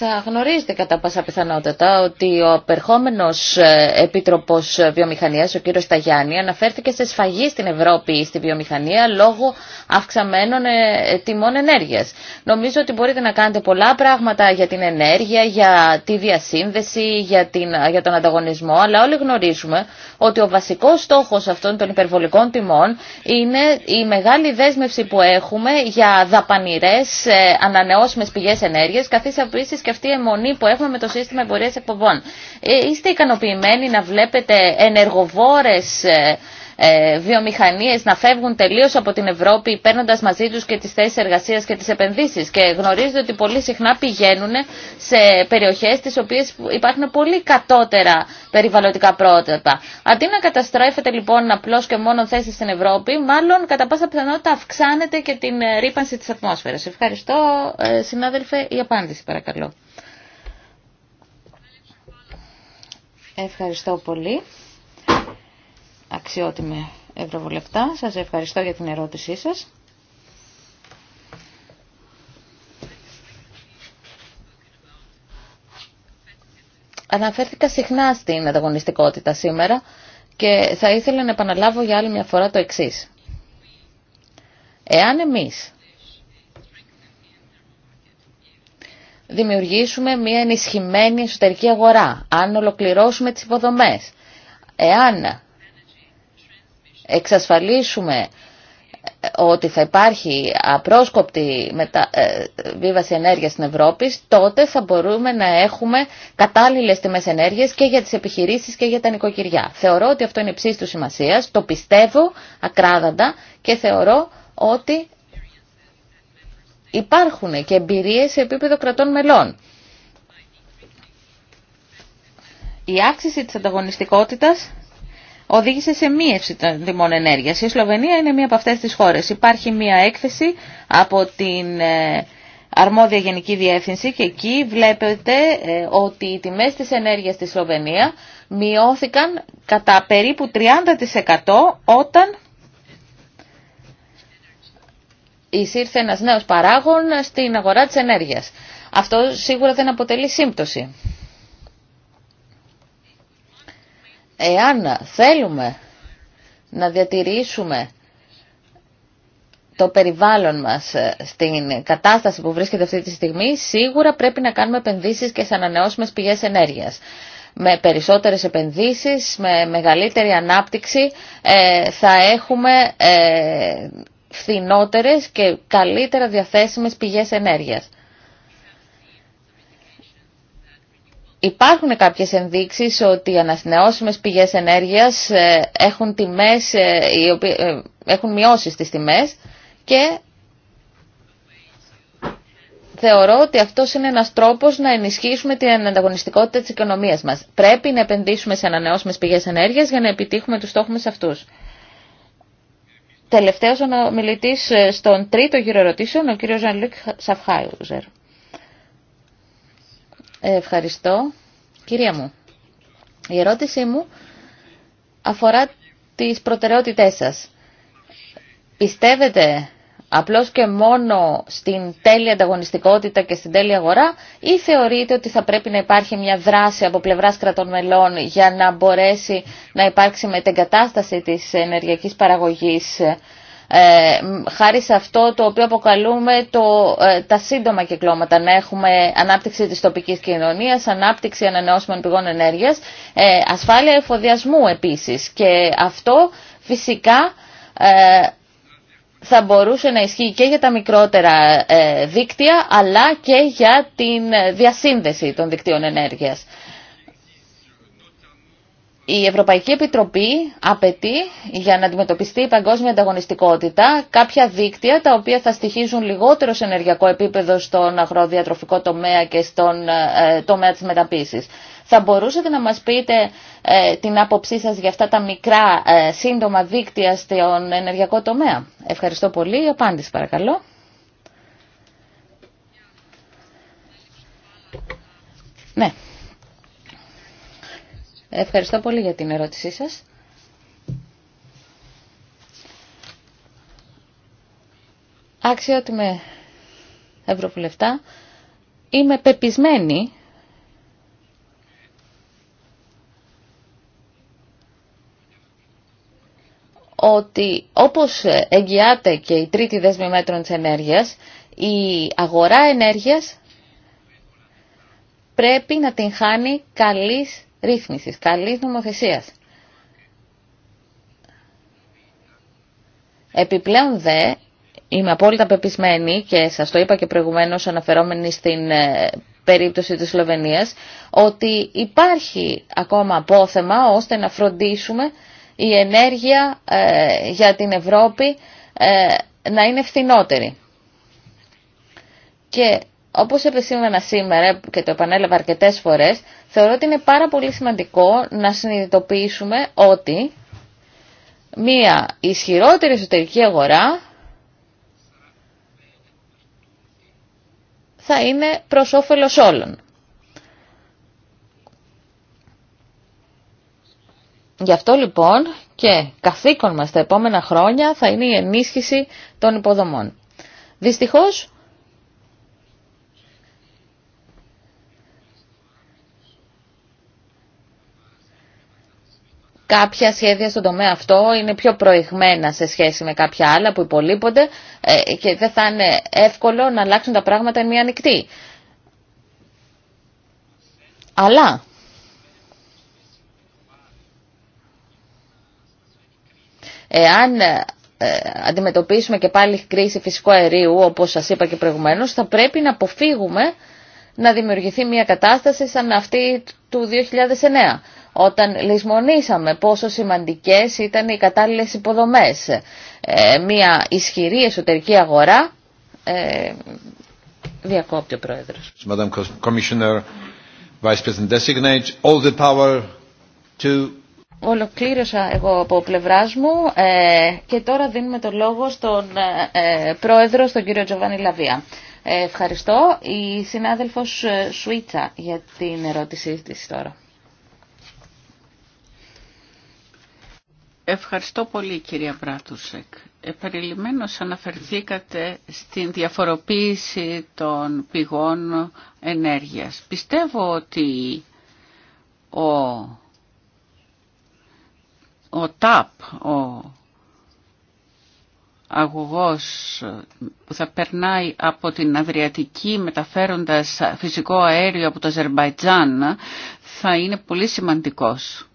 [SPEAKER 3] Θα γνωρίζετε κατά πάσα πιθανότητα ότι ο απερχόμενος ε, Επίτροπος Βιομηχανίας, ο κύριος Ταγιάννη, αναφέρθηκε σε σφαγή στην Ευρώπη στη βιομηχανία λόγω αυξαμένων ε, τιμών ενέργειας. Νομίζω ότι μπορείτε να κάνετε πολλά πράγματα για την ενέργεια, για τη διασύνδεση, για, την, για τον ανταγωνισμό, αλλά όλοι γνωρίζουμε ότι ο βασικός στόχος αυτών των υπερβολικών τιμών είναι η μεγάλη δέσμευση που έχουμε για δαπανηρές ε, ανανεώσιμες πηγές ενέργειας, καθώς επίση και αυτή η αιμονή που έχουμε με το σύστημα εμπορία εκπομπών. Ε, είστε ικανοποιημένοι να βλέπετε ενεργοβόρε. Ε, ε, βιομηχανίες να φεύγουν τελείως από την Ευρώπη παίρνοντας μαζί τους και τις θέσεις εργασίας και τις επενδύσεις και γνωρίζετε ότι πολύ συχνά πηγαίνουν σε περιοχές τις οποίες υπάρχουν πολύ κατώτερα περιβαλλοντικά πρότυπα. Αντί να καταστρέφεται λοιπόν απλώς και μόνο θέσεις στην Ευρώπη, μάλλον κατά πάσα πιθανότητα αυξάνεται και την ε, ρήπανση της ατμόσφαιρας. Ευχαριστώ ε, συνάδελφε η απάντηση παρακαλώ. Ευχαριστώ πολύ αξιότιμε Ευρωβουλευτά. Σας ευχαριστώ για την ερώτησή σας. Αναφέρθηκα συχνά στην ανταγωνιστικότητα σήμερα και θα ήθελα να επαναλάβω για άλλη μια φορά το εξής. Εάν εμείς δημιουργήσουμε μια ενισχυμένη εσωτερική αγορά, αν ολοκληρώσουμε τις υποδομές, εάν εξασφαλίσουμε ε, ότι θα υπάρχει απρόσκοπτη ε, βίβαση ενέργειας στην Ευρώπη, τότε θα μπορούμε να έχουμε κατάλληλες τιμές ενέργειας και για τις επιχειρήσεις και για τα νοικοκυριά. Θεωρώ ότι αυτό είναι του σημασίας, το πιστεύω ακράδαντα και θεωρώ ότι υπάρχουν και εμπειρίες σε επίπεδο κρατών μελών. Η άξιση της ανταγωνιστικότητας οδήγησε σε μείευση των τιμών ενέργεια. Η Σλοβενία είναι μία από αυτές τις χώρες. Υπάρχει μία έκθεση από την ε, αρμόδια γενική διεύθυνση και εκεί βλέπετε ε, ότι οι τιμές της ενέργειας στη Σλοβενία μειώθηκαν κατά περίπου 30% όταν εισήρθε ένας νέος παράγων στην αγορά της ενέργειας. Αυτό σίγουρα δεν αποτελεί σύμπτωση. Εάν θέλουμε να διατηρήσουμε το περιβάλλον μας ε, στην κατάσταση που βρίσκεται αυτή τη στιγμή, σίγουρα πρέπει να κάνουμε επενδύσεις και σε ανανεώσιμες πηγές ενέργειας. Με περισσότερες επενδύσεις, με μεγαλύτερη ανάπτυξη ε, θα έχουμε ε, φθηνότερες και καλύτερα διαθέσιμες πηγές ενέργειας. Υπάρχουν κάποιες ενδείξεις ότι οι ανανεώσιμες πηγές ενέργειας ε, έχουν, τιμές, ε, ε, έχουν μειώσει στις τιμές και θεωρώ ότι αυτό είναι ένας τρόπος να ενισχύσουμε την ανταγωνιστικότητα της οικονομίας μας. Πρέπει να επενδύσουμε σε ανανεώσιμες πηγές ενέργειας για να επιτύχουμε τους στόχους μας αυτούς. Τελευταίος ο μιλητής στον τρίτο γύρο ερωτήσεων, ο κύριος Ζανλίκ Σαφχάιουζερ. Ευχαριστώ. Κυρία μου, η ερώτησή μου αφορά τις προτεραιότητές σας. Πιστεύετε απλώς και μόνο στην τέλεια ανταγωνιστικότητα και στην τέλεια αγορά ή θεωρείτε ότι θα πρέπει να υπάρχει μια δράση από πλευράς κρατών μελών για να μπορέσει να υπάρξει μετεγκατάσταση της ενεργειακής παραγωγής ε, χάρη σε αυτό το οποίο αποκαλούμε το, ε, τα σύντομα κυκλώματα, να έχουμε ανάπτυξη της τοπικής κοινωνίας, ανάπτυξη ανανεώσιμων πηγών ενέργειας, ε, ασφάλεια εφοδιασμού επίσης. Και αυτό φυσικά θα μπορούσε να ισχύει και για τα μικρότερα δίκτυα αλλά και για την διασύνδεση των δικτύων ενέργειας. Η Ευρωπαϊκή Επιτροπή απαιτεί για να αντιμετωπιστεί η παγκόσμια ανταγωνιστικότητα κάποια δίκτυα τα οποία θα στοιχίζουν λιγότερο σε ενεργειακό επίπεδο στον αγροδιατροφικό τομέα και στον ε, τομέα της μεταποίησης. Θα μπορούσατε να μας πείτε ε, την άποψή σας για αυτά τα μικρά ε, σύντομα δίκτυα στον ενεργειακό τομέα. Ευχαριστώ πολύ. απάντηση παρακαλώ. Ναι. Ευχαριστώ πολύ για την ερώτησή σας. Αξιότιμε Ευρωβουλευτά, είμαι πεπισμένη ότι όπως εγγυάται και η τρίτη δέσμη μέτρων της ενέργειας, η αγορά ενέργειας πρέπει να την χάνει καλής ρύθμισης, καλής νομοθεσίας. Επιπλέον δε, είμαι απόλυτα πεπισμένη και σας το είπα και προηγουμένως αναφερόμενη στην ε, περίπτωση της Σλοβενίας, ότι υπάρχει ακόμα απόθεμα ώστε να φροντίσουμε η ενέργεια ε, για την Ευρώπη ε, να είναι φθηνότερη. Και Όπω επεσήμανα σήμερα και το επανέλαβα αρκετέ φορέ, θεωρώ ότι είναι πάρα πολύ σημαντικό να συνειδητοποιήσουμε ότι μία ισχυρότερη εσωτερική αγορά θα είναι προς όφελος όλων. Γι' αυτό λοιπόν και καθήκον μας τα επόμενα χρόνια θα είναι η ενίσχυση των υποδομών. Δυστυχώς Κάποια σχέδια στον τομέα αυτό είναι πιο προηγμένα σε σχέση με κάποια άλλα που υπολείπονται ε, και δεν θα είναι εύκολο να αλλάξουν τα πράγματα εν μία νυχτή. Αλλά εάν ε, αντιμετωπίσουμε και πάλι κρίση φυσικού αερίου, όπως σας είπα και προηγουμένως, θα πρέπει να αποφύγουμε να δημιουργηθεί μια ανοιχτή. αλλα εαν αντιμετωπισουμε και παλι κριση φυσικου αεριου οπως σας ειπα και προηγουμενως θα πρεπει να αποφυγουμε να δημιουργηθει μια κατασταση σαν αυτή του 2009 όταν λησμονήσαμε πόσο σημαντικές ήταν οι κατάλληλες υποδομές. Ε, μια ισχυρή εσωτερική αγορά ε, διακόπτει ο Πρόεδρος. Ολοκλήρωσα εγώ από πλευρά μου ε, και τώρα δίνουμε το λόγο στον ε, Πρόεδρο, στον κύριο Τζοβάνι Λαβία. ευχαριστώ. Η συνάδελφος Σουίτσα για την ερώτησή της τώρα.
[SPEAKER 2] Ευχαριστώ πολύ κυρία Μπράτουσεκ. Επεριλημμένως αναφερθήκατε στην διαφοροποίηση των πηγών ενέργειας. Πιστεύω ότι ο, ο ΤΑΠ, ο αγωγός που θα περνάει από την Αδριατική μεταφέροντας φυσικό αέριο από το Αζερμπαϊτζάν θα είναι πολύ σημαντικός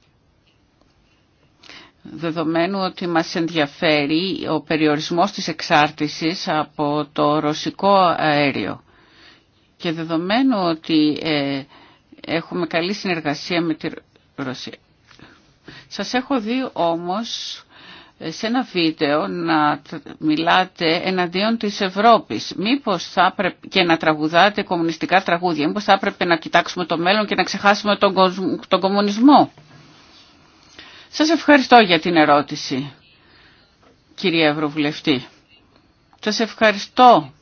[SPEAKER 2] δεδομένου ότι μας ενδιαφέρει ο περιορισμός της εξάρτησης από το ρωσικό αέριο και δεδομένου ότι ε, έχουμε καλή συνεργασία με τη Ρωσία. Σας έχω δει όμως ε, σε ένα βίντεο να μιλάτε εναντίον της Ευρώπης μήπως θα και να τραγουδάτε κομμουνιστικά τραγούδια. Μήπως θα έπρεπε να κοιτάξουμε το μέλλον και να ξεχάσουμε τον κομμουνισμό. Σας ευχαριστώ για την ερώτηση, κυρία Ευρωβουλευτή. Σας ευχαριστώ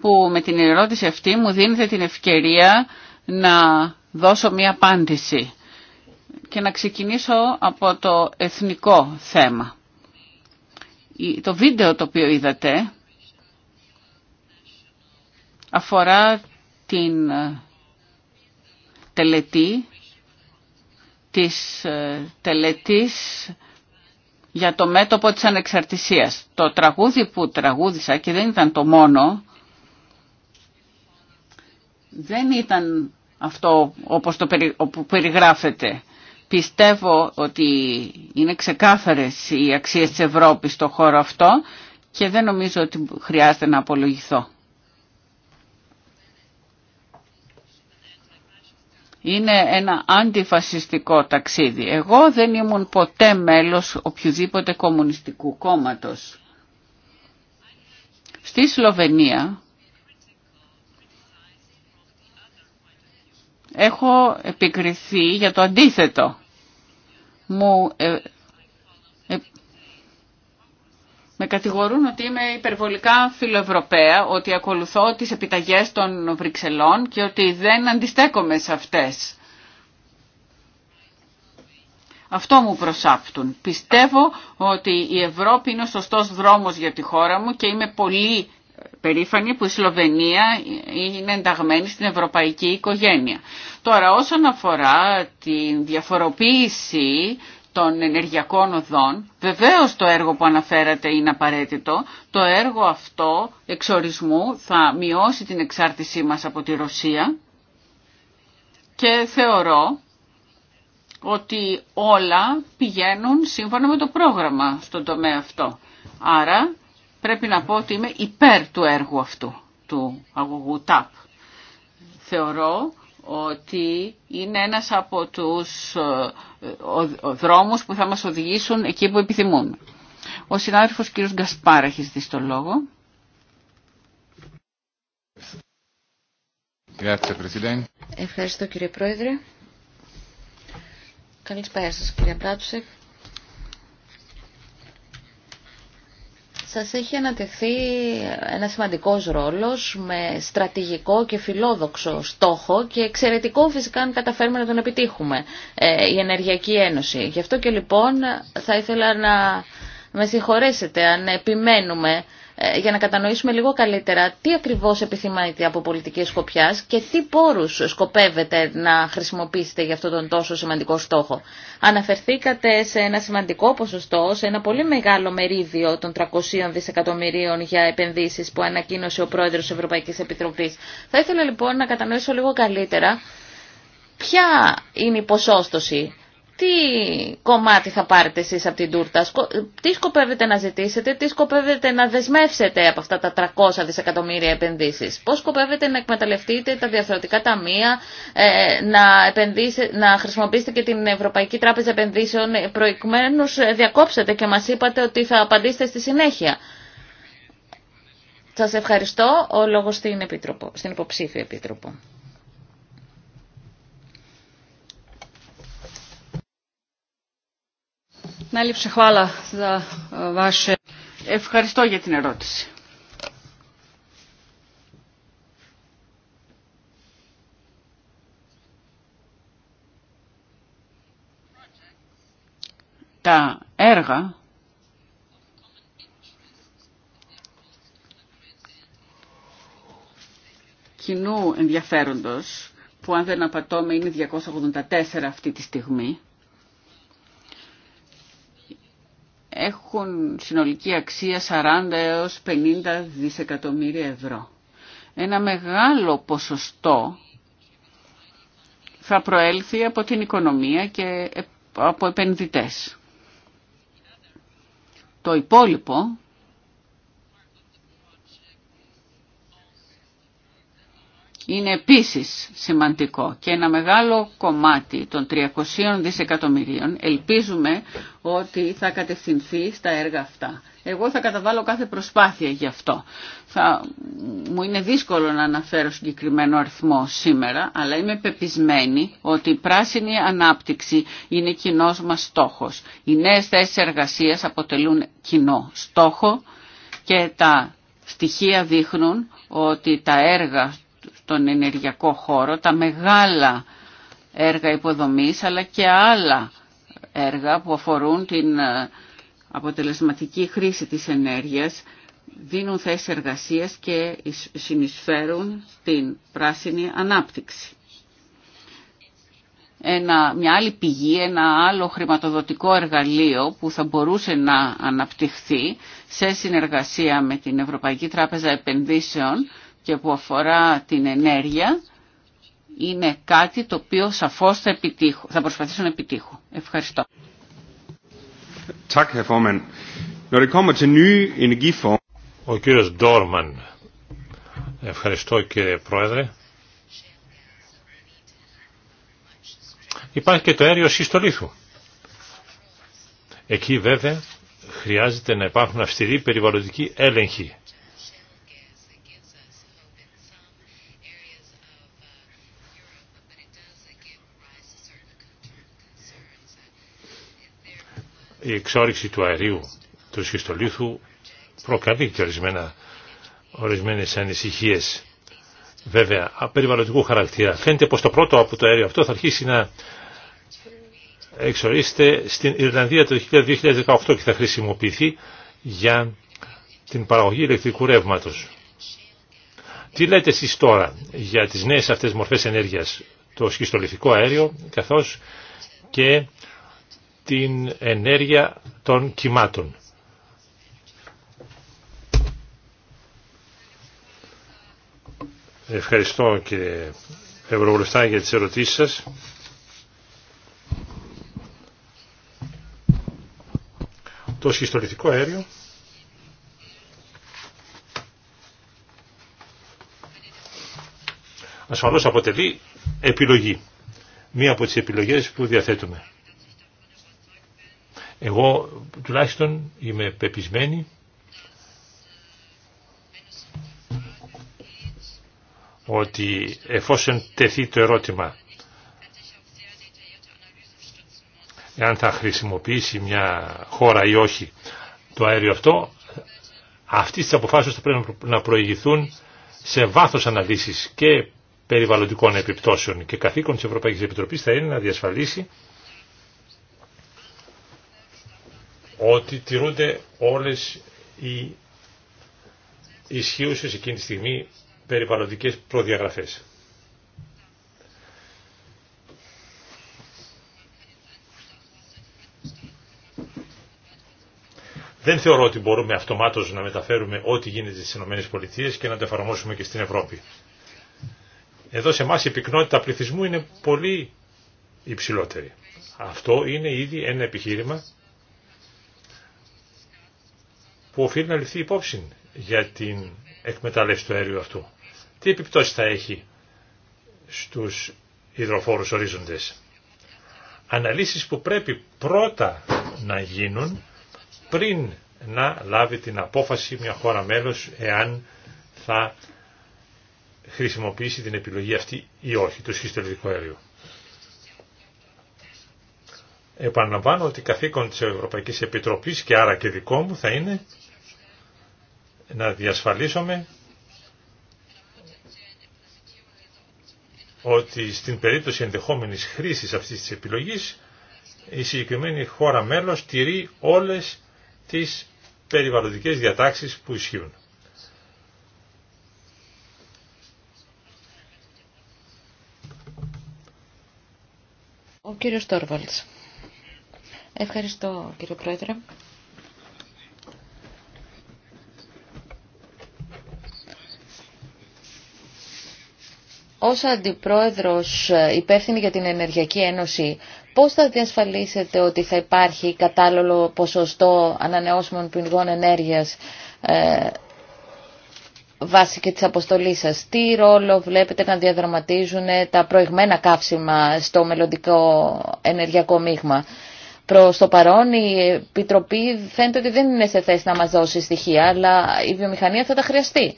[SPEAKER 2] που με την ερώτηση αυτή μου δίνετε την ευκαιρία να δώσω μία απάντηση και να ξεκινήσω από το εθνικό θέμα. Το βίντεο το οποίο είδατε αφορά την ε, τελετή της ε, τελετής για το μέτωπο της ανεξαρτησίας. Το τραγούδι που τραγούδισα και δεν ήταν το μόνο, δεν ήταν αυτό όπως το περι, περιγράφεται. Πιστεύω ότι είναι ξεκάθαρες οι αξίες της Ευρώπης στο χώρο αυτό και δεν νομίζω ότι χρειάζεται να απολογηθώ. είναι ένα αντιφασιστικό ταξίδι. Εγώ δεν ήμουν ποτέ μέλος οποιοδήποτε κομμουνιστικού κόμματος. Στη Σλοβενία έχω επικριθεί για το αντίθετο. Μου ε, με κατηγορούν ότι είμαι υπερβολικά φιλοευρωπαία, ότι ακολουθώ τις επιταγές των Βρυξελών και ότι δεν αντιστέκομαι σε αυτές. Αυτό μου προσάπτουν. Πιστεύω ότι η Ευρώπη είναι ο σωστός δρόμος για τη χώρα μου και είμαι πολύ περήφανη που η Σλοβενία είναι ενταγμένη στην ευρωπαϊκή οικογένεια. Τώρα όσον αφορά τη διαφοροποίηση των ενεργειακών οδών. Βεβαίως το έργο που αναφέρατε είναι απαραίτητο. Το έργο αυτό εξορισμού θα μειώσει την εξάρτησή μας από τη Ρωσία και θεωρώ ότι όλα πηγαίνουν σύμφωνα με το πρόγραμμα στον τομέα αυτό. Άρα πρέπει να πω ότι είμαι υπέρ του έργου αυτού, του αγωγού ΤΑΠ. Θεωρώ ότι είναι ένας από τους ε, δρόμους που θα μας οδηγήσουν εκεί που επιθυμούν. Ο συνάδελφος κύριος Γκασπάρα
[SPEAKER 3] έχει δει το λόγο. Ευχαριστώ κύριε Πρόεδρε. Καλησπέρα σας κύριε Μπράτσεφ. σας έχει ανατεθεί ένα σημαντικός ρόλος με στρατηγικό και φιλόδοξο στόχο και εξαιρετικό φυσικά αν καταφέρουμε να τον επιτύχουμε, ε, η Ενεργειακή Ένωση. Γι' αυτό και λοιπόν θα ήθελα να με συγχωρέσετε αν επιμένουμε ε, για να κατανοήσουμε λίγο καλύτερα τι ακριβώς επιθυμάτε από πολιτική σκοπιά και τι πόρους σκοπεύετε να χρησιμοποιήσετε για αυτόν τον τόσο σημαντικό στόχο. Αναφερθήκατε σε ένα σημαντικό ποσοστό, σε ένα πολύ μεγάλο μερίδιο των 300 δισεκατομμυρίων για επενδύσεις που ανακοίνωσε ο Πρόεδρος της Ευρωπαϊκής Επιτροπής. Θα ήθελα λοιπόν να κατανοήσω λίγο καλύτερα ποια είναι η ποσόστοση τι κομμάτι θα πάρετε εσείς από την τούρτα, τι σκοπεύετε να ζητήσετε, τι σκοπεύετε να δεσμεύσετε από αυτά τα 300 δισεκατομμύρια επενδύσεις, πώς σκοπεύετε να εκμεταλλευτείτε τα διαφορετικά ταμεία, ε, να, να χρησιμοποιήσετε και την Ευρωπαϊκή Τράπεζα Επενδύσεων, ε, προηγουμένως ε, διακόψετε και μας είπατε ότι θα απαντήσετε στη συνέχεια. Σας ευχαριστώ, ο λόγος στην, στην υποψήφια Επίτροπο.
[SPEAKER 5] Eh, Ευχαριστώ για την ερώτηση.
[SPEAKER 2] Τα έργα κοινού ενδιαφέροντος, που αν δεν απατώμε είναι 284 αυτή τη στιγμή, έχουν συνολική αξία 40 έως 50 δισεκατομμύρια ευρώ. Ένα μεγάλο ποσοστό θα προέλθει από την οικονομία και από επενδυτές. Το υπόλοιπο είναι επίσης σημαντικό και ένα μεγάλο κομμάτι των 300 δισεκατομμυρίων ελπίζουμε ότι θα κατευθυνθεί στα έργα αυτά. Εγώ θα καταβάλω κάθε προσπάθεια γι' αυτό. Θα, μου είναι δύσκολο να αναφέρω συγκεκριμένο αριθμό σήμερα, αλλά είμαι πεπισμένη ότι η πράσινη ανάπτυξη είναι κοινό μας στόχος. Οι νέες θέσεις εργασίας αποτελούν κοινό στόχο και τα στοιχεία δείχνουν ότι τα έργα τον ενεργειακό χώρο, τα μεγάλα έργα υποδομής, αλλά και άλλα έργα που αφορούν την ε, αποτελεσματική χρήση της ενέργειας, δίνουν θέσεις εργασίας και συνεισφέρουν στην πράσινη ανάπτυξη. Ένα, μια άλλη πηγή, ένα άλλο χρηματοδοτικό εργαλείο που θα μπορούσε να αναπτυχθεί σε συνεργασία με την Ευρωπαϊκή Τράπεζα Επενδύσεων και που αφορά την ενέργεια είναι κάτι το οποίο σαφώς θα, θα προσπαθήσω να επιτύχω. Ευχαριστώ.
[SPEAKER 4] Ο κύριος Ντόρμαν. Ευχαριστώ κύριε Πρόεδρε. Υπάρχει και το αέριο συστολήθου. Εκεί βέβαια χρειάζεται να υπάρχουν αυστηροί περιβαλλοντικοί έλεγχοι. η εξόριξη του αερίου του σχιστολίθου προκαλεί και ορισμένα, ορισμένες ανησυχίες βέβαια περιβαλλοντικού χαρακτήρα. Φαίνεται πως το πρώτο από το αέριο αυτό θα αρχίσει να εξορίστε στην Ιρλανδία το 2018 και θα χρησιμοποιηθεί για την παραγωγή ηλεκτρικού ρεύματος. Τι λέτε εσείς τώρα για τις νέες αυτές μορφές ενέργειας, το σχιστολιθικό αέριο καθώς και την ενέργεια των κυμάτων. Ευχαριστώ και Ευρωβουλευτά για τις ερωτήσεις σας. Το σχιστολιθικό αέριο ασφαλώς αποτελεί επιλογή. Μία από τις επιλογές που διαθέτουμε. Εγώ τουλάχιστον είμαι πεπισμένη ότι εφόσον τεθεί το ερώτημα εάν θα χρησιμοποιήσει μια χώρα ή όχι το αέριο αυτό, αυτοι τις αποφάσεις θα πρέπει να προηγηθούν σε βάθος αναλύσεις και περιβαλλοντικών επιπτώσεων και καθήκον της Ευρωπαϊκής Επιτροπής θα είναι να διασφαλίσει ότι τηρούνται όλες οι ισχύουσες εκείνη τη στιγμή περιβαλλοντικές προδιαγραφές. Δεν θεωρώ ότι μπορούμε αυτομάτως να μεταφέρουμε ό,τι γίνεται στις ΗΠΑ και να το εφαρμόσουμε και στην Ευρώπη. Εδώ σε εμά η πυκνότητα πληθυσμού είναι πολύ υψηλότερη. Αυτό είναι ήδη ένα επιχείρημα που οφείλει να ληφθεί υπόψη για την εκμετάλλευση του αέριου αυτού. Τι επιπτώσεις θα έχει στους υδροφόρους ορίζοντες. Αναλύσεις που πρέπει πρώτα να γίνουν πριν να λάβει την απόφαση μια χώρα μέλος εάν θα χρησιμοποιήσει την επιλογή αυτή ή όχι, του σχιστολιτικό αέριου. Επαναλαμβάνω ότι καθήκον της Ευρωπαϊκής Επιτροπής και άρα και δικό μου θα είναι να διασφαλίσουμε ότι στην περίπτωση ενδεχόμενης χρήσης αυτής της επιλογής η συγκεκριμένη χώρα μέλος τηρεί όλες τις περιβαλλοντικές διατάξεις που ισχύουν.
[SPEAKER 3] Ο κύριος Τόρβαλτς. Ευχαριστώ κύριο Πρόεδρε. ως Αντιπρόεδρος ε, υπεύθυνη για την Ενεργειακή Ένωση, πώς θα διασφαλίσετε ότι θα υπάρχει κατάλληλο ποσοστό ανανεώσιμων πηγών ενέργειας ε, βάσει και της αποστολής σας. Τι ρόλο βλέπετε να διαδραματίζουν ε, τα προηγμένα καύσιμα στο μελλοντικό ενεργειακό μείγμα. Προς το παρόν η Επιτροπή φαίνεται ότι δεν είναι σε θέση να μας δώσει στοιχεία, αλλά η βιομηχανία θα τα χρειαστεί.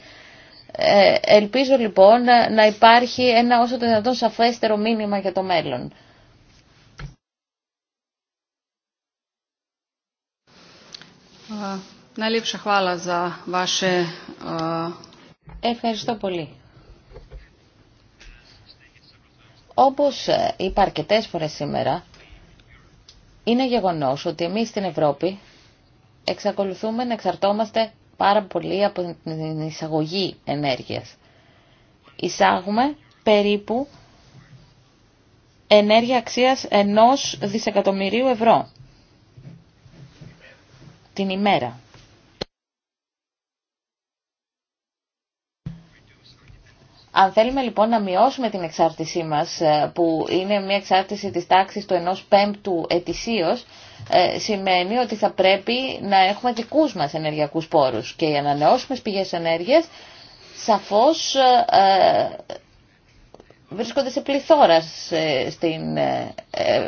[SPEAKER 3] Ε, ελπίζω λοιπόν να υπάρχει ένα όσο το δυνατόν σαφέστερο μήνυμα για το μέλλον.
[SPEAKER 5] Ε, ε, Ευχαριστώ πολύ.
[SPEAKER 3] Όπως είπα αρκετέ φορές σήμερα, είναι γεγονός ότι εμείς στην Ευρώπη εξακολουθούμε να εξαρτώμαστε πάρα πολύ από την εισαγωγή ενέργειας. Εισάγουμε περίπου ενέργεια αξίας ενός δισεκατομμυρίου ευρώ την ημέρα. Αν θέλουμε λοιπόν να μειώσουμε την εξάρτησή μας, ε, που είναι μια εξάρτηση της τάξης του ενός πέμπτου ετησίως, ε, σημαίνει ότι θα πρέπει να έχουμε δικούς μας ενεργειακούς πόρους και οι ανανεώσιμες πηγές ενέργειας σαφώς ε, βρίσκονται σε πληθώρα στην ε,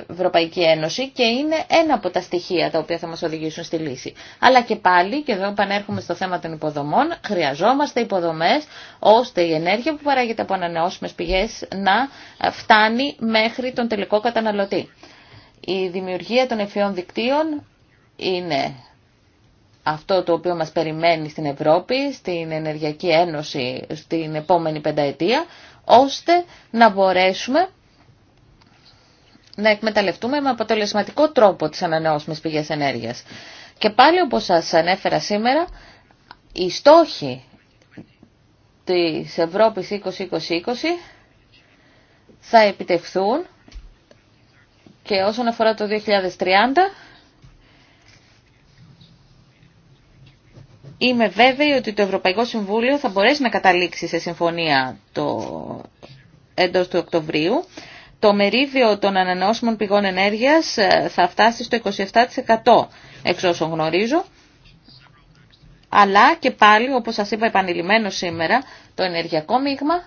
[SPEAKER 3] Ευρωπαϊκή Ένωση και είναι ένα από τα στοιχεία τα οποία θα μας οδηγήσουν στη λύση. Αλλά και πάλι, και εδώ πανέρχομαι στο θέμα των υποδομών, χρειαζόμαστε υποδομές ώστε η ενέργεια που παράγεται από ανανεώσιμες πηγές να φτάνει μέχρι τον τελικό καταναλωτή. Η δημιουργία των ευφυών δικτύων είναι αυτό το οποίο μας περιμένει στην Ευρώπη, στην Ενεργειακή Ένωση στην επόμενη πενταετία, ώστε να μπορέσουμε να εκμεταλλευτούμε με αποτελεσματικό τρόπο τις ανανεώσιμες πηγές ενέργειας. Και πάλι όπως σας ανέφερα σήμερα, οι στόχοι της Ευρώπης 2020 θα επιτευχθούν και όσον αφορά το 2030 Είμαι βέβαιη ότι το Ευρωπαϊκό Συμβούλιο θα μπορέσει να καταλήξει σε συμφωνία το... εντός του Οκτωβρίου. Το μερίδιο των ανανεώσιμων πηγών ενέργειας ε, θα φτάσει στο 27% εξ όσων γνωρίζω. Αλλά και πάλι, όπως σας είπα επανειλημμένο σήμερα, το ενεργειακό μείγμα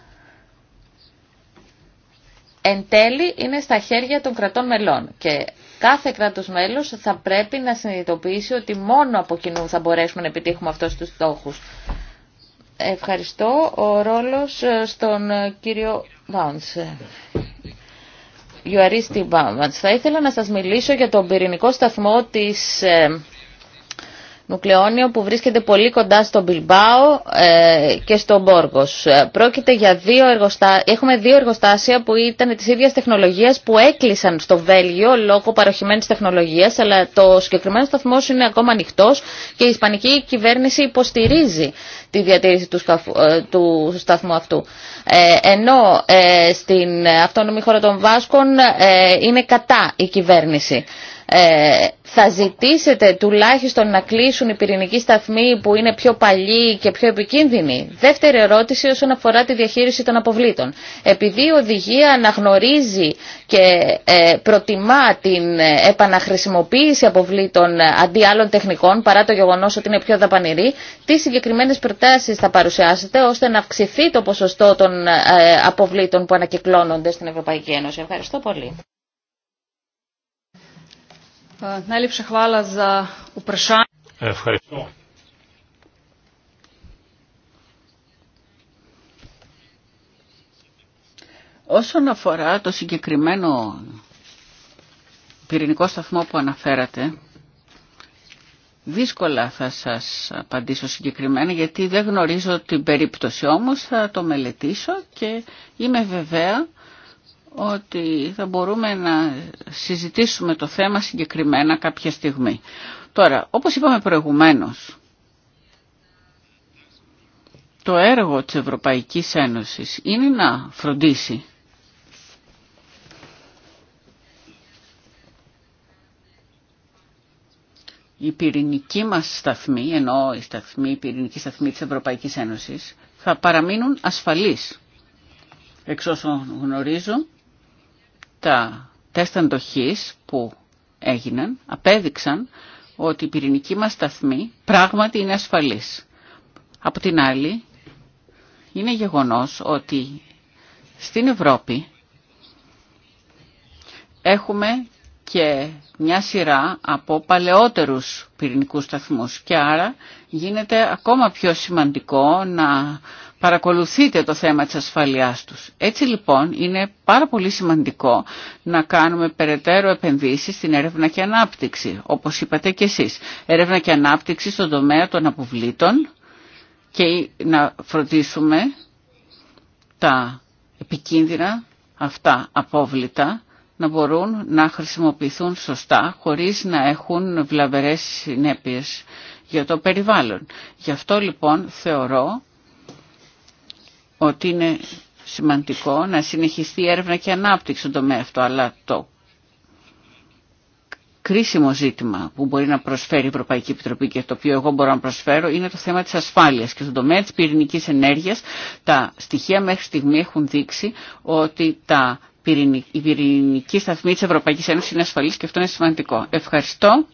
[SPEAKER 3] εν τέλει είναι στα χέρια των κρατών μελών. Και Κάθε κράτος μέλος θα πρέπει να συνειδητοποιήσει ότι μόνο από κοινού θα μπορέσουμε να επιτύχουμε αυτούς τους στόχους. Ευχαριστώ. Ο ρόλος ε, στον ε, κύριο Βάουντς. Θα ήθελα να σας μιλήσω για τον πυρηνικό σταθμό της ε, νουκλεόνιο που βρίσκεται πολύ κοντά στο Μπιλμπάο ε, και στο Μπόργος. Ε, πρόκειται για δύο εργοστάσια, έχουμε δύο εργοστάσια που ήταν της ίδιας τεχνολογίας που έκλεισαν στο Βέλγιο λόγω παροχημένης τεχνολογίας, αλλά το συγκεκριμένο σταθμό είναι ακόμα ανοιχτό και η Ισπανική κυβέρνηση υποστηρίζει τη διατήρηση του, ε, του σταθμού αυτού. ενώ στην αυτόνομη χώρα των Βάσκων είναι κατά η κυβέρνηση. Ε, θα ζητήσετε τουλάχιστον να κλείσουν οι πυρηνικοί σταθμοί που είναι πιο παλιοί και πιο επικίνδυνοι. Δεύτερη ερώτηση όσον αφορά τη διαχείριση των αποβλήτων. Επειδή η οδηγία αναγνωρίζει και ε, προτιμά την ε, επαναχρησιμοποίηση αποβλήτων αντί άλλων τεχνικών παρά το γεγονός ότι είναι πιο δαπανηρή, τι συγκεκριμένες προτάσεις θα παρουσιάσετε ώστε να αυξηθεί το ποσοστό των αποβλήτων που
[SPEAKER 5] ανακυκλώνονται στην Ευρωπαϊκή Ένωση. Ευχαριστώ πολύ.
[SPEAKER 4] Ευχαριστώ.
[SPEAKER 2] Όσον αφορά το συγκεκριμένο πυρηνικό σταθμό που αναφέρατε, δύσκολα θα σας απαντήσω συγκεκριμένα γιατί δεν γνωρίζω την περίπτωση όμως, θα το μελετήσω και είμαι βεβαία ότι θα μπορούμε να συζητήσουμε το θέμα συγκεκριμένα κάποια στιγμή. Τώρα, όπως είπαμε προηγουμένως, το έργο της Ευρωπαϊκής Ένωσης είναι να φροντίσει η πυρηνική μας σταθμή, ενώ η, σταθμή, η πυρηνική σταθμή της Ευρωπαϊκής Ένωσης, θα παραμείνουν ασφαλείς. Εξ όσων γνωρίζω, τα τεστ αντοχής που έγιναν απέδειξαν ότι η πυρηνική μας σταθμή πράγματι είναι ασφαλής. Από την άλλη, είναι γεγονός ότι στην Ευρώπη έχουμε και μια σειρά από παλαιότερους πυρηνικούς σταθμούς και άρα γίνεται ακόμα πιο σημαντικό να παρακολουθείτε το θέμα της ασφαλείας τους. Έτσι λοιπόν είναι πάρα πολύ σημαντικό να κάνουμε περαιτέρω επενδύσεις στην έρευνα και ανάπτυξη, όπως είπατε και εσείς. Έρευνα και ανάπτυξη στον τομέα των αποβλήτων και να φροντίσουμε τα επικίνδυνα αυτά απόβλητα να μπορούν να χρησιμοποιηθούν σωστά χωρίς να έχουν βλαβερές συνέπειες για το περιβάλλον. Γι' αυτό λοιπόν θεωρώ ότι είναι σημαντικό να συνεχιστεί η έρευνα και η ανάπτυξη στον τομέα αυτό, αλλά το κρίσιμο ζήτημα που μπορεί να προσφέρει η Ευρωπαϊκή Επιτροπή και το οποίο εγώ μπορώ να προσφέρω είναι το θέμα της ασφάλειας και στον τομέα της πυρηνικής ενέργειας τα στοιχεία μέχρι στιγμή έχουν δείξει ότι τα η πυρηνική σταθμή της Ευρωπαϊκής Ένωσης είναι ασφαλής και αυτό είναι σημαντικό. Ευχαριστώ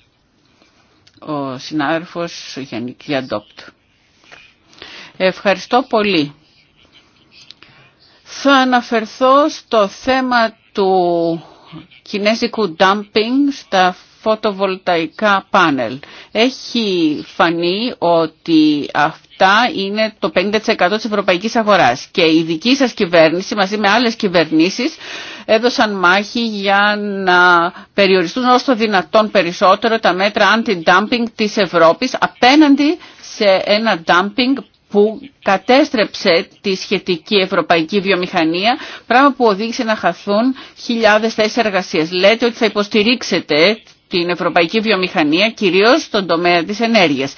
[SPEAKER 2] ο συνάδελφος Γιάννη Κλιαντόπτου. Ευχαριστώ πολύ. Θα αναφερθώ στο θέμα του κινέζικου dumping στα φωτοβολταϊκά πάνελ. Έχει φανεί ότι αυτά είναι το 50% της ευρωπαϊκής αγοράς και η δική σας κυβέρνηση μαζί με άλλες κυβερνήσεις έδωσαν μάχη για να περιοριστούν όσο δυνατόν περισσότερο τα μέτρα anti-dumping της Ευρώπης απέναντι σε ένα dumping που κατέστρεψε τη σχετική ευρωπαϊκή βιομηχανία, πράγμα που οδήγησε να χαθούν χιλιάδες θέσεις εργασίας. Λέτε ότι θα υποστηρίξετε την ευρωπαϊκή βιομηχανία, κυρίως στον τομέα της ενέργειας.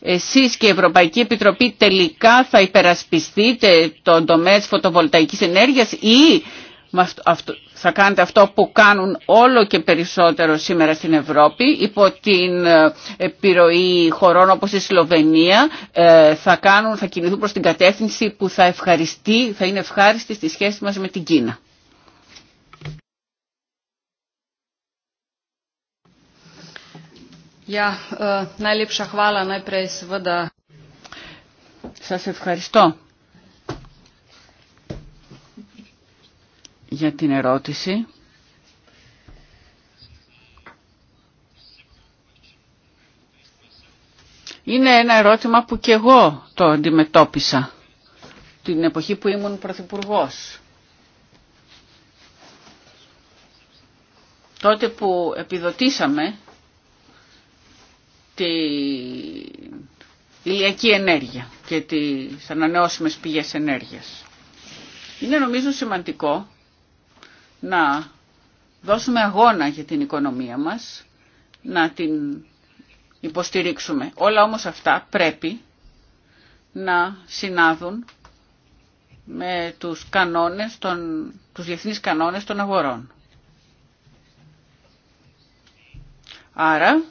[SPEAKER 2] Εσείς και η Ευρωπαϊκή Επιτροπή τελικά θα υπερασπιστείτε τον τομέα της φωτοβολταϊκής ενέργειας ή θα κάνετε αυτό που κάνουν όλο και περισσότερο σήμερα στην Ευρώπη υπό την ε, επιρροή χωρών όπως η Σλοβενία ε, θα, κάνουν, θα κινηθούν προς την κατεύθυνση που θα, ευχαριστεί, θα είναι ευχάριστη στη σχέση μας με την Κίνα. Ε, Σα ευχαριστώ. για την ερώτηση. Είναι ένα ερώτημα που και εγώ το αντιμετώπισα την εποχή που ήμουν πρωθυπουργός. Τότε που επιδοτήσαμε τη ηλιακή ενέργεια και τις ανανεώσιμες πηγές ενέργειας. Είναι νομίζω σημαντικό να δώσουμε αγώνα για την οικονομία μας, να την υποστηρίξουμε. Όλα όμως αυτά πρέπει να συνάδουν με τους, κανόνες των, τους διεθνείς κανόνες των αγορών. Άρα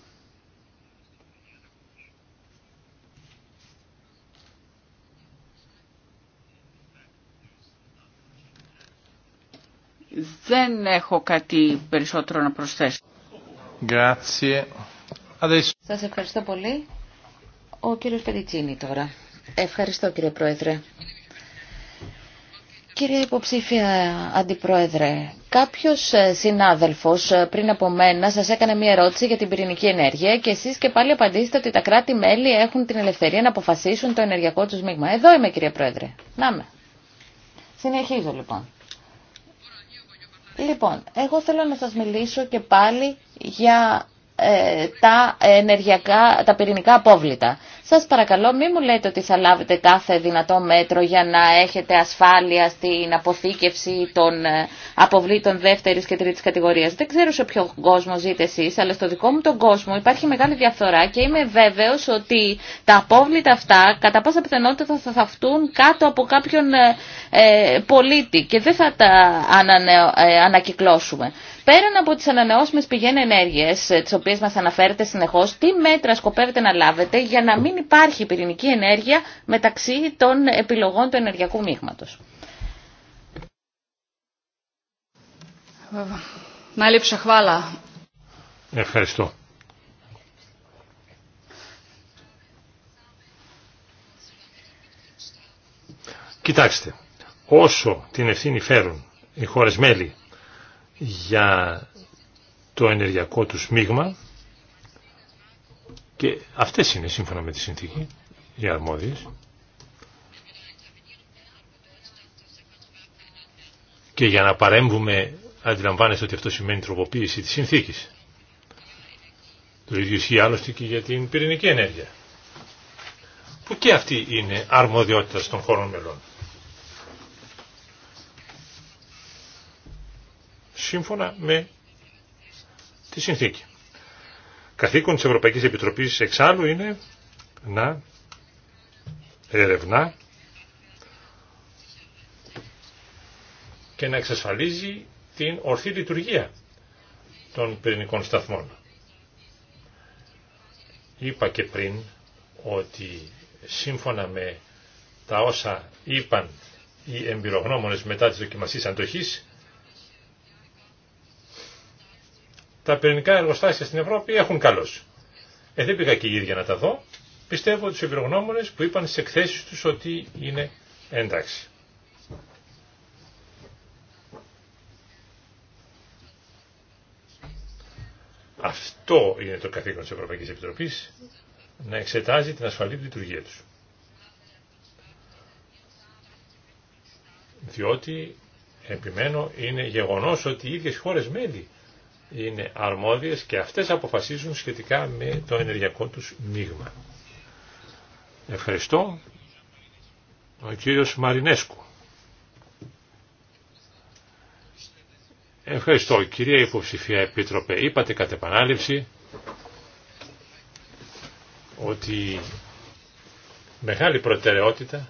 [SPEAKER 2] Δεν έχω κάτι περισσότερο να προσθέσω.
[SPEAKER 3] Σας ευχαριστώ πολύ. Ο κύριος Πεντιτσίνη τώρα. Ευχαριστώ κύριε Πρόεδρε. Κύριε υποψήφια Αντιπρόεδρε, κάποιος ε, συνάδελφος ε, πριν από μένα σας έκανε μία ερώτηση για την πυρηνική ενέργεια και εσείς και πάλι απαντήσετε ότι τα κράτη-μέλη έχουν την ελευθερία να αποφασίσουν το ενεργειακό τους μείγμα. Εδώ είμαι κύριε Πρόεδρε. Να με. Συνεχίζω λοιπόν. Λοιπόν, εγώ θέλω να σας μιλήσω και πάλι για ε, τα ενεργειακά, τα πυρηνικά απόβλητα. Σας παρακαλώ μην μου λέτε ότι θα λάβετε κάθε δυνατό μέτρο για να έχετε ασφάλεια στην αποθήκευση των ε, αποβλήτων δεύτερης και τρίτης κατηγορίας. Δεν ξέρω σε ποιο κόσμο ζείτε εσείς, αλλά στο δικό μου τον κόσμο υπάρχει μεγάλη διαφθορά και είμαι βέβαιος ότι τα απόβλητα αυτά κατά πάσα πιθανότητα θα θαυτούν κάτω από κάποιον ε, ε, πολίτη και δεν θα τα ανανεω, ε, ανακυκλώσουμε. Πέραν από τις ανανεώσιμες πηγές ενέργειας, ε, τις οποίες μας αναφέρετε συνεχώς, τι μέτρα σκοπεύετε να λάβετε για να μην μην υπάρχει πυρηνική ενέργεια μεταξύ των επιλογών του ενεργειακού μείγματος.
[SPEAKER 4] Ευχαριστώ. Κοιτάξτε, όσο την ευθύνη φέρουν οι χώρες μέλη για το ενεργειακό τους μείγμα, και αυτές είναι σύμφωνα με τη συνθήκη οι αρμόδιες. Και για να παρέμβουμε αντιλαμβάνεστε ότι αυτό σημαίνει τροποποίηση της συνθήκης. Το ίδιο ισχύει άλλωστε και για την πυρηνική ενέργεια. Που και αυτή είναι αρμοδιότητα των χώρων μελών. Σύμφωνα με τη συνθήκη. Καθήκον της Ευρωπαϊκής Επιτροπής εξάλλου είναι να ερευνά και να εξασφαλίζει την ορθή λειτουργία των πυρηνικών σταθμών. Είπα και πριν ότι σύμφωνα με τα όσα είπαν οι εμπειρογνώμονες μετά τις δοκιμασίες αντοχής, τα πυρηνικά εργοστάσια στην Ευρώπη έχουν καλώ. Ε, δεν πήγα και η ίδια να τα δω. Πιστεύω τους εμπειρογνώμονες που είπαν στις εκθέσεις τους ότι είναι εντάξει. Αυτό είναι το καθήκον της Ευρωπαϊκής Επιτροπής, να εξετάζει την ασφαλή λειτουργία τους. Διότι, επιμένω, είναι γεγονός ότι οι ίδιες χώρες μέλη είναι αρμόδιες και αυτές αποφασίζουν σχετικά με το ενεργειακό τους μείγμα. Ευχαριστώ. Ο κύριος Μαρινέσκου. Ευχαριστώ. Κυρία Υποψηφία Επίτροπε, είπατε κατ' επανάληψη ότι μεγάλη προτεραιότητα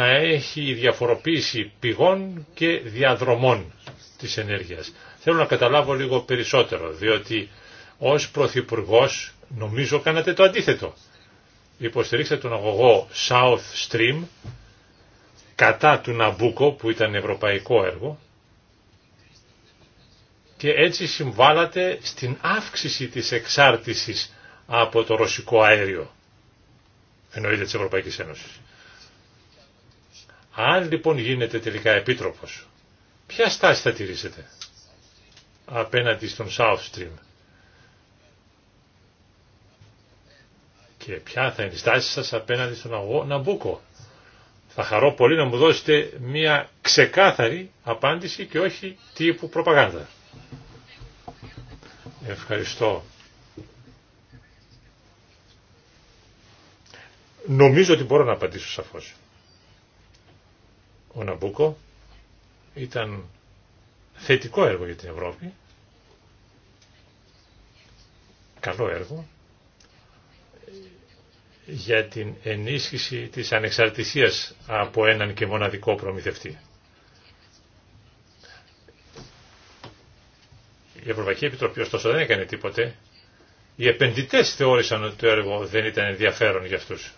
[SPEAKER 4] θα έχει διαφοροποίηση πηγών και διαδρομών της ενέργειας. Θέλω να καταλάβω λίγο περισσότερο, διότι ως Πρωθυπουργό νομίζω κάνατε το αντίθετο. Υποστηρίξατε τον αγωγό South Stream κατά του Ναμπούκο που ήταν ευρωπαϊκό έργο και έτσι συμβάλατε στην αύξηση της εξάρτησης από το ρωσικό αέριο εννοείται της Ευρωπαϊκής Ένωσης. Αν λοιπόν γίνετε τελικά επίτροπος, ποια στάση θα τηρήσετε απέναντι στον South Stream και ποια θα είναι η στάση σας απέναντι στον αγώνα Μπούκο. Θα χαρώ πολύ να μου δώσετε μια ξεκάθαρη απάντηση και όχι τύπου προπαγάνδα. Ευχαριστώ. Νομίζω ότι μπορώ να απαντήσω σαφώς. Ο Ναμπούκο ήταν θετικό έργο για την Ευρώπη, καλό έργο, για την ενίσχυση της ανεξαρτησίας από έναν και μοναδικό προμηθευτή. Η Ευρωπαϊκή Επιτροπή ωστόσο δεν έκανε τίποτε. Οι επενδυτές θεώρησαν ότι το έργο δεν ήταν ενδιαφέρον για αυτούς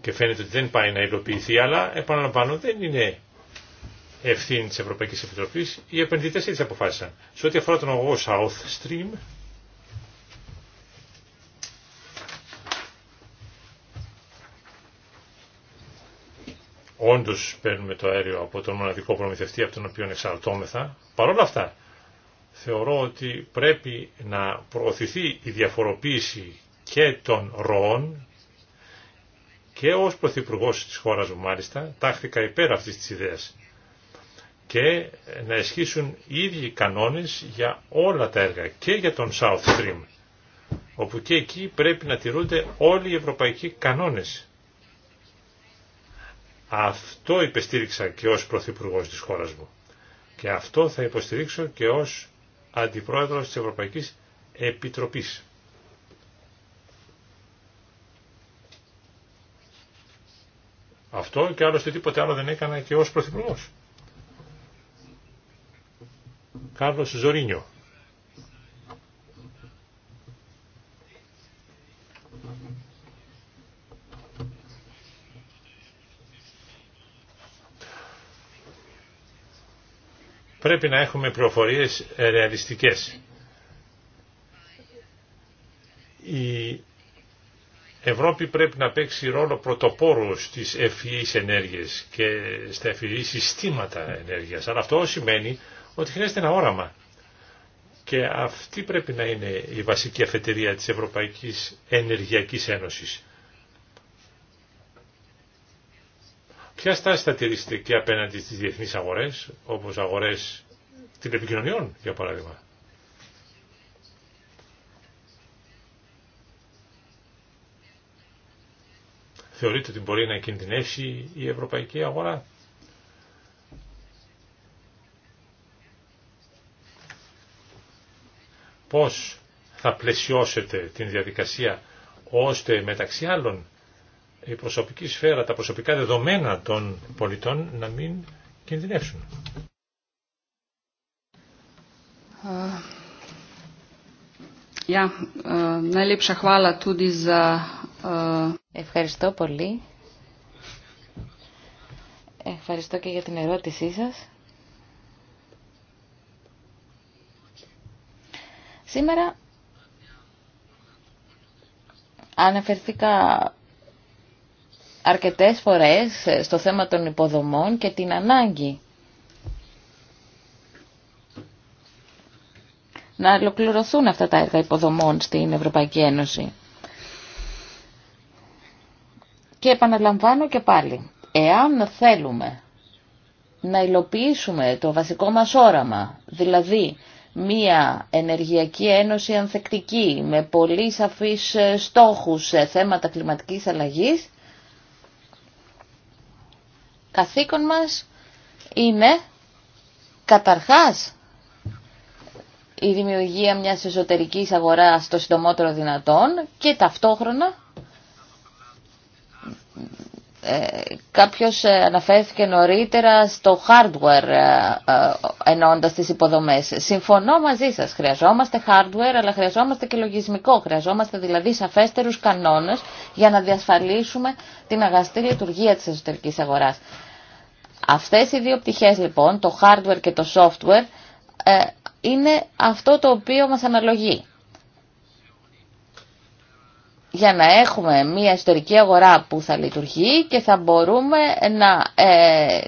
[SPEAKER 4] και φαίνεται ότι δεν πάει να υλοποιηθεί, αλλά επαναλαμβάνω δεν είναι ευθύνη της Ευρωπαϊκής Επιτροπής, οι επενδυτές έτσι αποφάσισαν. Σε ό,τι αφορά τον αγωγό South Stream, όντως παίρνουμε το αέριο από τον μοναδικό προμηθευτή από τον οποίο εξαρτώμεθα. Παρ' όλα αυτά, θεωρώ ότι πρέπει να προωθηθεί η διαφοροποίηση και των ροών και ω Πρωθυπουργό της χώρας μου μάλιστα τάχθηκα υπέρ αυτή τη ιδέας και να ισχύσουν οι ίδιοι κανόνες για όλα τα έργα και για τον South Stream όπου και εκεί πρέπει να τηρούνται όλοι οι ευρωπαϊκοί κανόνες. Αυτό υπεστήριξα και ως Πρωθυπουργό της χώρας μου και αυτό θα υποστηρίξω και ως Αντιπρόεδρος της Ευρωπαϊκής Επιτροπής. Αυτό και άλλωστε τίποτε άλλο δεν έκανα και ως Πρωθυπουργός. Κάρλος Ζωρίνιο. Πρέπει να έχουμε προφορίες ρεαλιστικές. Η Ευρώπη πρέπει να παίξει ρόλο πρωτοπόρου στις ευφυείς ενέργειες και στα ευφυεί συστήματα ενέργειας. Αλλά αυτό σημαίνει ότι χρειάζεται ένα όραμα. Και αυτή πρέπει να είναι η βασική αφετηρία της Ευρωπαϊκής Ενεργειακής Ένωσης. Ποια στάση θα τηρήσετε και απέναντι στις διεθνείς αγορές, όπως αγορές τηλεπικοινωνιών, για παράδειγμα. Θεωρείτε ότι μπορεί να κινδυνεύσει η ευρωπαϊκή αγορά. Πώς θα πλαισιώσετε την διαδικασία ώστε μεταξύ άλλων η προσωπική σφαίρα, τα προσωπικά δεδομένα των πολιτών να μην κινδυνεύσουν.
[SPEAKER 5] Ja, ε, ε, najlepša hvala tudi za Ευχαριστώ πολύ.
[SPEAKER 3] Ευχαριστώ και για την ερώτησή σας. Σήμερα αναφερθήκα αρκετές φορές στο θέμα των υποδομών και την ανάγκη να ολοκληρωθούν αυτά τα έργα υποδομών στην Ευρωπαϊκή Ένωση. Και επαναλαμβάνω και πάλι, εάν θέλουμε να υλοποιήσουμε το βασικό μας όραμα, δηλαδή μία ενεργειακή ένωση ανθεκτική με πολύ σαφείς ε, στόχους σε θέματα κλιματικής αλλαγής, καθήκον μας είναι καταρχάς η δημιουργία μιας εσωτερικής αγοράς το συντομότερο δυνατόν και ταυτόχρονα ε, κάποιος ε, αναφέρθηκε νωρίτερα στο hardware ε, ενώντας τις υποδομές. Συμφωνώ μαζί σας. Χρειαζόμαστε hardware αλλά χρειαζόμαστε και λογισμικό. Χρειαζόμαστε δηλαδή σαφέστερους κανόνες για να διασφαλίσουμε την αγαστή λειτουργία της εσωτερικής αγοράς. Αυτές οι δύο πτυχές λοιπόν, το hardware και το software, είναι αυτό το οποίο μας αναλογεί για να έχουμε μια ιστορική αγορά που θα λειτουργεί και θα μπορούμε να ε,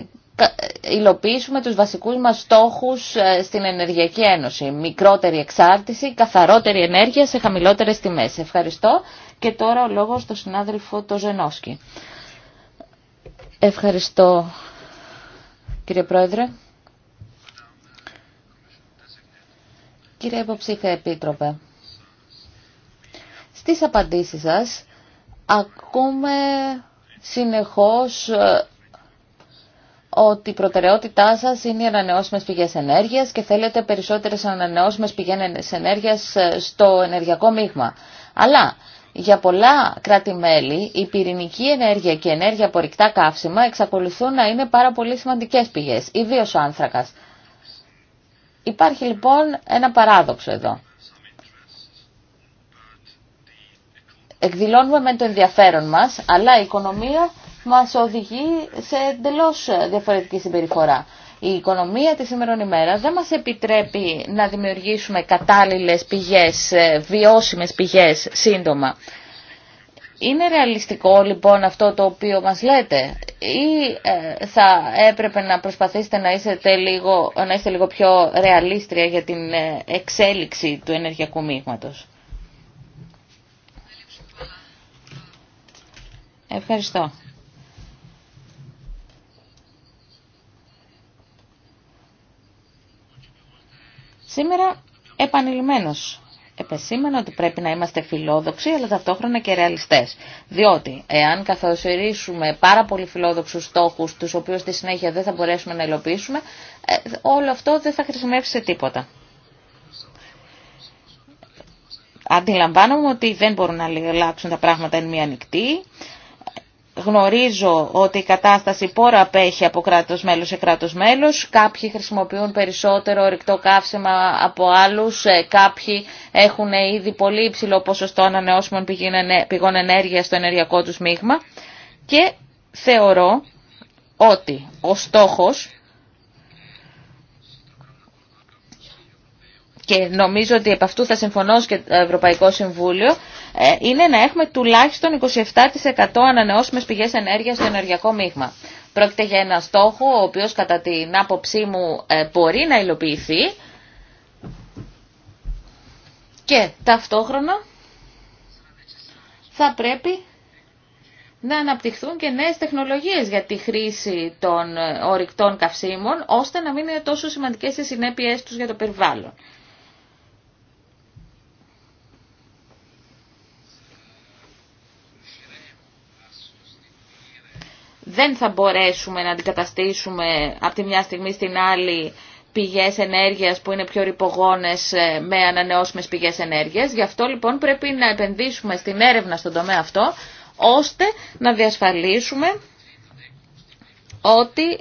[SPEAKER 3] υλοποιήσουμε τους βασικούς μας στόχους ε, στην Ενεργειακή Ένωση. Μικρότερη εξάρτηση, καθαρότερη ενέργεια σε χαμηλότερες τιμές. Ευχαριστώ και τώρα ο λόγος του συνάδελφο το Ζενόσκι. Ευχαριστώ κύριε Πρόεδρε. Κύριε Υποψήφια Επίτροπε στις απαντήσεις σας ακούμε συνεχώς ε, ότι η προτεραιότητά σας είναι οι ανανεώσιμες πηγές ενέργειας και θέλετε περισσότερες ανανεώσιμες πηγές ενέργειας ε, στο ενεργειακό μείγμα. Αλλά για πολλά κράτη-μέλη η πυρηνική ενέργεια και η ενέργεια από ρηκτά καύσιμα εξακολουθούν να είναι πάρα πολύ σημαντικές πηγές, ιδίως ο άνθρακας. Υπάρχει λοιπόν ένα παράδοξο εδώ. εκδηλώνουμε με το ενδιαφέρον μας, αλλά η οικονομία μας οδηγεί σε εντελώ διαφορετική συμπεριφορά. Η οικονομία της σήμερων ημέρα δεν μας επιτρέπει να δημιουργήσουμε κατάλληλες πηγές, ε, βιώσιμες πηγές σύντομα. Είναι ρεαλιστικό λοιπόν αυτό το οποίο μας λέτε ή ε, θα έπρεπε να προσπαθήσετε να είστε λίγο, να είστε λίγο πιο ρεαλίστρια για την ε, εξέλιξη του ενεργειακού μείγματος. Ευχαριστώ. Σήμερα επανειλημμένος επεσήμενα ότι πρέπει να είμαστε φιλόδοξοι αλλά ταυτόχρονα και ρεαλιστές. Διότι εάν καθορίσουμε πάρα πολύ φιλόδοξους στόχους τους οποίους στη συνέχεια δεν θα μπορέσουμε να υλοποιήσουμε ε, όλο αυτό δεν θα χρησιμεύσει σε τίποτα. Αντιλαμβάνομαι ότι δεν μπορούν να αλλάξουν τα πράγματα εν μία νυχτή γνωρίζω ότι η κατάσταση πόρα απέχει από κράτος μέλος σε κράτος μέλος. Κάποιοι χρησιμοποιούν περισσότερο ρηκτό καύσιμα από άλλους. Ε, κάποιοι έχουν ήδη πολύ υψηλό ποσοστό ανανεώσιμων πηγών ενέργεια στο ενεργειακό τους μείγμα. Και θεωρώ ότι ο στόχος και νομίζω ότι επ' αυτού θα συμφωνώ και το Ευρωπαϊκό Συμβούλιο, ε, είναι να έχουμε τουλάχιστον 27% ανανεώσιμες πηγές ενέργειας στο ενεργειακό μείγμα. Πρόκειται για ένα στόχο, ο οποίος κατά την άποψή μου ε, μπορεί να υλοποιηθεί και ταυτόχρονα θα πρέπει να αναπτυχθούν και νέες τεχνολογίες για τη χρήση των ε, ορυκτών καυσίμων, ώστε να μην είναι τόσο σημαντικές οι συνέπειές τους για το περιβάλλον. δεν θα μπορέσουμε να αντικαταστήσουμε από τη μια στιγμή στην άλλη πηγές ενέργειας που είναι πιο ρηπογόνες ε, με ανανεώσιμες πηγές ενέργειας. Γι' αυτό λοιπόν πρέπει να επενδύσουμε στην έρευνα στον τομέα αυτό, ώστε να διασφαλίσουμε ότι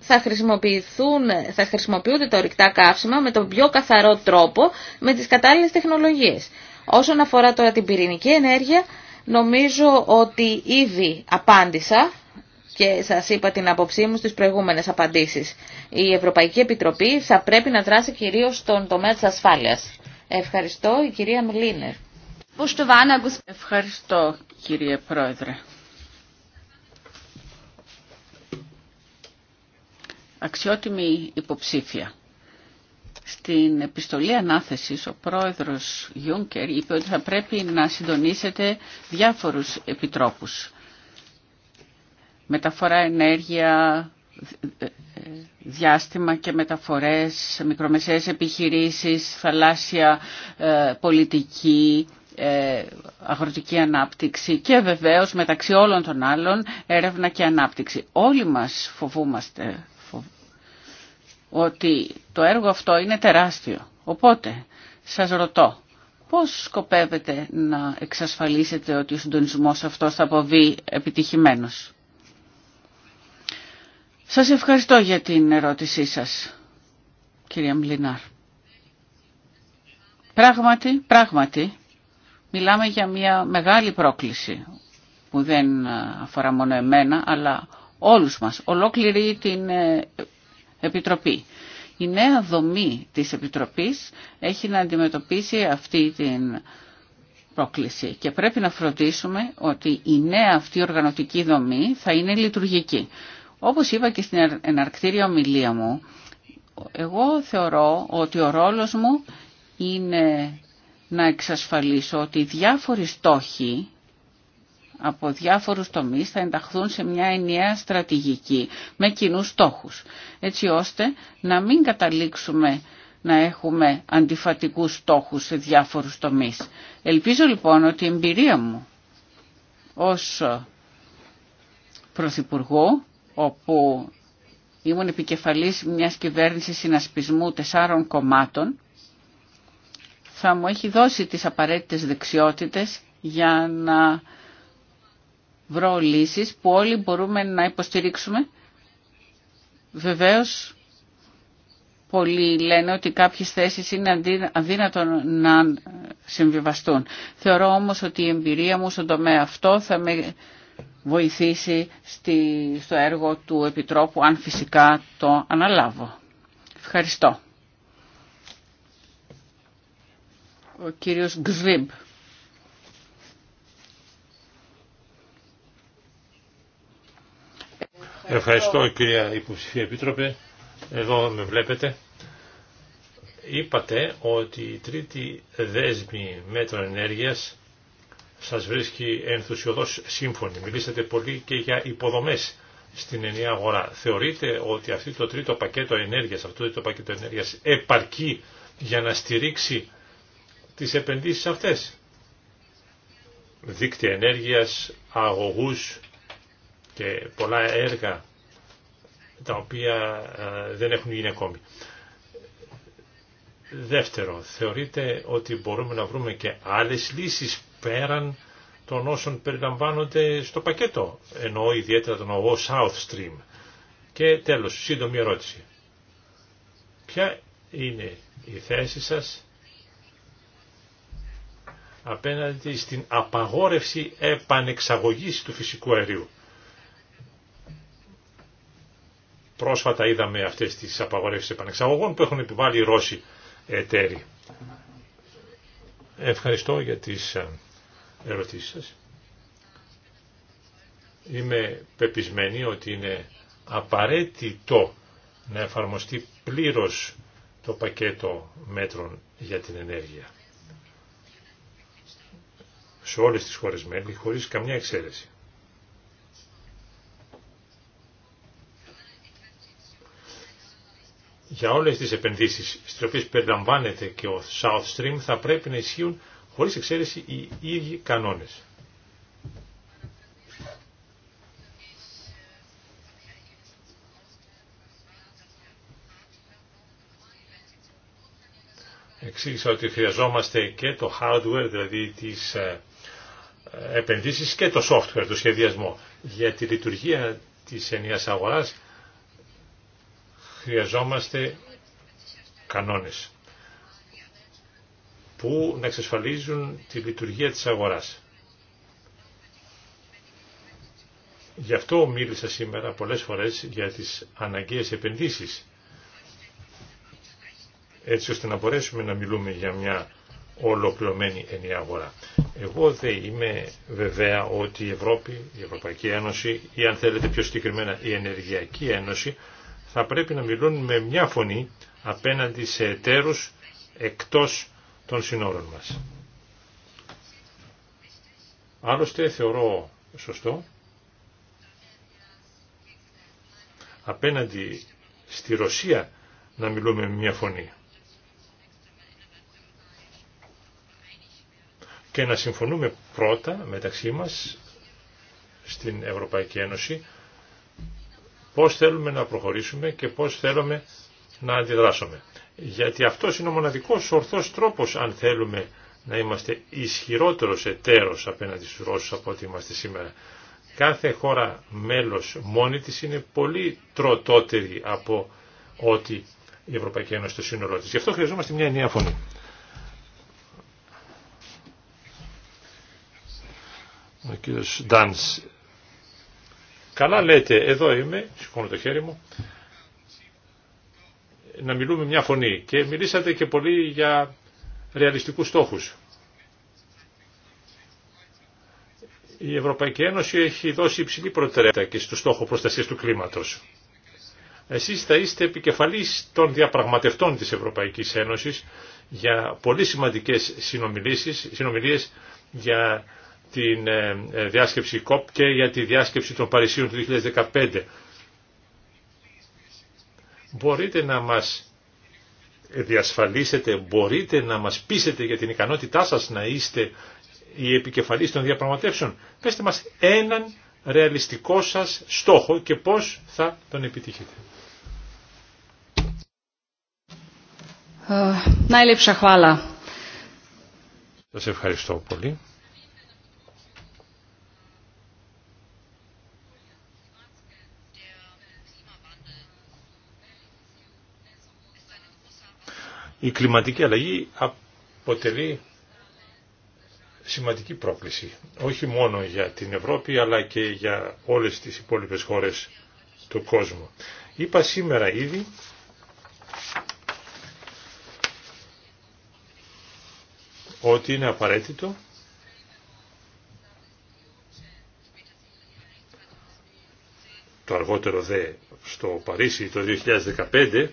[SPEAKER 3] θα, χρησιμοποιηθούν, θα χρησιμοποιούνται τα ορυκτά καύσιμα με τον πιο καθαρό τρόπο, με τις κατάλληλες τεχνολογίες. Όσον αφορά τώρα την πυρηνική ενέργεια, νομίζω ότι ήδη απάντησα και σας είπα την άποψή μου στις προηγούμενες απαντήσεις. Η Ευρωπαϊκή Επιτροπή θα πρέπει να δράσει κυρίως στον τομέα της ασφάλειας. Ευχαριστώ η κυρία Μιλίνερ.
[SPEAKER 2] Ευχαριστώ κύριε Πρόεδρε. Αξιότιμη υποψήφια. Στην επιστολή ανάθεσης ο πρόεδρος Γιούνκερ είπε ότι θα πρέπει να συντονίσετε διάφορους επιτρόπους μεταφορά ενέργεια, διάστημα και μεταφορές, μικρομεσαίες επιχειρήσεις, θαλάσσια ε, πολιτική, ε, αγροτική ανάπτυξη και βεβαίως μεταξύ όλων των άλλων έρευνα και ανάπτυξη. Όλοι μας φοβούμαστε ότι το έργο αυτό είναι τεράστιο. Οπότε σας ρωτώ πώς σκοπεύετε να εξασφαλίσετε ότι ο συντονισμός αυτός θα αποβεί επιτυχημένος. Σας ευχαριστώ για την ερώτησή σας, κυρία Μλινάρ. Πράγματι, πράγματι, μιλάμε για μια μεγάλη πρόκληση που δεν αφορά μόνο εμένα, αλλά όλους μας, ολόκληρη την ε, Επιτροπή. Η νέα δομή της Επιτροπής έχει να αντιμετωπίσει αυτή την πρόκληση και πρέπει να φροντίσουμε ότι η νέα αυτή οργανωτική δομή θα είναι λειτουργική. Όπως είπα και στην εναρκτήρια ομιλία μου, εγώ θεωρώ ότι ο ρόλος μου είναι να εξασφαλίσω ότι οι διάφοροι στόχοι από διάφορους τομείς θα ενταχθούν σε μια ενιαία στρατηγική με κοινούς στόχους, έτσι ώστε να μην καταλήξουμε να έχουμε αντιφατικούς στόχους σε διάφορους τομείς. Ελπίζω λοιπόν ότι η εμπειρία μου ως Πρωθυπουργού όπου ήμουν επικεφαλής μιας κυβέρνησης συνασπισμού τεσσάρων κομμάτων, θα μου έχει δώσει τις απαραίτητες δεξιότητες για να βρω λύσεις που όλοι μπορούμε να υποστηρίξουμε. Βεβαίως, πολλοί λένε ότι κάποιες θέσεις είναι αδύνατο να συμβιβαστούν. Θεωρώ όμως ότι η εμπειρία μου στον τομέα αυτό θα με βοηθήσει στο έργο του Επιτρόπου αν φυσικά το αναλάβω. Ευχαριστώ. Ο κύριος Γκριμπ.
[SPEAKER 4] Ευχαριστώ κυρία Υποψηφία Επίτροπε. Εδώ με βλέπετε. Είπατε ότι η τρίτη δέσμη μέτρων ενέργειας σας βρίσκει ενθουσιοδός σύμφωνη. Μιλήσατε πολύ και για υποδομές στην ενιαία αγορά. Θεωρείτε ότι αυτό το τρίτο πακέτο ενέργειας, αυτό το πακέτο ενέργειας επαρκεί για να στηρίξει τις επενδύσεις αυτές. Δίκτυα ενέργειας, αγωγούς και πολλά έργα τα οποία ε, δεν έχουν γίνει ακόμη. Δεύτερο, θεωρείτε ότι μπορούμε να βρούμε και άλλες λύσεις πέραν των όσων περιλαμβάνονται στο πακέτο, εννοώ ιδιαίτερα τον ΟΟ South Stream. Και τέλος, σύντομη ερώτηση. Ποια είναι η θέση σας απέναντι στην απαγόρευση επανεξαγωγής του φυσικού αερίου. Πρόσφατα είδαμε αυτές τις απαγορεύσεις επανεξαγωγών που έχουν επιβάλει οι Ρώσοι εταίροι. Ευχαριστώ για τις ε, ερωτήσεις σας. Είμαι πεπισμένη ότι είναι απαραίτητο να εφαρμοστεί πλήρως το πακέτο μέτρων για την ενέργεια. Σε όλες τις χώρες μέλη, χωρίς καμιά εξαίρεση. για όλες τις επενδύσεις στις οποίες περιλαμβάνεται και ο South Stream θα πρέπει να ισχύουν χωρίς εξαίρεση οι ίδιοι κανόνες. Εξήγησα ότι χρειαζόμαστε και το hardware, δηλαδή τις ε, ε, επενδύσεις και το software, το σχεδιασμό. Για τη λειτουργία της ενιαίας αγοράς χρειαζόμαστε κανόνες που να εξασφαλίζουν τη λειτουργία της αγοράς. Γι' αυτό μίλησα σήμερα πολλές φορές για τις αναγκαίες επενδύσεις, έτσι ώστε να μπορέσουμε να μιλούμε για μια ολοκληρωμένη ενιαία αγορά. Εγώ δεν είμαι βεβαία ότι η Ευρώπη, η Ευρωπαϊκή Ένωση ή αν θέλετε πιο συγκεκριμένα η Ενεργειακή Ένωση θα πρέπει να μιλούν με μια φωνή απέναντι σε εταίρους εκτός των συνόρων μας. Άλλωστε θεωρώ σωστό απέναντι στη Ρωσία να μιλούμε με μια φωνή. Και να συμφωνούμε πρώτα μεταξύ μας στην Ευρωπαϊκή Ένωση πώς θέλουμε να προχωρήσουμε και πώς θέλουμε να αντιδράσουμε γιατί αυτός είναι ο μοναδικός ορθός τρόπος αν θέλουμε να είμαστε ισχυρότερος εταίρος απέναντι στους Ρώσους από ό,τι είμαστε σήμερα. Κάθε χώρα μέλος μόνη της είναι πολύ τροτότερη από ό,τι η Ευρωπαϊκή Ένωση στο σύνολό της. Γι' αυτό χρειαζόμαστε μια ενιαία φωνή. Ο κύριος Ντάνς. Καλά λέτε, εδώ είμαι, σηκώνω το χέρι μου να μιλούμε μια φωνή και μιλήσατε και πολύ για ρεαλιστικούς στόχους. Η Ευρωπαϊκή Ένωση έχει δώσει υψηλή προτεραιότητα και στο στόχο προστασίας του κλίματος. Εσείς θα είστε επικεφαλής των διαπραγματευτών της Ευρωπαϊκής Ένωσης για πολύ σημαντικές συνομιλίες για την ε, ε, διάσκεψη COP και για τη διάσκεψη των Παρισίων του 2015 μπορείτε να μας διασφαλίσετε, μπορείτε να μας πείσετε για την ικανότητά σας να είστε οι επικεφαλής των διαπραγματεύσεων. Πεστε μας έναν ρεαλιστικό σας στόχο και πώς θα τον επιτύχετε. Ε, σας ευχαριστώ πολύ. Η κλιματική αλλαγή αποτελεί σημαντική πρόκληση, όχι μόνο για την Ευρώπη αλλά και για όλες τις υπόλοιπες χώρες του κόσμου. Είπα σήμερα ήδη ότι είναι απαραίτητο το αργότερο δε στο Παρίσι το 2015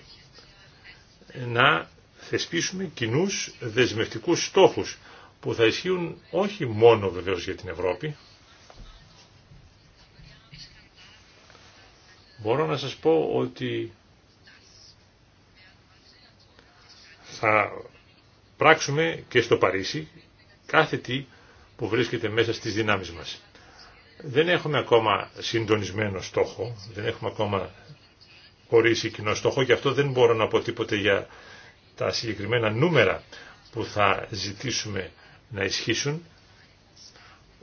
[SPEAKER 4] να θεσπίσουμε κοινού δεσμευτικούς στόχους που θα ισχύουν όχι μόνο βεβαίως για την Ευρώπη. Μπορώ να σας πω ότι θα πράξουμε και στο Παρίσι κάθε τι που βρίσκεται μέσα στις δυνάμεις μας. Δεν έχουμε ακόμα συντονισμένο στόχο, δεν έχουμε ακόμα ορίσει κοινό στόχο, γι' αυτό δεν μπορώ να πω τίποτε για τα συγκεκριμένα νούμερα που θα ζητήσουμε να ισχύσουν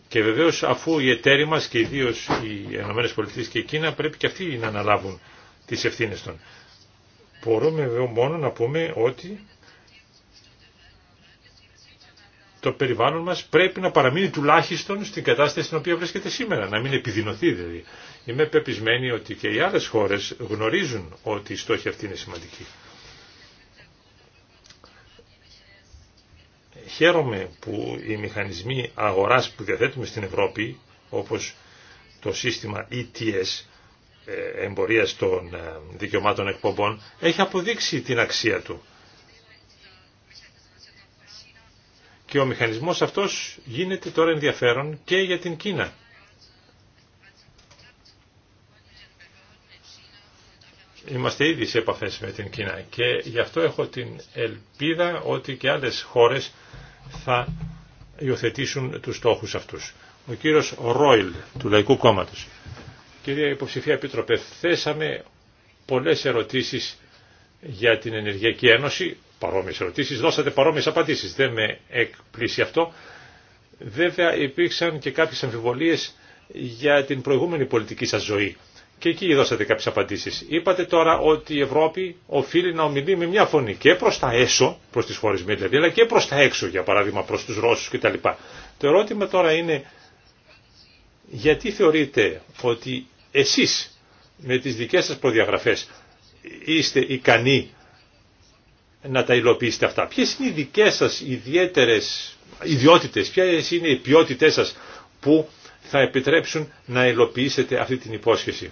[SPEAKER 4] και βεβαίως αφού οι εταίροι μας και ιδίω οι ΗΠΑ και η Κίνα πρέπει και αυτοί να αναλάβουν τις ευθύνες των. Μπορούμε μόνο να πούμε ότι το περιβάλλον μας πρέπει να παραμείνει τουλάχιστον στην κατάσταση στην οποία βρίσκεται σήμερα, να μην επιδεινωθεί δηλαδή. Είμαι πεπισμένη ότι και οι άλλες χώρες γνωρίζουν ότι η στόχη αυτή είναι σημαντική. Χαίρομαι που οι μηχανισμοί αγοράς που διαθέτουμε στην Ευρώπη, όπως το σύστημα ETS, ε, εμπορίας των ε, δικαιωμάτων εκπομπών, έχει αποδείξει την αξία του. Και ο μηχανισμός αυτός γίνεται τώρα ενδιαφέρον και για την Κίνα. Είμαστε ήδη σε επαφές με την Κίνα και γι' αυτό έχω την ελπίδα ότι και άλλες χώρες θα υιοθετήσουν τους στόχους αυτούς. Ο κύριος Ρόιλ του Λαϊκού Κόμματος. Κυρία Υποψηφία Επίτροπε, θέσαμε πολλές ερωτήσεις για την Ενεργειακή Ένωση, παρόμοιες ερωτήσεις, δώσατε παρόμοιες απαντήσεις, δεν με εκπλήσει αυτό. Βέβαια υπήρξαν και κάποιες αμφιβολίες για την προηγούμενη πολιτική σας ζωή και εκεί δώσατε κάποιε απαντήσει. Είπατε τώρα ότι η Ευρώπη οφείλει να ομιλεί με μια φωνή και προ τα έσω, προ τι χώρες μέλη δηλαδή, αλλά και προ τα έξω, για παράδειγμα προ του ρώσου κτλ. Το ερώτημα τώρα είναι γιατί θεωρείτε ότι εσεί με τι δικέ σα προδιαγραφέ είστε ικανοί να τα υλοποιήσετε αυτά. Ποιε είναι οι δικέ σα ιδιαίτερε ιδιότητε, ποιε είναι οι ποιότητέ σα που θα επιτρέψουν να υλοποιήσετε αυτή την υπόσχεση.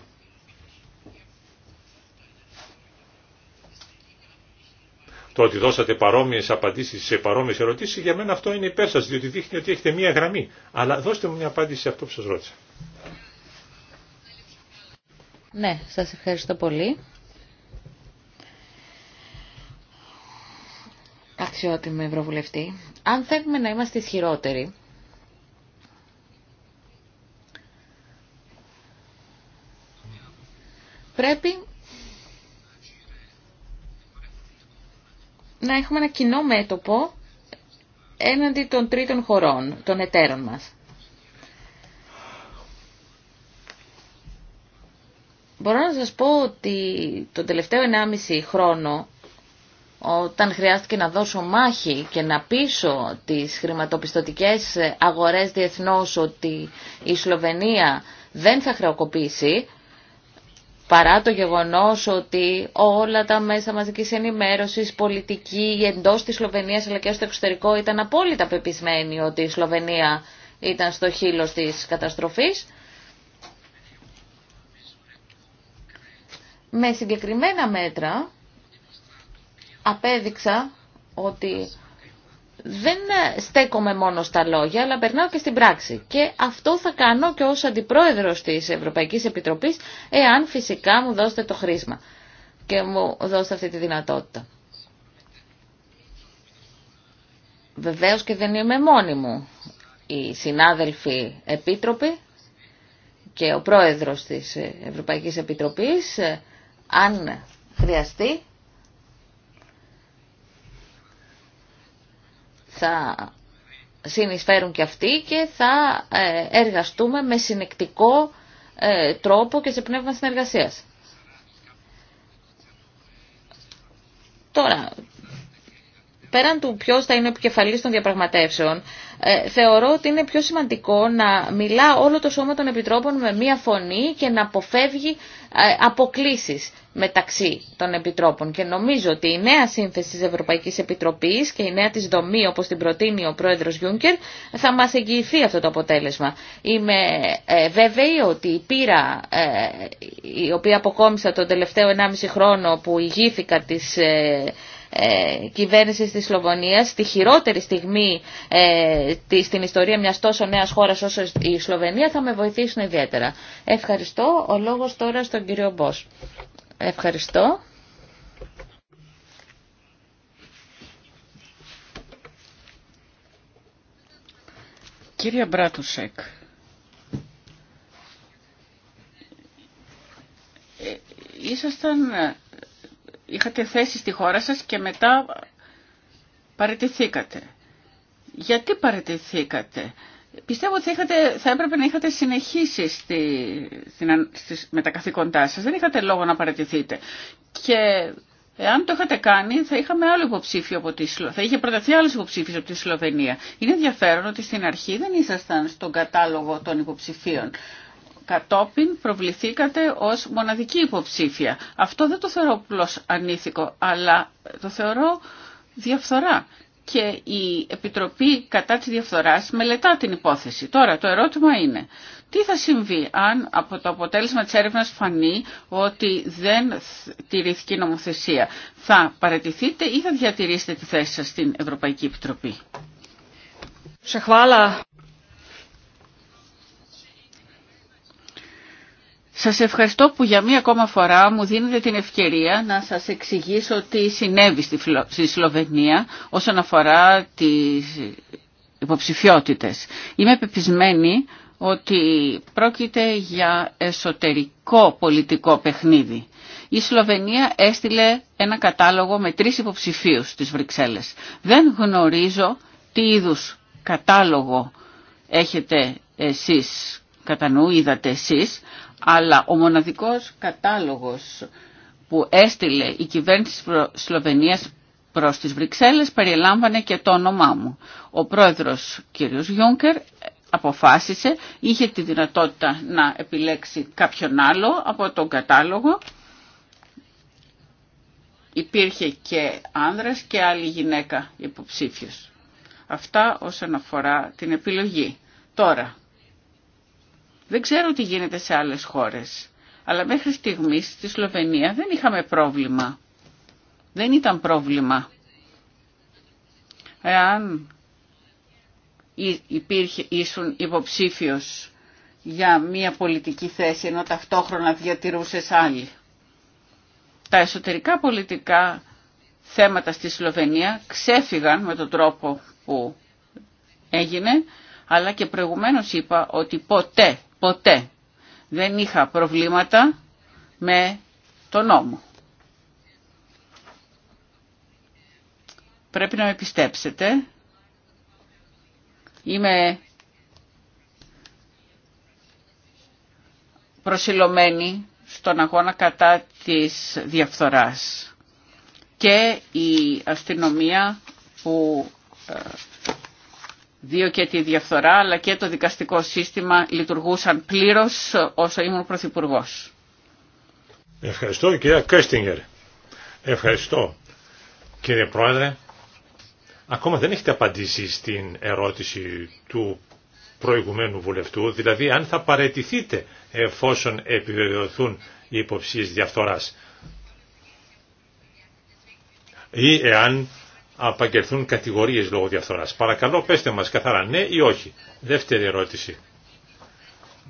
[SPEAKER 4] το ότι δώσατε παρόμοιες απαντήσεις σε παρόμοιες ερωτήσεις, για μένα αυτό είναι υπέρ σας, διότι δείχνει ότι έχετε μία γραμμή. Αλλά δώστε μου μια απάντηση σε αυτό που σας ρώτησα.
[SPEAKER 3] Ναι, σας ευχαριστώ πολύ. Αξιότιμη Ευρωβουλευτή, αν θέλουμε να είμαστε ισχυρότεροι, πρέπει να έχουμε ένα κοινό μέτωπο έναντι των τρίτων χωρών, των εταίρων μας. Μπορώ να σας πω ότι τον τελευταίο 1,5 χρόνο όταν χρειάστηκε να δώσω μάχη και να πείσω τις χρηματοπιστωτικές αγορές διεθνώς ότι η Σλοβενία δεν θα χρεοκοπήσει, παρά το γεγονός ότι όλα τα μέσα μαζικής ενημέρωσης, πολιτική εντός της Σλοβενίας αλλά και στο εξωτερικό ήταν απόλυτα πεπισμένοι ότι η Σλοβενία ήταν στο χείλος της καταστροφής. Με συγκεκριμένα μέτρα απέδειξα ότι δεν ε, στέκομαι μόνο στα λόγια, αλλά περνάω και στην πράξη. Και αυτό θα κάνω και ως αντιπρόεδρος της Ευρωπαϊκής Επιτροπής, εάν φυσικά μου δώσετε το χρήσμα και μου δώσετε αυτή τη δυνατότητα. Βεβαίως και δεν είμαι μόνη μου. Οι συνάδελφοι επίτροποι και ο πρόεδρος της Ευρωπαϊκής Επιτροπής, ε, αν χρειαστεί, θα συνεισφέρουν και αυτοί και θα ε, εργαστούμε με συνεκτικό ε, τρόπο και σε πνεύμα συνεργασίας. Τώρα, πέραν του ποιο θα είναι ο επικεφαλής των διαπραγματεύσεων, ε, θεωρώ ότι είναι πιο σημαντικό να μιλά όλο το σώμα των επιτρόπων με μία φωνή και να αποφεύγει ε, αποκλήσει μεταξύ των επιτρόπων. Και νομίζω ότι η νέα σύνθεση τη Ευρωπαϊκή Επιτροπή και η νέα τη δομή, όπω την προτείνει ο πρόεδρο Γιούνκερ, θα μα εγγυηθεί αυτό το αποτέλεσμα. Είμαι ε, βέβαιη ότι η πείρα η οποία αποκόμισα τον τελευταίο 1,5 χρόνο που ηγήθηκα της ε, κυβέρνησης της Σλοβονίας στη χειρότερη στιγμή ε, στην ιστορία μιας τόσο νέας χώρας όσο η Σλοβενία θα με βοηθήσουν ιδιαίτερα. Ευχαριστώ. Ο λόγος τώρα στον κύριο Μπός. Ευχαριστώ. Κύριε
[SPEAKER 2] Μπράτουσεκ, ε, ήσασταν είχατε θέση στη χώρα σας και μετά παραιτηθήκατε. Γιατί παραιτηθήκατε. Πιστεύω ότι θα, έπρεπε να είχατε συνεχίσει με τα καθήκοντά σας. Δεν είχατε λόγο να παραιτηθείτε. Και αν το είχατε κάνει, θα είχαμε άλλο υποψήφιο από τη θα είχε προταθεί άλλος υποψήφιο από τη Σλοβενία. Είναι ενδιαφέρον ότι στην αρχή δεν ήσασταν στον κατάλογο των υποψηφίων κατόπιν προβληθήκατε ως μοναδική υποψήφια. Αυτό δεν το θεωρώ πλώς ανήθικο, αλλά το θεωρώ διαφθορά. Και η Επιτροπή κατά τη διαφθοράς μελετά την υπόθεση. Τώρα το ερώτημα είναι, τι θα συμβεί αν από το αποτέλεσμα της έρευνας φανεί ότι δεν τηρήθηκε η νομοθεσία. Θα παρατηθείτε ή θα διατηρήσετε τη θέση σας στην Ευρωπαϊκή Επιτροπή. Σας ευχαριστώ που για μία ακόμα φορά μου δίνετε την ευκαιρία να σας εξηγήσω τι συνέβη στη Σλοβενία όσον αφορά τις υποψηφιότητες. Είμαι πεπισμένη ότι πρόκειται για εσωτερικό πολιτικό παιχνίδι. Η Σλοβενία έστειλε ένα κατάλογο με τρεις υποψηφίους στις Βρυξέλλες. Δεν γνωρίζω τι είδους κατάλογο έχετε εσείς κατά νου, είδατε εσείς, αλλά ο μοναδικός κατάλογος που έστειλε η κυβέρνηση της Σλοβενίας προς τις Βρυξέλλες περιελάμβανε και το όνομά μου. Ο πρόεδρος κ. Γιούνκερ αποφάσισε, είχε τη δυνατότητα να επιλέξει κάποιον άλλο από τον κατάλογο. Υπήρχε και άνδρας και άλλη γυναίκα υποψήφιος. Αυτά όσον αφορά την επιλογή. Τώρα, δεν ξέρω τι γίνεται σε άλλες χώρες, αλλά μέχρι στιγμής στη Σλοβενία δεν είχαμε πρόβλημα. Δεν ήταν πρόβλημα. Εάν υπήρχε, ήσουν υποψήφιος για μία πολιτική θέση, ενώ ταυτόχρονα διατηρούσες άλλη. Τα εσωτερικά πολιτικά θέματα στη Σλοβενία ξέφυγαν με τον τρόπο που έγινε, αλλά και προηγουμένως είπα ότι ποτέ ποτέ. Δεν είχα προβλήματα με το νόμο. Πρέπει να με πιστέψετε. Είμαι προσιλωμένη στον αγώνα κατά της διαφθοράς και η αστυνομία που ε, δύο και τη διαφθορά αλλά και το δικαστικό σύστημα λειτουργούσαν πλήρως όσο ήμουν Πρωθυπουργό.
[SPEAKER 4] Ευχαριστώ κυρία Κέστιγκερ. Ευχαριστώ κύριε Πρόεδρε. Ακόμα δεν έχετε απαντήσει στην ερώτηση του προηγουμένου βουλευτού, δηλαδή αν θα παρετηθείτε εφόσον επιβεβαιωθούν οι υποψίες διαφθοράς ή εάν απαγγελθούν κατηγορίες λόγω διαφθοράς. Παρακαλώ πέστε μας καθαρά ναι ή όχι. Δεύτερη ερώτηση.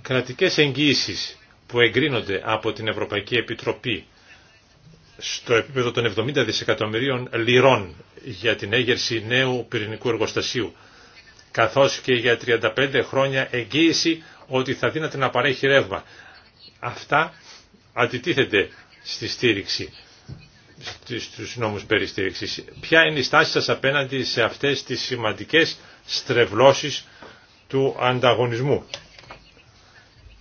[SPEAKER 4] Κρατικές εγγύησεις που εγκρίνονται από την Ευρωπαϊκή Επιτροπή στο επίπεδο των 70 δισεκατομμυρίων λιρών για την έγερση νέου πυρηνικού εργοστασίου, καθώς και για 35 χρόνια εγγύηση ότι θα δύναται να παρέχει ρεύμα. Αυτά αντιτίθεται στη στήριξη στους νόμους περιστήριξης. Ποια είναι η στάση σας απέναντι σε αυτές τις σημαντικές στρεβλώσεις του ανταγωνισμού.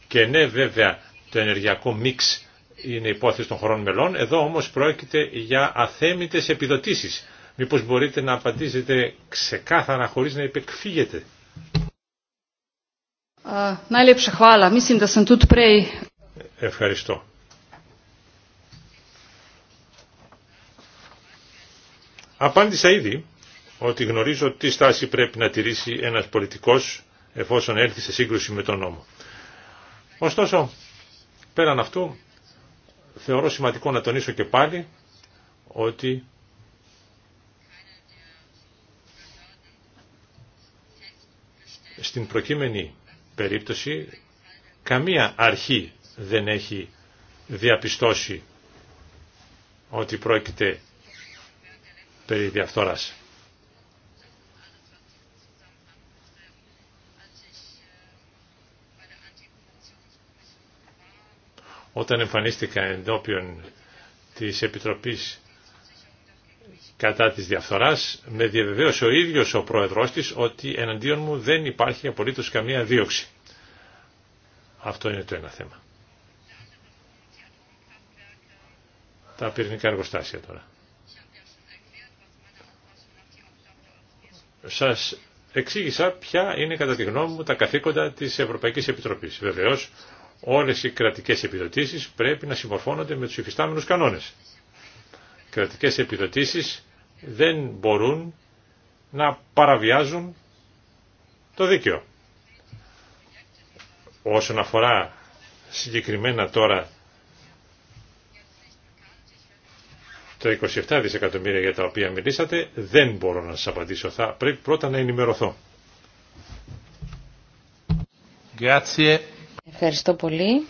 [SPEAKER 4] Και ναι βέβαια το ενεργειακό μίξ είναι υπόθεση των χωρών μελών, εδώ όμως πρόκειται για αθέμητες επιδοτήσεις. Μήπως μπορείτε να απαντήσετε ξεκάθαρα χωρίς να υπεκφύγετε. Ευχαριστώ. Απάντησα ήδη ότι γνωρίζω τι στάση πρέπει να τηρήσει ένας πολιτικός εφόσον έρθει σε σύγκρουση με τον νόμο. Ωστόσο, πέραν αυτού, θεωρώ σημαντικό να τονίσω και πάλι ότι στην προκείμενη περίπτωση καμία αρχή δεν έχει διαπιστώσει ότι πρόκειται περί διαφθοράς. Όταν εμφανίστηκα εντόπιον της Επιτροπής κατά της διαφθοράς, με διαβεβαίωσε ο ίδιος ο πρόεδρός της ότι εναντίον μου δεν υπάρχει απολύτως καμία δίωξη. Αυτό είναι το ένα θέμα. Τα πυρηνικά εργοστάσια τώρα. σας εξήγησα ποια είναι κατά τη γνώμη μου τα καθήκοντα της Ευρωπαϊκής Επιτροπής. Βεβαίως όλες οι κρατικές επιδοτήσεις πρέπει να συμμορφώνονται με τους υφιστάμενους κανόνες. Κρατικές επιδοτήσεις δεν μπορούν να παραβιάζουν το δίκαιο. Όσον αφορά συγκεκριμένα τώρα Τα 27 δισεκατομμύρια για τα οποία μιλήσατε δεν μπορώ να σας απαντήσω. Θα πρέπει πρώτα να ενημερωθώ.
[SPEAKER 3] Ευχαριστώ πολύ.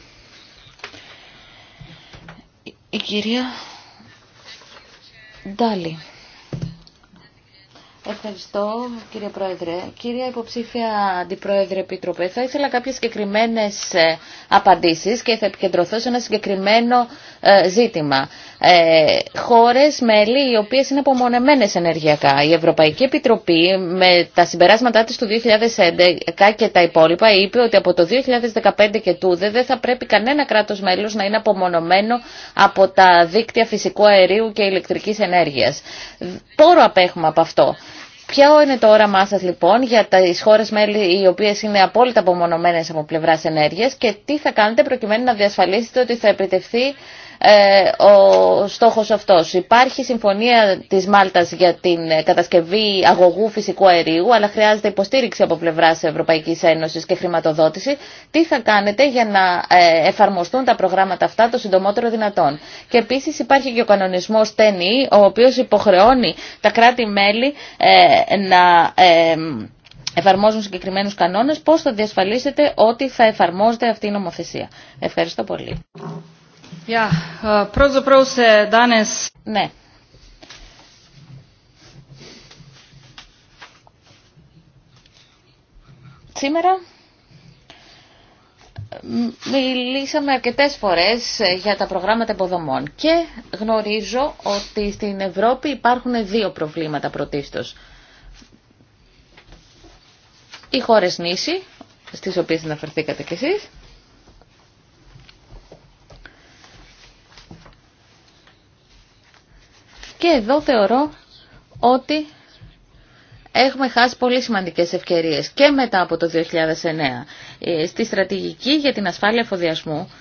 [SPEAKER 3] Η κυρία Ντάλη. Ευχαριστώ κύριε Πρόεδρε. Κύριε Υποψήφια Αντιπρόεδρε Επιτροπέ, θα ήθελα κάποιες συγκεκριμένε ε, απαντήσεις και θα επικεντρωθώ σε ένα συγκεκριμένο ε, ζήτημα. Ε, χώρες, μέλη οι οποίες είναι απομονεμένες ενεργειακά. Η Ευρωπαϊκή Επιτροπή με τα συμπεράσματά της του 2011 και τα υπόλοιπα είπε ότι από το 2015 και τούδε δεν θα πρέπει κανένα κράτος μέλος να είναι απομονωμένο από τα δίκτυα φυσικού αερίου και ηλεκτρικής ενέργειας. Πόρο απέχουμε από αυτό. Ποια είναι το όραμά σα λοιπόν για τι χώρε μέλη οι οποίες είναι απόλυτα απομονωμένε από πλευρά ενέργειας και τι θα κάνετε προκειμένου να διασφαλίσετε ότι θα επιτευχθεί ε, ο στόχος αυτός. Υπάρχει συμφωνία της Μάλτας για την ε, κατασκευή αγωγού φυσικού αερίου, αλλά χρειάζεται υποστήριξη από πλευράς Ευρωπαϊκής Ένωσης και χρηματοδότηση. Τι θα κάνετε για να ε, εφαρμοστούν τα προγράμματα αυτά το συντομότερο δυνατόν. Και επίσης υπάρχει και ο κανονισμός TNI, ο οποίος υποχρεώνει τα κράτη-μέλη να εφαρμόζουν συγκεκριμένους κανόνες, πώς θα διασφαλίσετε ότι θα εφαρμόζεται αυτή η νομοθεσία. Ευχαριστώ πολύ.
[SPEAKER 5] Ja, e, pravzaprav se danes... Ne. Σήμερα
[SPEAKER 3] μιλήσαμε αρκετές φορές ε, για τα προγράμματα υποδομών και γνωρίζω ότι στην Ευρώπη υπάρχουν δύο προβλήματα πρωτίστως. Οι χώρες νήσι, στις οποίες αναφερθήκατε κι εσείς, Και εδώ θεωρώ ότι έχουμε χάσει πολύ σημαντικές ευκαιρίες και μετά από το 2009 ε, στη στρατηγική για την ασφάλεια εφοδιασμού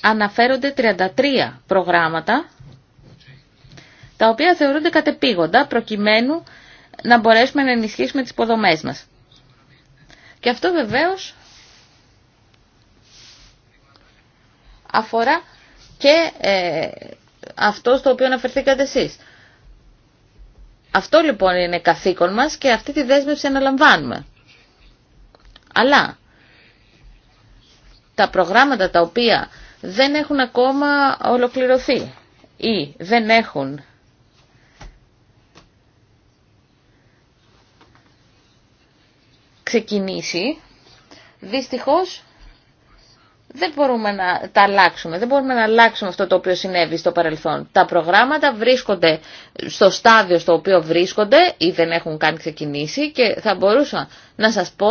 [SPEAKER 3] αναφέρονται 33 προγράμματα τα οποία θεωρούνται κατεπήγοντα προκειμένου να μπορέσουμε να ενισχύσουμε τις υποδομές μας. Και αυτό βεβαίως αφορά και ε, αυτό στο οποίο αναφερθήκατε εσείς. Αυτό λοιπόν είναι καθήκον μας και αυτή τη δέσμευση αναλαμβάνουμε. Αλλά τα προγράμματα τα οποία δεν έχουν ακόμα ολοκληρωθεί ή δεν έχουν ξεκινήσει, δυστυχώς δεν μπορούμε να τα αλλάξουμε. Δεν μπορούμε να αλλάξουμε αυτό το οποίο συνέβη στο παρελθόν. Τα προγράμματα βρίσκονται στο στάδιο στο οποίο βρίσκονται ή δεν έχουν καν ξεκινήσει και θα μπορούσα να σας πω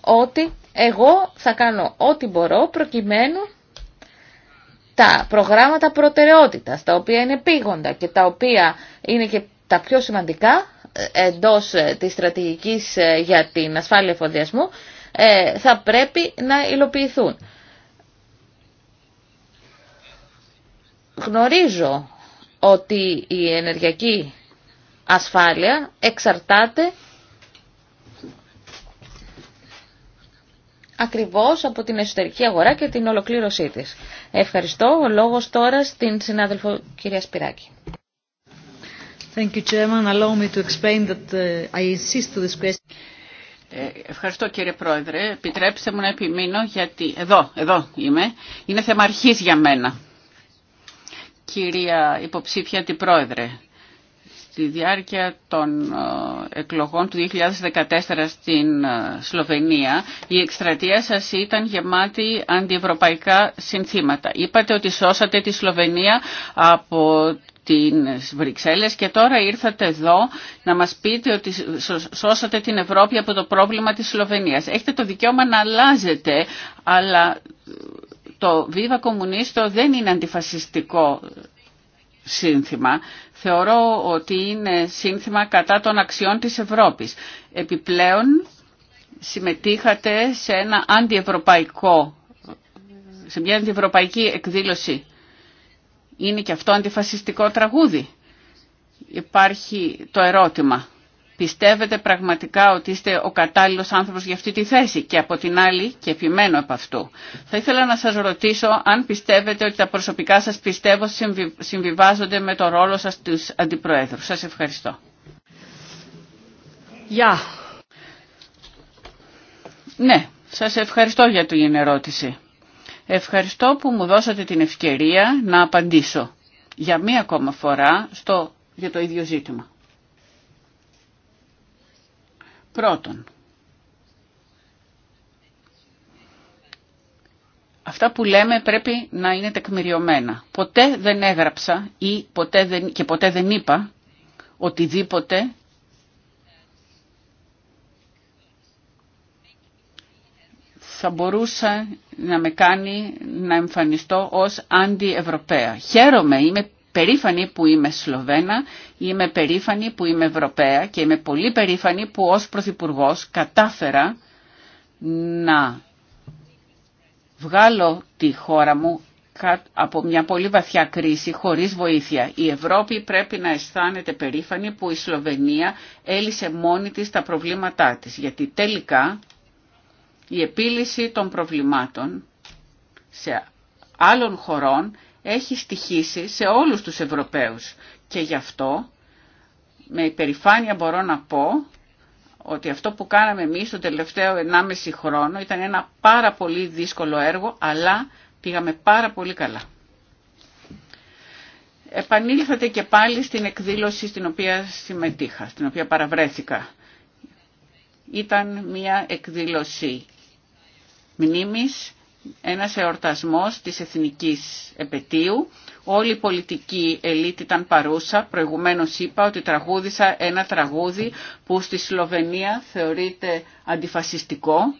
[SPEAKER 3] ότι εγώ θα κάνω ό,τι μπορώ προκειμένου τα προγράμματα προτεραιότητας, τα οποία είναι πήγοντα και τα οποία είναι και τα πιο σημαντικά ε, εντός ε, της στρατηγικής ε, για την ασφάλεια εφοδιασμού, θα πρέπει να υλοποιηθούν. γνωρίζω ότι η ενεργειακή ασφάλεια εξαρτάται ακριβώς από την εσωτερική αγορά και την ολοκλήρωσή της. Ευχαριστώ. Ο λόγος τώρα στην συνάδελφο κυρία Σπυράκη.
[SPEAKER 5] Thank you, Chairman. Allow me to explain that uh, I insist to this question.
[SPEAKER 3] Ε,
[SPEAKER 2] ευχαριστώ κύριε Πρόεδρε. Επιτρέψτε μου να επιμείνω γιατί εδώ, εδώ είμαι. Είναι θέμα αρχής για μένα κυρία υποψήφια Πρόεδρε, Στη διάρκεια των ε, εκλογών του 2014 στην ε, Σλοβενία, η εκστρατεία σας ήταν γεμάτη αντιευρωπαϊκά συνθήματα. Είπατε ότι σώσατε τη Σλοβενία από την Βρυξέλλες και τώρα ήρθατε εδώ να μας πείτε ότι σώσατε την Ευρώπη από το πρόβλημα της Σλοβενίας. Έχετε το δικαίωμα να αλλάζετε, αλλά το Viva Comunista δεν είναι αντιφασιστικό σύνθημα. Θεωρώ ότι είναι σύνθημα κατά των αξιών της Ευρώπης. Επιπλέον συμμετείχατε σε ένα αντιευρωπαϊκό, σε μια αντιευρωπαϊκή εκδήλωση. Είναι και αυτό αντιφασιστικό τραγούδι. Υπάρχει το ερώτημα πιστεύετε πραγματικά ότι είστε ο κατάλληλος άνθρωπος για αυτή τη θέση και από την άλλη και επιμένω από αυτού. Θα ήθελα να σας ρωτήσω αν πιστεύετε ότι τα προσωπικά σας πιστεύω συμβιβάζονται με το ρόλο σας του Αντιπροέδρου. Σας ευχαριστώ. Γεια. Ναι, σας ευχαριστώ για την ερώτηση. Ευχαριστώ που μου δώσατε την ευκαιρία να απαντήσω για μία ακόμα φορά στο, για το ίδιο ζήτημα. Πρώτον, αυτά που λέμε πρέπει να είναι τεκμηριωμένα. Ποτέ δεν έγραψα ή ποτέ δεν, και ποτέ δεν είπα οτιδήποτε θα μπορούσα να με κάνει να εμφανιστώ ως αντιευρωπαία. Χαίρομαι, είμαι περήφανη που είμαι Σλοβένα, είμαι περήφανη που είμαι Ευρωπαία και είμαι πολύ περήφανη που ως Πρωθυπουργό κατάφερα να βγάλω τη χώρα μου από μια πολύ βαθιά κρίση χωρίς βοήθεια. Η Ευρώπη πρέπει να αισθάνεται περήφανη που η Σλοβενία έλυσε μόνη της τα προβλήματά της. Γιατί τελικά η επίλυση των προβλημάτων σε άλλων χωρών έχει στοιχήσει σε όλους τους Ευρωπαίους. Και γι' αυτό με υπερηφάνεια μπορώ να πω ότι αυτό που κάναμε εμείς το τελευταίο 1,5 χρόνο ήταν ένα πάρα πολύ δύσκολο έργο, αλλά πήγαμε πάρα πολύ καλά. Επανήλθατε και πάλι στην εκδήλωση στην οποία συμμετείχα, στην οποία παραβρέθηκα. Ήταν μια εκδήλωση μνήμης ένας εορτασμός της εθνικής επαιτίου. Όλη η πολιτική ελίτ ήταν παρούσα. Προηγουμένως είπα ότι τραγούδισα ένα τραγούδι που στη Σλοβενία θεωρείται αντιφασιστικό.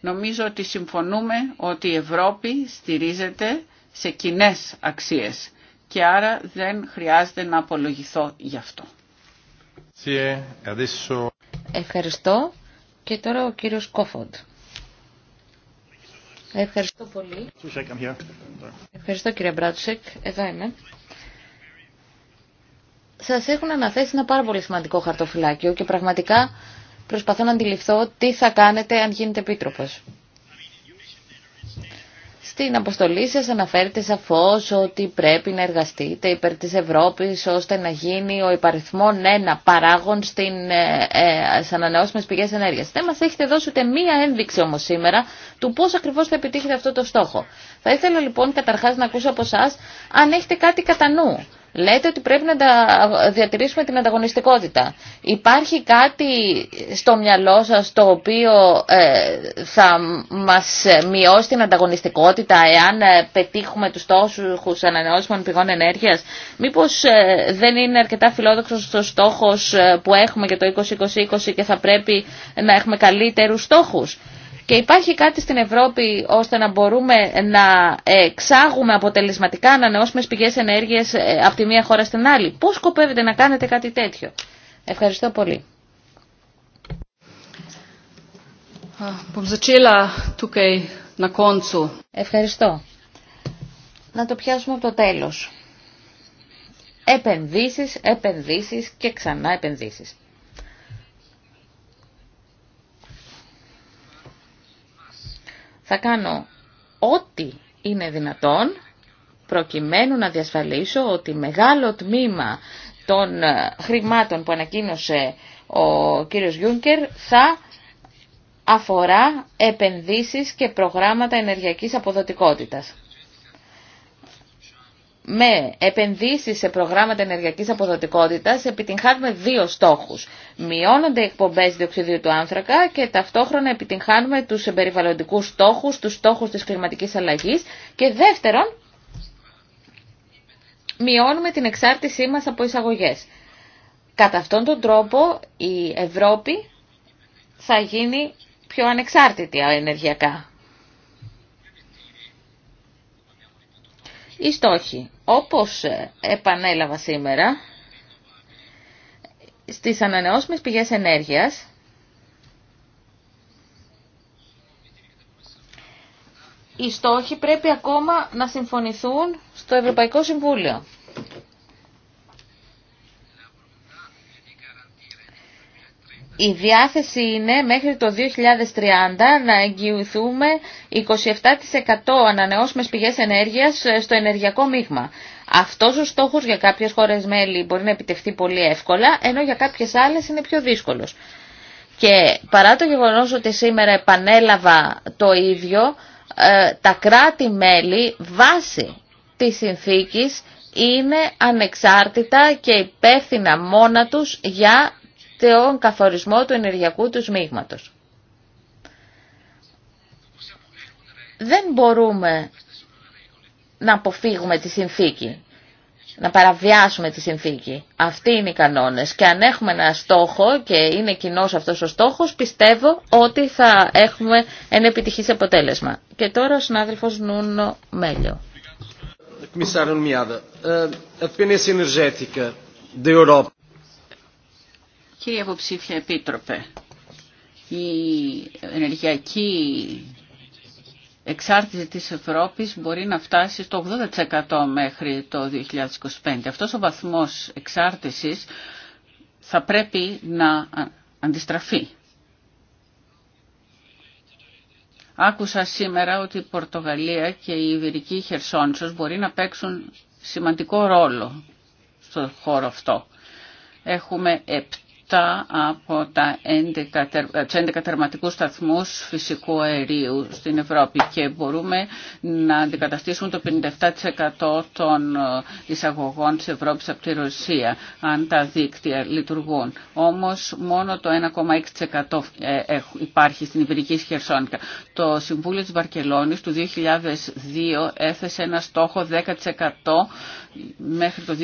[SPEAKER 2] Νομίζω ότι συμφωνούμε ότι η Ευρώπη στηρίζεται σε κοινέ αξίες και άρα δεν χρειάζεται να απολογηθώ
[SPEAKER 3] γι' αυτό. Ευχαριστώ. Και τώρα ο κύριος Κόφοντ. Ευχαριστώ πολύ. Ευχαριστώ κύριε Μπράτσεκ. Εδώ είμαι. Σας έχουν αναθέσει ένα πάρα πολύ σημαντικό χαρτοφυλάκιο και πραγματικά προσπαθώ να αντιληφθώ τι θα κάνετε αν γίνετε επίτροπο. Στην αποστολή σας αναφέρετε σαφώς ότι πρέπει να εργαστείτε υπέρ της Ευρώπης ώστε να γίνει ο υπαριθμόν ένα παράγον στην, ε, ε, στις ανανεώσιμες πηγές ενέργειας. Δεν μας έχετε δώσει ούτε μία ένδειξη όμως σήμερα του πώς ακριβώς θα επιτύχετε αυτό το στόχο. Θα ήθελα λοιπόν καταρχάς να ακούσω από εσά αν έχετε κάτι κατά νου. Λέτε ότι πρέπει να διατηρήσουμε την ανταγωνιστικότητα. Υπάρχει κάτι στο μυαλό σας το οποίο ε, θα μας μειώσει την ανταγωνιστικότητα εάν ε, πετύχουμε τους στόχους ανανεώσιμων πηγών ενέργειας. Μήπως ε, δεν είναι αρκετά φιλόδοξος ο στόχος που έχουμε για το 2020 και θα πρέπει να έχουμε καλύτερους στόχους. Και υπάρχει κάτι στην Ευρώπη ώστε να μπορούμε να εξάγουμε αποτελεσματικά ανανεώσιμες πηγές ενέργειας ε, από τη μία χώρα στην άλλη. Πώς σκοπεύετε
[SPEAKER 5] να κάνετε κάτι τέτοιο. Ευχαριστώ πολύ. Ευχαριστώ.
[SPEAKER 3] Να το πιάσουμε από το τέλος. Επενδύσεις, επενδύσεις και ξανά επενδύσεις. θα κάνω ό,τι είναι δυνατόν προκειμένου να διασφαλίσω ότι μεγάλο τμήμα των ε, χρημάτων που ανακοίνωσε ο κύριος Γιούνκερ θα αφορά επενδύσεις και προγράμματα ενεργειακής αποδοτικότητας με επενδύσεις σε προγράμματα ενεργειακής αποδοτικότητας επιτυγχάνουμε δύο στόχους. Μειώνονται οι εκπομπές διοξιδίου του άνθρακα και ταυτόχρονα επιτυγχάνουμε τους περιβαλλοντικούς στόχους, τους στόχους της κλιματικής αλλαγής και δεύτερον μειώνουμε την εξάρτησή μας από εισαγωγές. Κατά αυτόν τον τρόπο η Ευρώπη θα γίνει πιο ανεξάρτητη ενεργειακά. Οι στόχοι. Όπως ε, επανέλαβα σήμερα, στις ανανεώσιμες πηγές ενέργειας οι στόχοι πρέπει ακόμα να συμφωνηθούν στο Ευρωπαϊκό Συμβούλιο. Η διάθεση είναι μέχρι το 2030 να εγγυηθούμε 27% ανανεώσιμες πηγές ενέργειας ε, στο ενεργειακό μείγμα. Αυτός ο στόχος για κάποιες χώρες μέλη μπορεί να επιτευχθεί πολύ εύκολα, ενώ για κάποιες άλλες είναι πιο δύσκολος. Και παρά το γεγονός ότι σήμερα επανέλαβα το ίδιο, ε, τα κράτη-μέλη βάσει της συνθήκης είναι ανεξάρτητα και υπεύθυνα μόνα τους για ο καθορισμό του ενεργειακού του μείγματος. Δεν μπορούμε να αποφύγουμε τη συνθήκη, να παραβιάσουμε τη συνθήκη. Αυτοί είναι οι κανόνες και αν έχουμε ένα στόχο και είναι κοινός αυτός ο στόχος, πιστεύω ότι θα έχουμε ένα επιτυχής αποτέλεσμα. Και τώρα ο συνάδελφος Νούνο Μέλιο. Comissário nomeada, a dependência energética
[SPEAKER 2] Κύριε Υποψήφια Επίτροπε, η ενεργειακή εξάρτηση της Ευρώπης μπορεί να φτάσει στο 80% μέχρι το 2025. Αυτός ο βαθμός εξάρτησης θα πρέπει να αντιστραφεί. Άκουσα σήμερα ότι η Πορτογαλία και η Ιβηρική Χερσόνησος μπορεί να παίξουν σημαντικό ρόλο στον χώρο αυτό. Έχουμε από τα 11, 11 ε, σταθμούς φυσικού αερίου στην Ευρώπη και μπορούμε να αντικαταστήσουμε το 57% των ε, εισαγωγών της Ευρώπης από τη Ρωσία αν τα δίκτυα λειτουργούν. Όμως μόνο το 1,6% ε, υπάρχει στην Ιβηρική σχερσόνικα. Το Συμβούλιο της Βαρκελόνης του 2002 έθεσε ένα στόχο 10% μέχρι το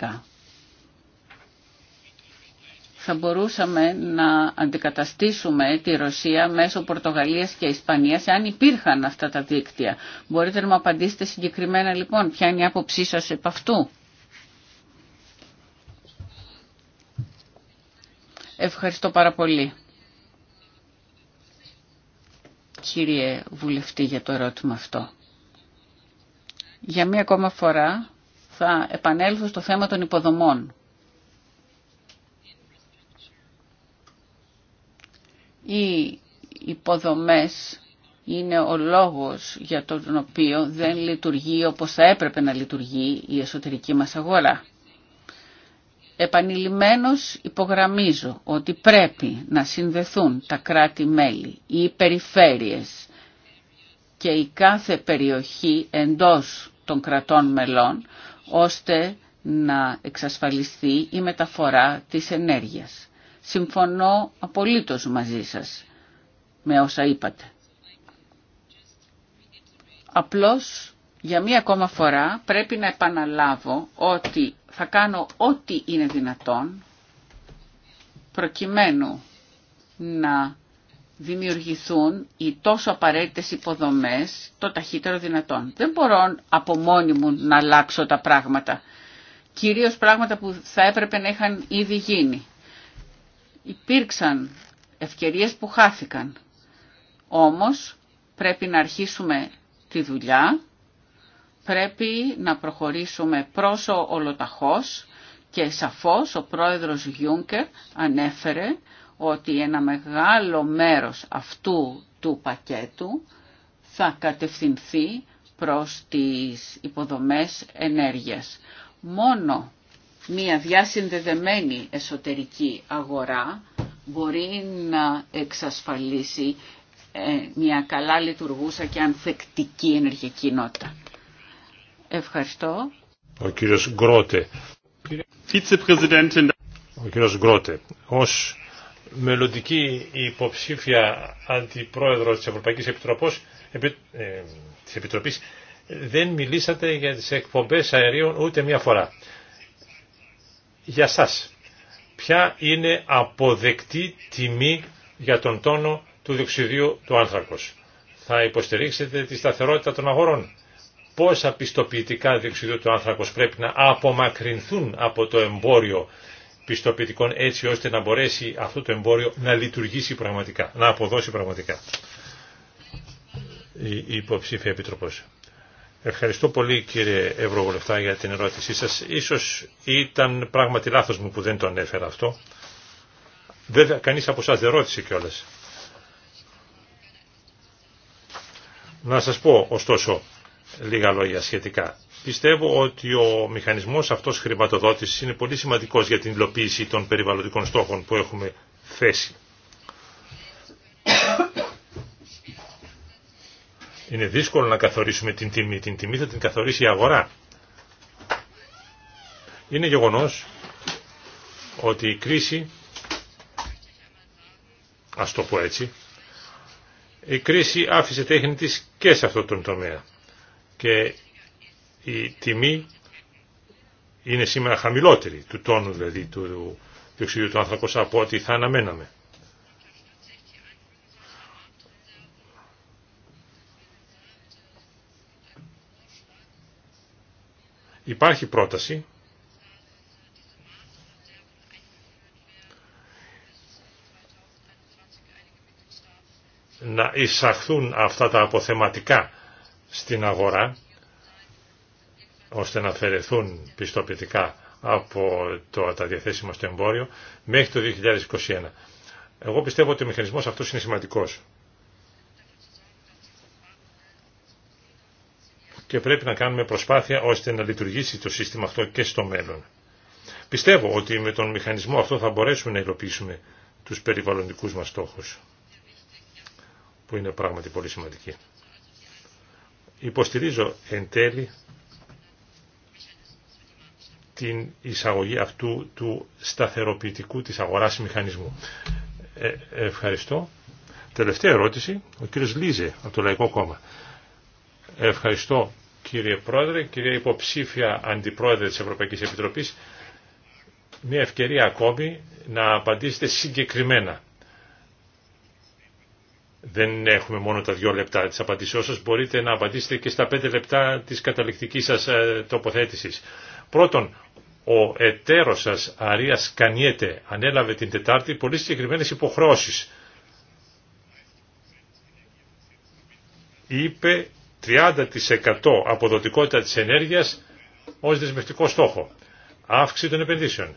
[SPEAKER 2] 2012 θα μπορούσαμε να αντικαταστήσουμε τη Ρωσία μέσω Πορτογαλίας και Ισπανίας αν υπήρχαν αυτά τα δίκτυα. Μπορείτε να μου απαντήσετε συγκεκριμένα λοιπόν ποια είναι η άποψή σας επ' αυτού. Ευχαριστώ πάρα πολύ. Κύριε Βουλευτή για το ερώτημα αυτό. Για μία ακόμα φορά θα επανέλθω στο θέμα των υποδομών. οι υποδομές είναι ο λόγος για τον οποίο δεν λειτουργεί όπως θα έπρεπε να λειτουργεί η εσωτερική μας αγορά. Επανειλημμένως υπογραμμίζω ότι πρέπει να συνδεθούν τα κράτη-μέλη, οι περιφέρειες και η κάθε περιοχή εντός των κρατών μελών, ώστε να εξασφαλιστεί η μεταφορά της ενέργειας. Συμφωνώ απολύτως μαζί σας με όσα είπατε. Απλώς για μία ακόμα φορά πρέπει να επαναλάβω ότι θα κάνω ό,τι είναι δυνατόν προκειμένου να δημιουργηθούν οι τόσο απαραίτητες υποδομές το ταχύτερο δυνατόν. Δεν μπορώ από μόνη μου να αλλάξω τα πράγματα. Κυρίως πράγματα που θα έπρεπε να είχαν ήδη γίνει υπήρξαν ευκαιρίες που χάθηκαν. Όμως πρέπει να αρχίσουμε τη δουλειά, πρέπει να προχωρήσουμε πρόσω ολοταχώς και σαφώς ο πρόεδρος Γιούνκερ ανέφερε ότι ένα μεγάλο μέρος αυτού του πακέτου θα κατευθυνθεί προς τις υποδομές ενέργειας. Μόνο μια διασυνδεδεμένη εσωτερική αγορά μπορεί να εξασφαλίσει ε, μια καλά λειτουργούσα και ανθεκτική ενεργειακή νότα. Ευχαριστώ.
[SPEAKER 4] Ο κύριος Γκρότε. Ο κύριος Γκρότε, ως μελλοντική υποψήφια αντιπρόεδρος της Ευρωπαϊκής Επιτροπής, ε, Επιτροπής δεν μιλήσατε για τις εκπομπές αερίων ούτε μία φορά για σας. Ποια είναι αποδεκτή τιμή για τον τόνο του διοξιδίου του άνθρακος. Θα υποστηρίξετε τη σταθερότητα των αγορών. Πόσα πιστοποιητικά διοξιδίου του άνθρακος πρέπει να απομακρυνθούν από το εμπόριο πιστοποιητικών έτσι ώστε να μπορέσει αυτό το εμπόριο να λειτουργήσει πραγματικά, να αποδώσει πραγματικά. Η υποψήφια επιτροπός. Ευχαριστώ πολύ κύριε Ευρωβουλευτά για την ερώτησή σας. Ίσως ήταν πράγματι λάθος μου που δεν το ανέφερα αυτό. Βέβαια κανείς από εσάς δεν ρώτησε κιόλας. Να σας πω ωστόσο λίγα λόγια σχετικά. Πιστεύω ότι ο μηχανισμός αυτός χρηματοδότησης είναι πολύ σημαντικός για την υλοποίηση των περιβαλλοντικών στόχων που έχουμε θέσει. Είναι δύσκολο να καθορίσουμε την τιμή. Την τιμή θα την καθορίσει η αγορά. Είναι γεγονός ότι η κρίση, ας το πω έτσι, η κρίση άφησε τέχνη της και σε αυτό τον τομέα. Και η τιμή είναι σήμερα χαμηλότερη, του τόνου δηλαδή, του διοξιδίου του άνθρακος από ό,τι θα αναμέναμε. Υπάρχει πρόταση να εισαχθούν αυτά τα αποθεματικά στην αγορά ώστε να αφαιρεθούν πιστοποιητικά από το, τα στο εμπόριο μέχρι το 2021. Εγώ πιστεύω ότι ο μηχανισμός αυτός είναι σημαντικός. και πρέπει να κάνουμε προσπάθεια ώστε να λειτουργήσει το σύστημα αυτό και στο μέλλον. Πιστεύω ότι με τον μηχανισμό αυτό θα μπορέσουμε να υλοποιήσουμε τους περιβαλλοντικούς μας στόχους, που είναι πράγματι πολύ σημαντικοί. Υποστηρίζω εν τέλει την εισαγωγή αυτού του σταθεροποιητικού της αγοράς μηχανισμού. Ε, ευχαριστώ. Τελευταία ερώτηση, ο κύριος Λίζε από το Λαϊκό Κόμμα. Ευχαριστώ κύριε Πρόεδρε, κυρία υποψήφια Αντιπρόεδρε της Ευρωπαϊκής Επιτροπής. Μια ευκαιρία ακόμη να απαντήσετε συγκεκριμένα. Δεν έχουμε μόνο τα δύο λεπτά της απαντήσεώς σας, μπορείτε να απαντήσετε και στα πέντε λεπτά της καταληκτικής σας ε, τοποθέτησης. Πρώτον, ο εταίρος σας, Αρίας Κανιέτε, ανέλαβε την Τετάρτη πολύ συγκεκριμένες υποχρεώσεις. Είπε 30% αποδοτικότητα της ενέργειας ως δεσμευτικό στόχο. Αύξηση των επενδύσεων.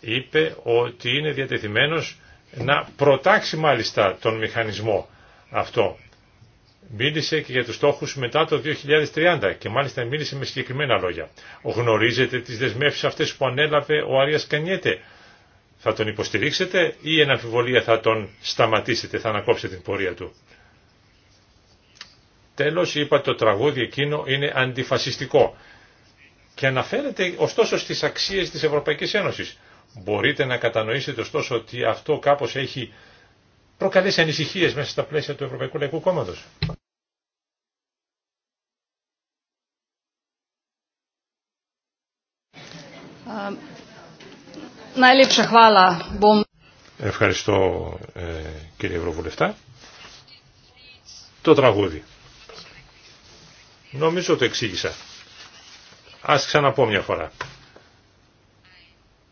[SPEAKER 4] Είπε ότι είναι διατεθειμένος να προτάξει μάλιστα τον μηχανισμό αυτό. Μίλησε και για τους στόχους μετά το 2030 και μάλιστα μίλησε με συγκεκριμένα λόγια. Γνωρίζετε τις δεσμεύσεις αυτές που ανέλαβε ο Αρίας Κανιέτε. Θα τον υποστηρίξετε ή εν αμφιβολία θα τον σταματήσετε, θα ανακόψετε την πορεία του. Τέλος είπα το τραγούδι εκείνο είναι αντιφασιστικό και αναφέρεται ωστόσο στις αξίες της Ευρωπαϊκής Ένωσης. Μπορείτε να κατανοήσετε ωστόσο ότι αυτό κάπως έχει προκαλέσει ανησυχίες μέσα στα πλαίσια του Ευρωπαϊκού Λαϊκού Κόμματος. Ε, Ευχαριστώ ε, κύριε Ευρωβουλευτά. Το τραγούδι. Νομίζω το εξήγησα. Ας ξαναπώ μια φορά.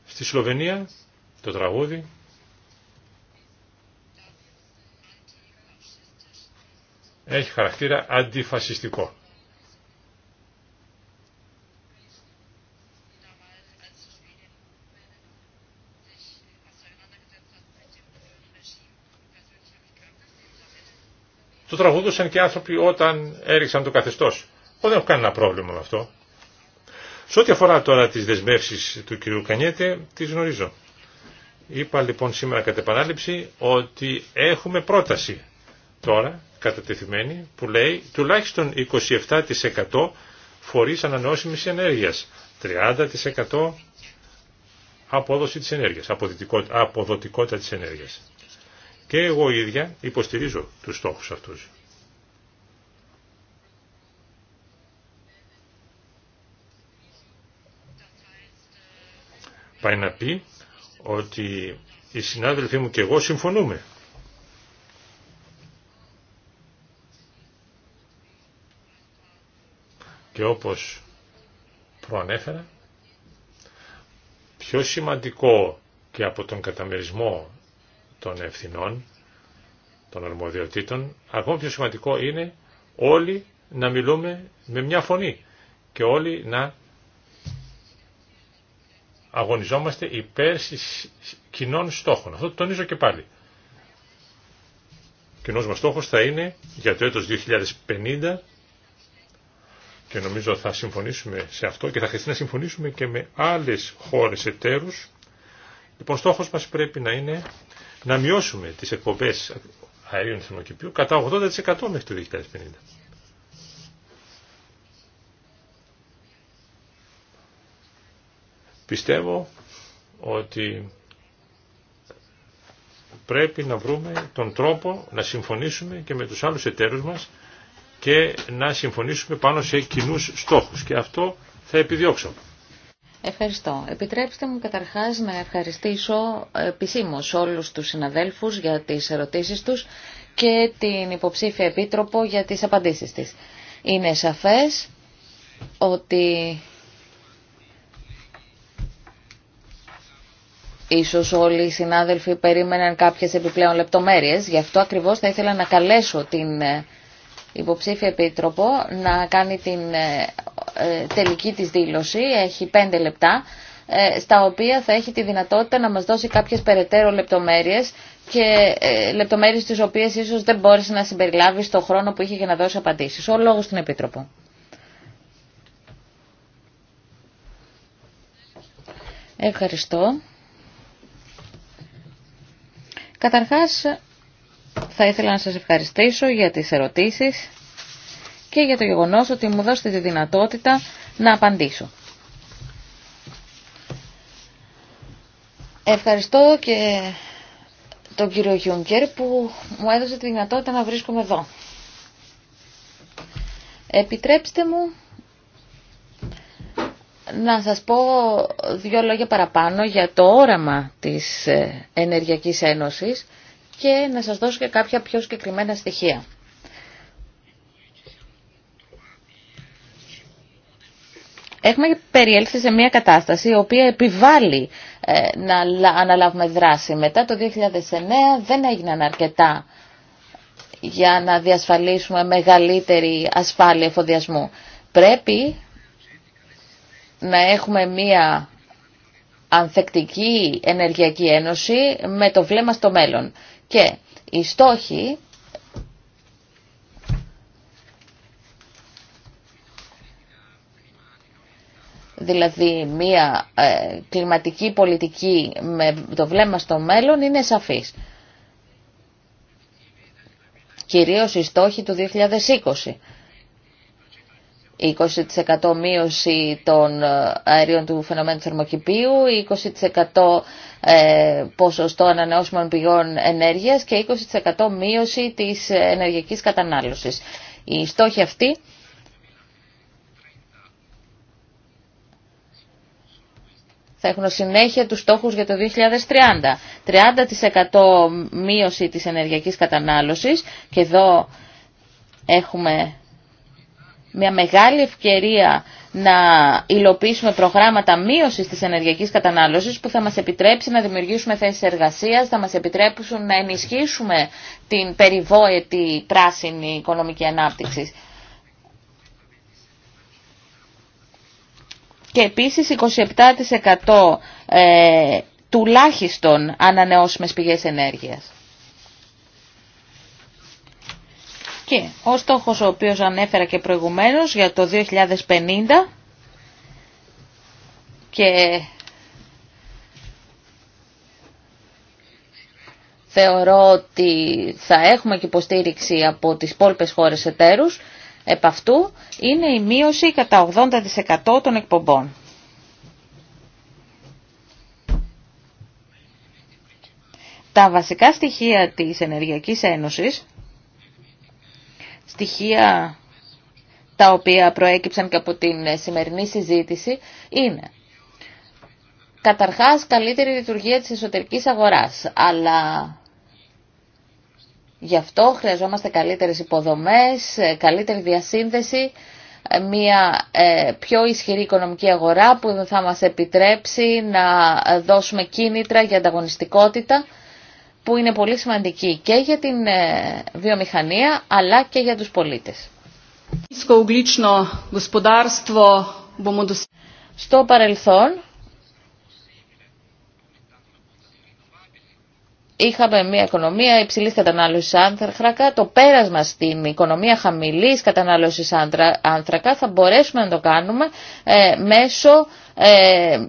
[SPEAKER 4] Στη Σλοβενία το τραγούδι έχει χαρακτήρα αντιφασιστικό. Το τραγουδούσαν και άνθρωποι όταν έριξαν το καθεστώ. Εγώ δεν έχω κανένα πρόβλημα με αυτό. Σε ό,τι αφορά τώρα τις δεσμεύσει του κ. Κανιέτε, τις γνωρίζω. Είπα λοιπόν σήμερα κατά επανάληψη ότι έχουμε πρόταση τώρα κατατεθειμένη που λέει τουλάχιστον 27% φορείς ανανεώσιμης ενέργειας, 30% απόδοση της ενέργειας, αποδοτικότητα της ενέργειας. Και εγώ ίδια υποστηρίζω τους στόχους αυτούς. Πάει να πει ότι οι συνάδελφοί μου και εγώ συμφωνούμε. Και όπως προανέφερα, πιο σημαντικό και από τον καταμερισμό των ευθυνών, των αρμοδιοτήτων, ακόμα πιο σημαντικό είναι όλοι να μιλούμε με μια φωνή και όλοι να αγωνιζόμαστε υπέρ κοινών στόχων. Αυτό το τονίζω και πάλι. Κοινός μας στόχος θα είναι για το έτος 2050 και νομίζω θα συμφωνήσουμε σε αυτό και θα χρειαστεί να συμφωνήσουμε και με άλλες χώρες εταίρους. Λοιπόν, στόχος μας πρέπει να είναι να μειώσουμε τις εκπομπές αερίων θερμοκηπίου κατά 80% μέχρι το 2050. Πιστεύω ότι πρέπει να βρούμε τον τρόπο να συμφωνήσουμε και με τους άλλους εταίρους μας και να συμφωνήσουμε πάνω σε κοινούς στόχους και αυτό θα επιδιώξω.
[SPEAKER 3] Ευχαριστώ. Επιτρέψτε μου καταρχάς να ευχαριστήσω επισήμως όλους τους συναδέλφους για τις ερωτήσεις τους και την υποψήφια επίτροπο για τις απαντήσεις της. Είναι σαφές ότι Ίσως όλοι οι συνάδελφοι περίμεναν κάποιες επιπλέον λεπτομέρειες, γι' αυτό ακριβώς θα ήθελα να καλέσω την υποψήφια επίτροπο να κάνει την ε, ε, τελική της δήλωση. Έχει πέντε λεπτά ε, στα οποία θα έχει τη δυνατότητα να μας δώσει κάποιες περαιτέρω λεπτομέρειες και λεπτομέρειες τις οποίες ίσως δεν μπόρεσε να συμπεριλάβει στο χρόνο που είχε για να δώσει απαντήσεις. Ο λόγος στην Επίτροπο. Ευχαριστώ. Καταρχάς, θα ήθελα να σας ευχαριστήσω για τις ερωτήσεις και για το γεγονός ότι μου δώσετε τη δυνατότητα να απαντήσω. Ευχαριστώ και τον κύριο Γιούγκερ που μου έδωσε τη δυνατότητα να βρίσκομαι εδώ. Επιτρέψτε μου να σας πω δύο λόγια παραπάνω για το όραμα της ε, Ενεργειακής Ένωσης και να σας δώσω και κάποια πιο συγκεκριμένα στοιχεία. Έχουμε περιέλθει σε μια κατάσταση η οποία επιβάλλει ε, να αναλάβουμε δράση. Μετά το 2009 δεν έγιναν αρκετά για να διασφαλίσουμε μεγαλύτερη ασφάλεια εφοδιασμού. Πρέπει να έχουμε μια ανθεκτική ενεργειακή ένωση με το βλέμμα στο μέλλον. Και οι στόχοι δηλαδή μια ε, κλιματική πολιτική με το βλέμμα στο μέλλον είναι σαφής. Κυρίως οι στόχοι του 2020. 20% μείωση των ε, αερίων του φαινομένου θερμοκηπίου, 20% ε, ποσοστό ανανεώσιμων πηγών ενέργειας και 20% μείωση της ενεργειακής κατανάλωσης. η στόχοι αυτή θα έχουν συνέχεια τους στόχους για το 2030. 30% μείωση της ενεργειακής κατανάλωσης και εδώ έχουμε μια μεγάλη ευκαιρία να υλοποιήσουμε προγράμματα μείωσης τη ενεργειακή κατανάλωση που θα μας επιτρέψει να δημιουργήσουμε θέσεις εργασίας, θα μας επιτρέψουν να ενισχύσουμε την περιβόητη πράσινη οικονομική ανάπτυξη. Και επίσης 27% ε, τουλάχιστον ανανεώσιμες πηγές ενέργειας. Και ο στόχος ο οποίος ανέφερα και προηγουμένως για το 2050 και θεωρώ ότι θα έχουμε και υποστήριξη από τις πόλπες χώρες εταίρους, επ' αυτού είναι η μείωση κατά 80% των εκπομπών. Τα βασικά στοιχεία της Ενεργειακής Ένωσης στοιχεία τα οποία προέκυψαν και από την σημερινή συζήτηση είναι καταρχάς καλύτερη λειτουργία της εσωτερικής αγοράς, αλλά γι' αυτό χρειαζόμαστε καλύτερες υποδομές, καλύτερη διασύνδεση, μια ε, πιο ισχυρή οικονομική αγορά που θα μας επιτρέψει να δώσουμε κίνητρα για ανταγωνιστικότητα που είναι πολύ σημαντική και για την ε, βιομηχανία αλλά και για τους πολίτες. Στο παρελθόν είχαμε μια οικονομία υψηλή κατανάλωση άνθρακα. Το πέρασμα στην οικονομία χαμηλή κατανάλωση άνθρακα θα μπορέσουμε να το κάνουμε ε, μέσω ε,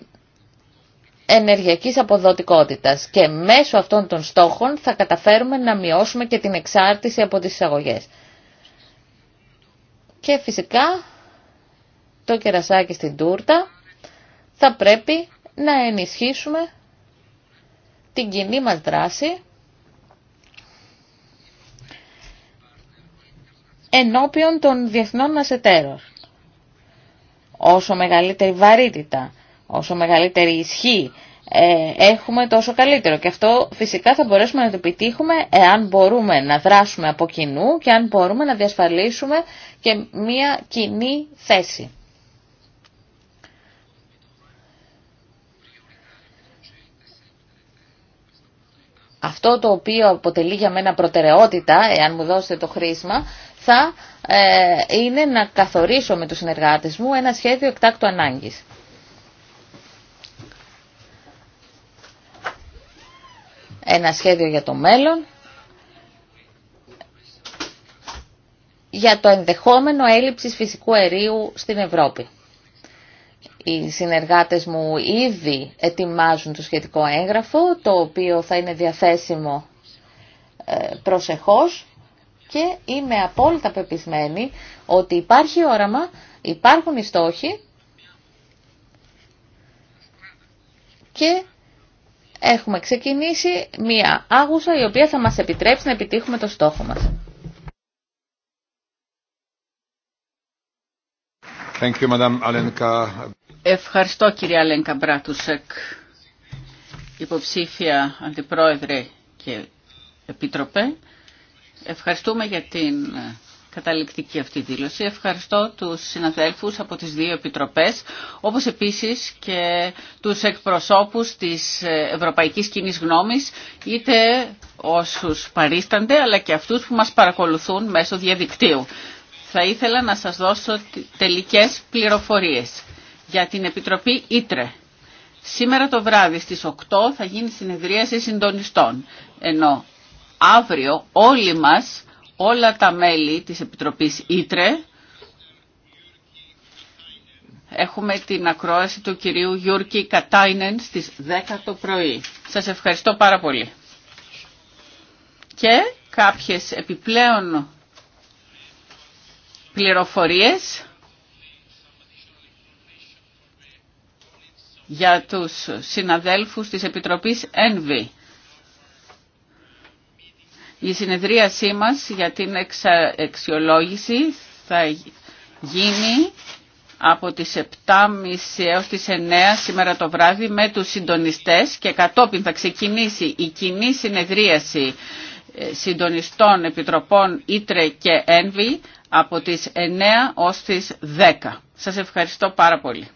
[SPEAKER 3] ενεργειακής αποδοτικότητας και μέσω αυτών των στόχων θα καταφέρουμε να μειώσουμε και την εξάρτηση από τις εισαγωγές. Και φυσικά το κερασάκι στην τούρτα θα πρέπει να ενισχύσουμε την κοινή μας δράση ενώπιον των διεθνών μας εταίρων. Όσο μεγαλύτερη βαρύτητα όσο μεγαλύτερη ισχύ ε, έχουμε τόσο καλύτερο. Και αυτό φυσικά θα μπορέσουμε να το επιτύχουμε εάν μπορούμε να δράσουμε από κοινού και αν μπορούμε να διασφαλίσουμε και μία κοινή θέση. Αυτό το οποίο αποτελεί για μένα προτεραιότητα, εάν μου δώσετε το χρήσμα, θα ε, είναι να καθορίσω με τους συνεργάτες μου ένα σχέδιο εκτάκτου ανάγκης. ένα σχέδιο για το μέλλον, για το ενδεχόμενο έλλειψης φυσικού αερίου στην Ευρώπη. Οι συνεργάτες μου ήδη ετοιμάζουν το σχετικό έγγραφο, το οποίο θα είναι διαθέσιμο ε, προσεχώς και είμαι απόλυτα πεπισμένη ότι υπάρχει όραμα, υπάρχουν οι στόχοι και έχουμε ξεκινήσει μία άγουσα η οποία θα μας επιτρέψει να επιτύχουμε το στόχο μας.
[SPEAKER 2] Ευχαριστώ κυρία Αλένκα Μπράτουσεκ, υποψήφια αντιπρόεδρε και επίτροπε. Ευχαριστούμε για την καταληκτική αυτή δήλωση. Ευχαριστώ τους συναδέλφους από τις δύο επιτροπές, όπως επίσης και τους εκπροσώπους της Ευρωπαϊκής κοινή Γνώμης, είτε όσους παρίστανται, αλλά και αυτούς που μας παρακολουθούν μέσω διαδικτύου. Θα ήθελα να σας δώσω τελικές πληροφορίες για την Επιτροπή Ήτρε. Σήμερα το βράδυ στις 8 θα γίνει συνεδρίαση συντονιστών, ενώ αύριο όλοι μας όλα τα μέλη της Επιτροπής Ήτρε. Έχουμε την ακρόαση του κυρίου Γιούρκη Κατάινεν στις 10 το πρωί. Σας ευχαριστώ πάρα πολύ. Και κάποιες επιπλέον πληροφορίες για τους συναδέλφους της Επιτροπής ΕΝΒΗ. Η συνεδρίασή μας για την εξιολόγηση θα γίνει από τις 7.30 έως τις 9 σήμερα το βράδυ με τους συντονιστές και κατόπιν θα ξεκινήσει η κοινή συνεδρίαση ε, συντονιστών επιτροπών Ήτρε και Ένβη από τις 9 ως τις 10. Σας ευχαριστώ πάρα πολύ.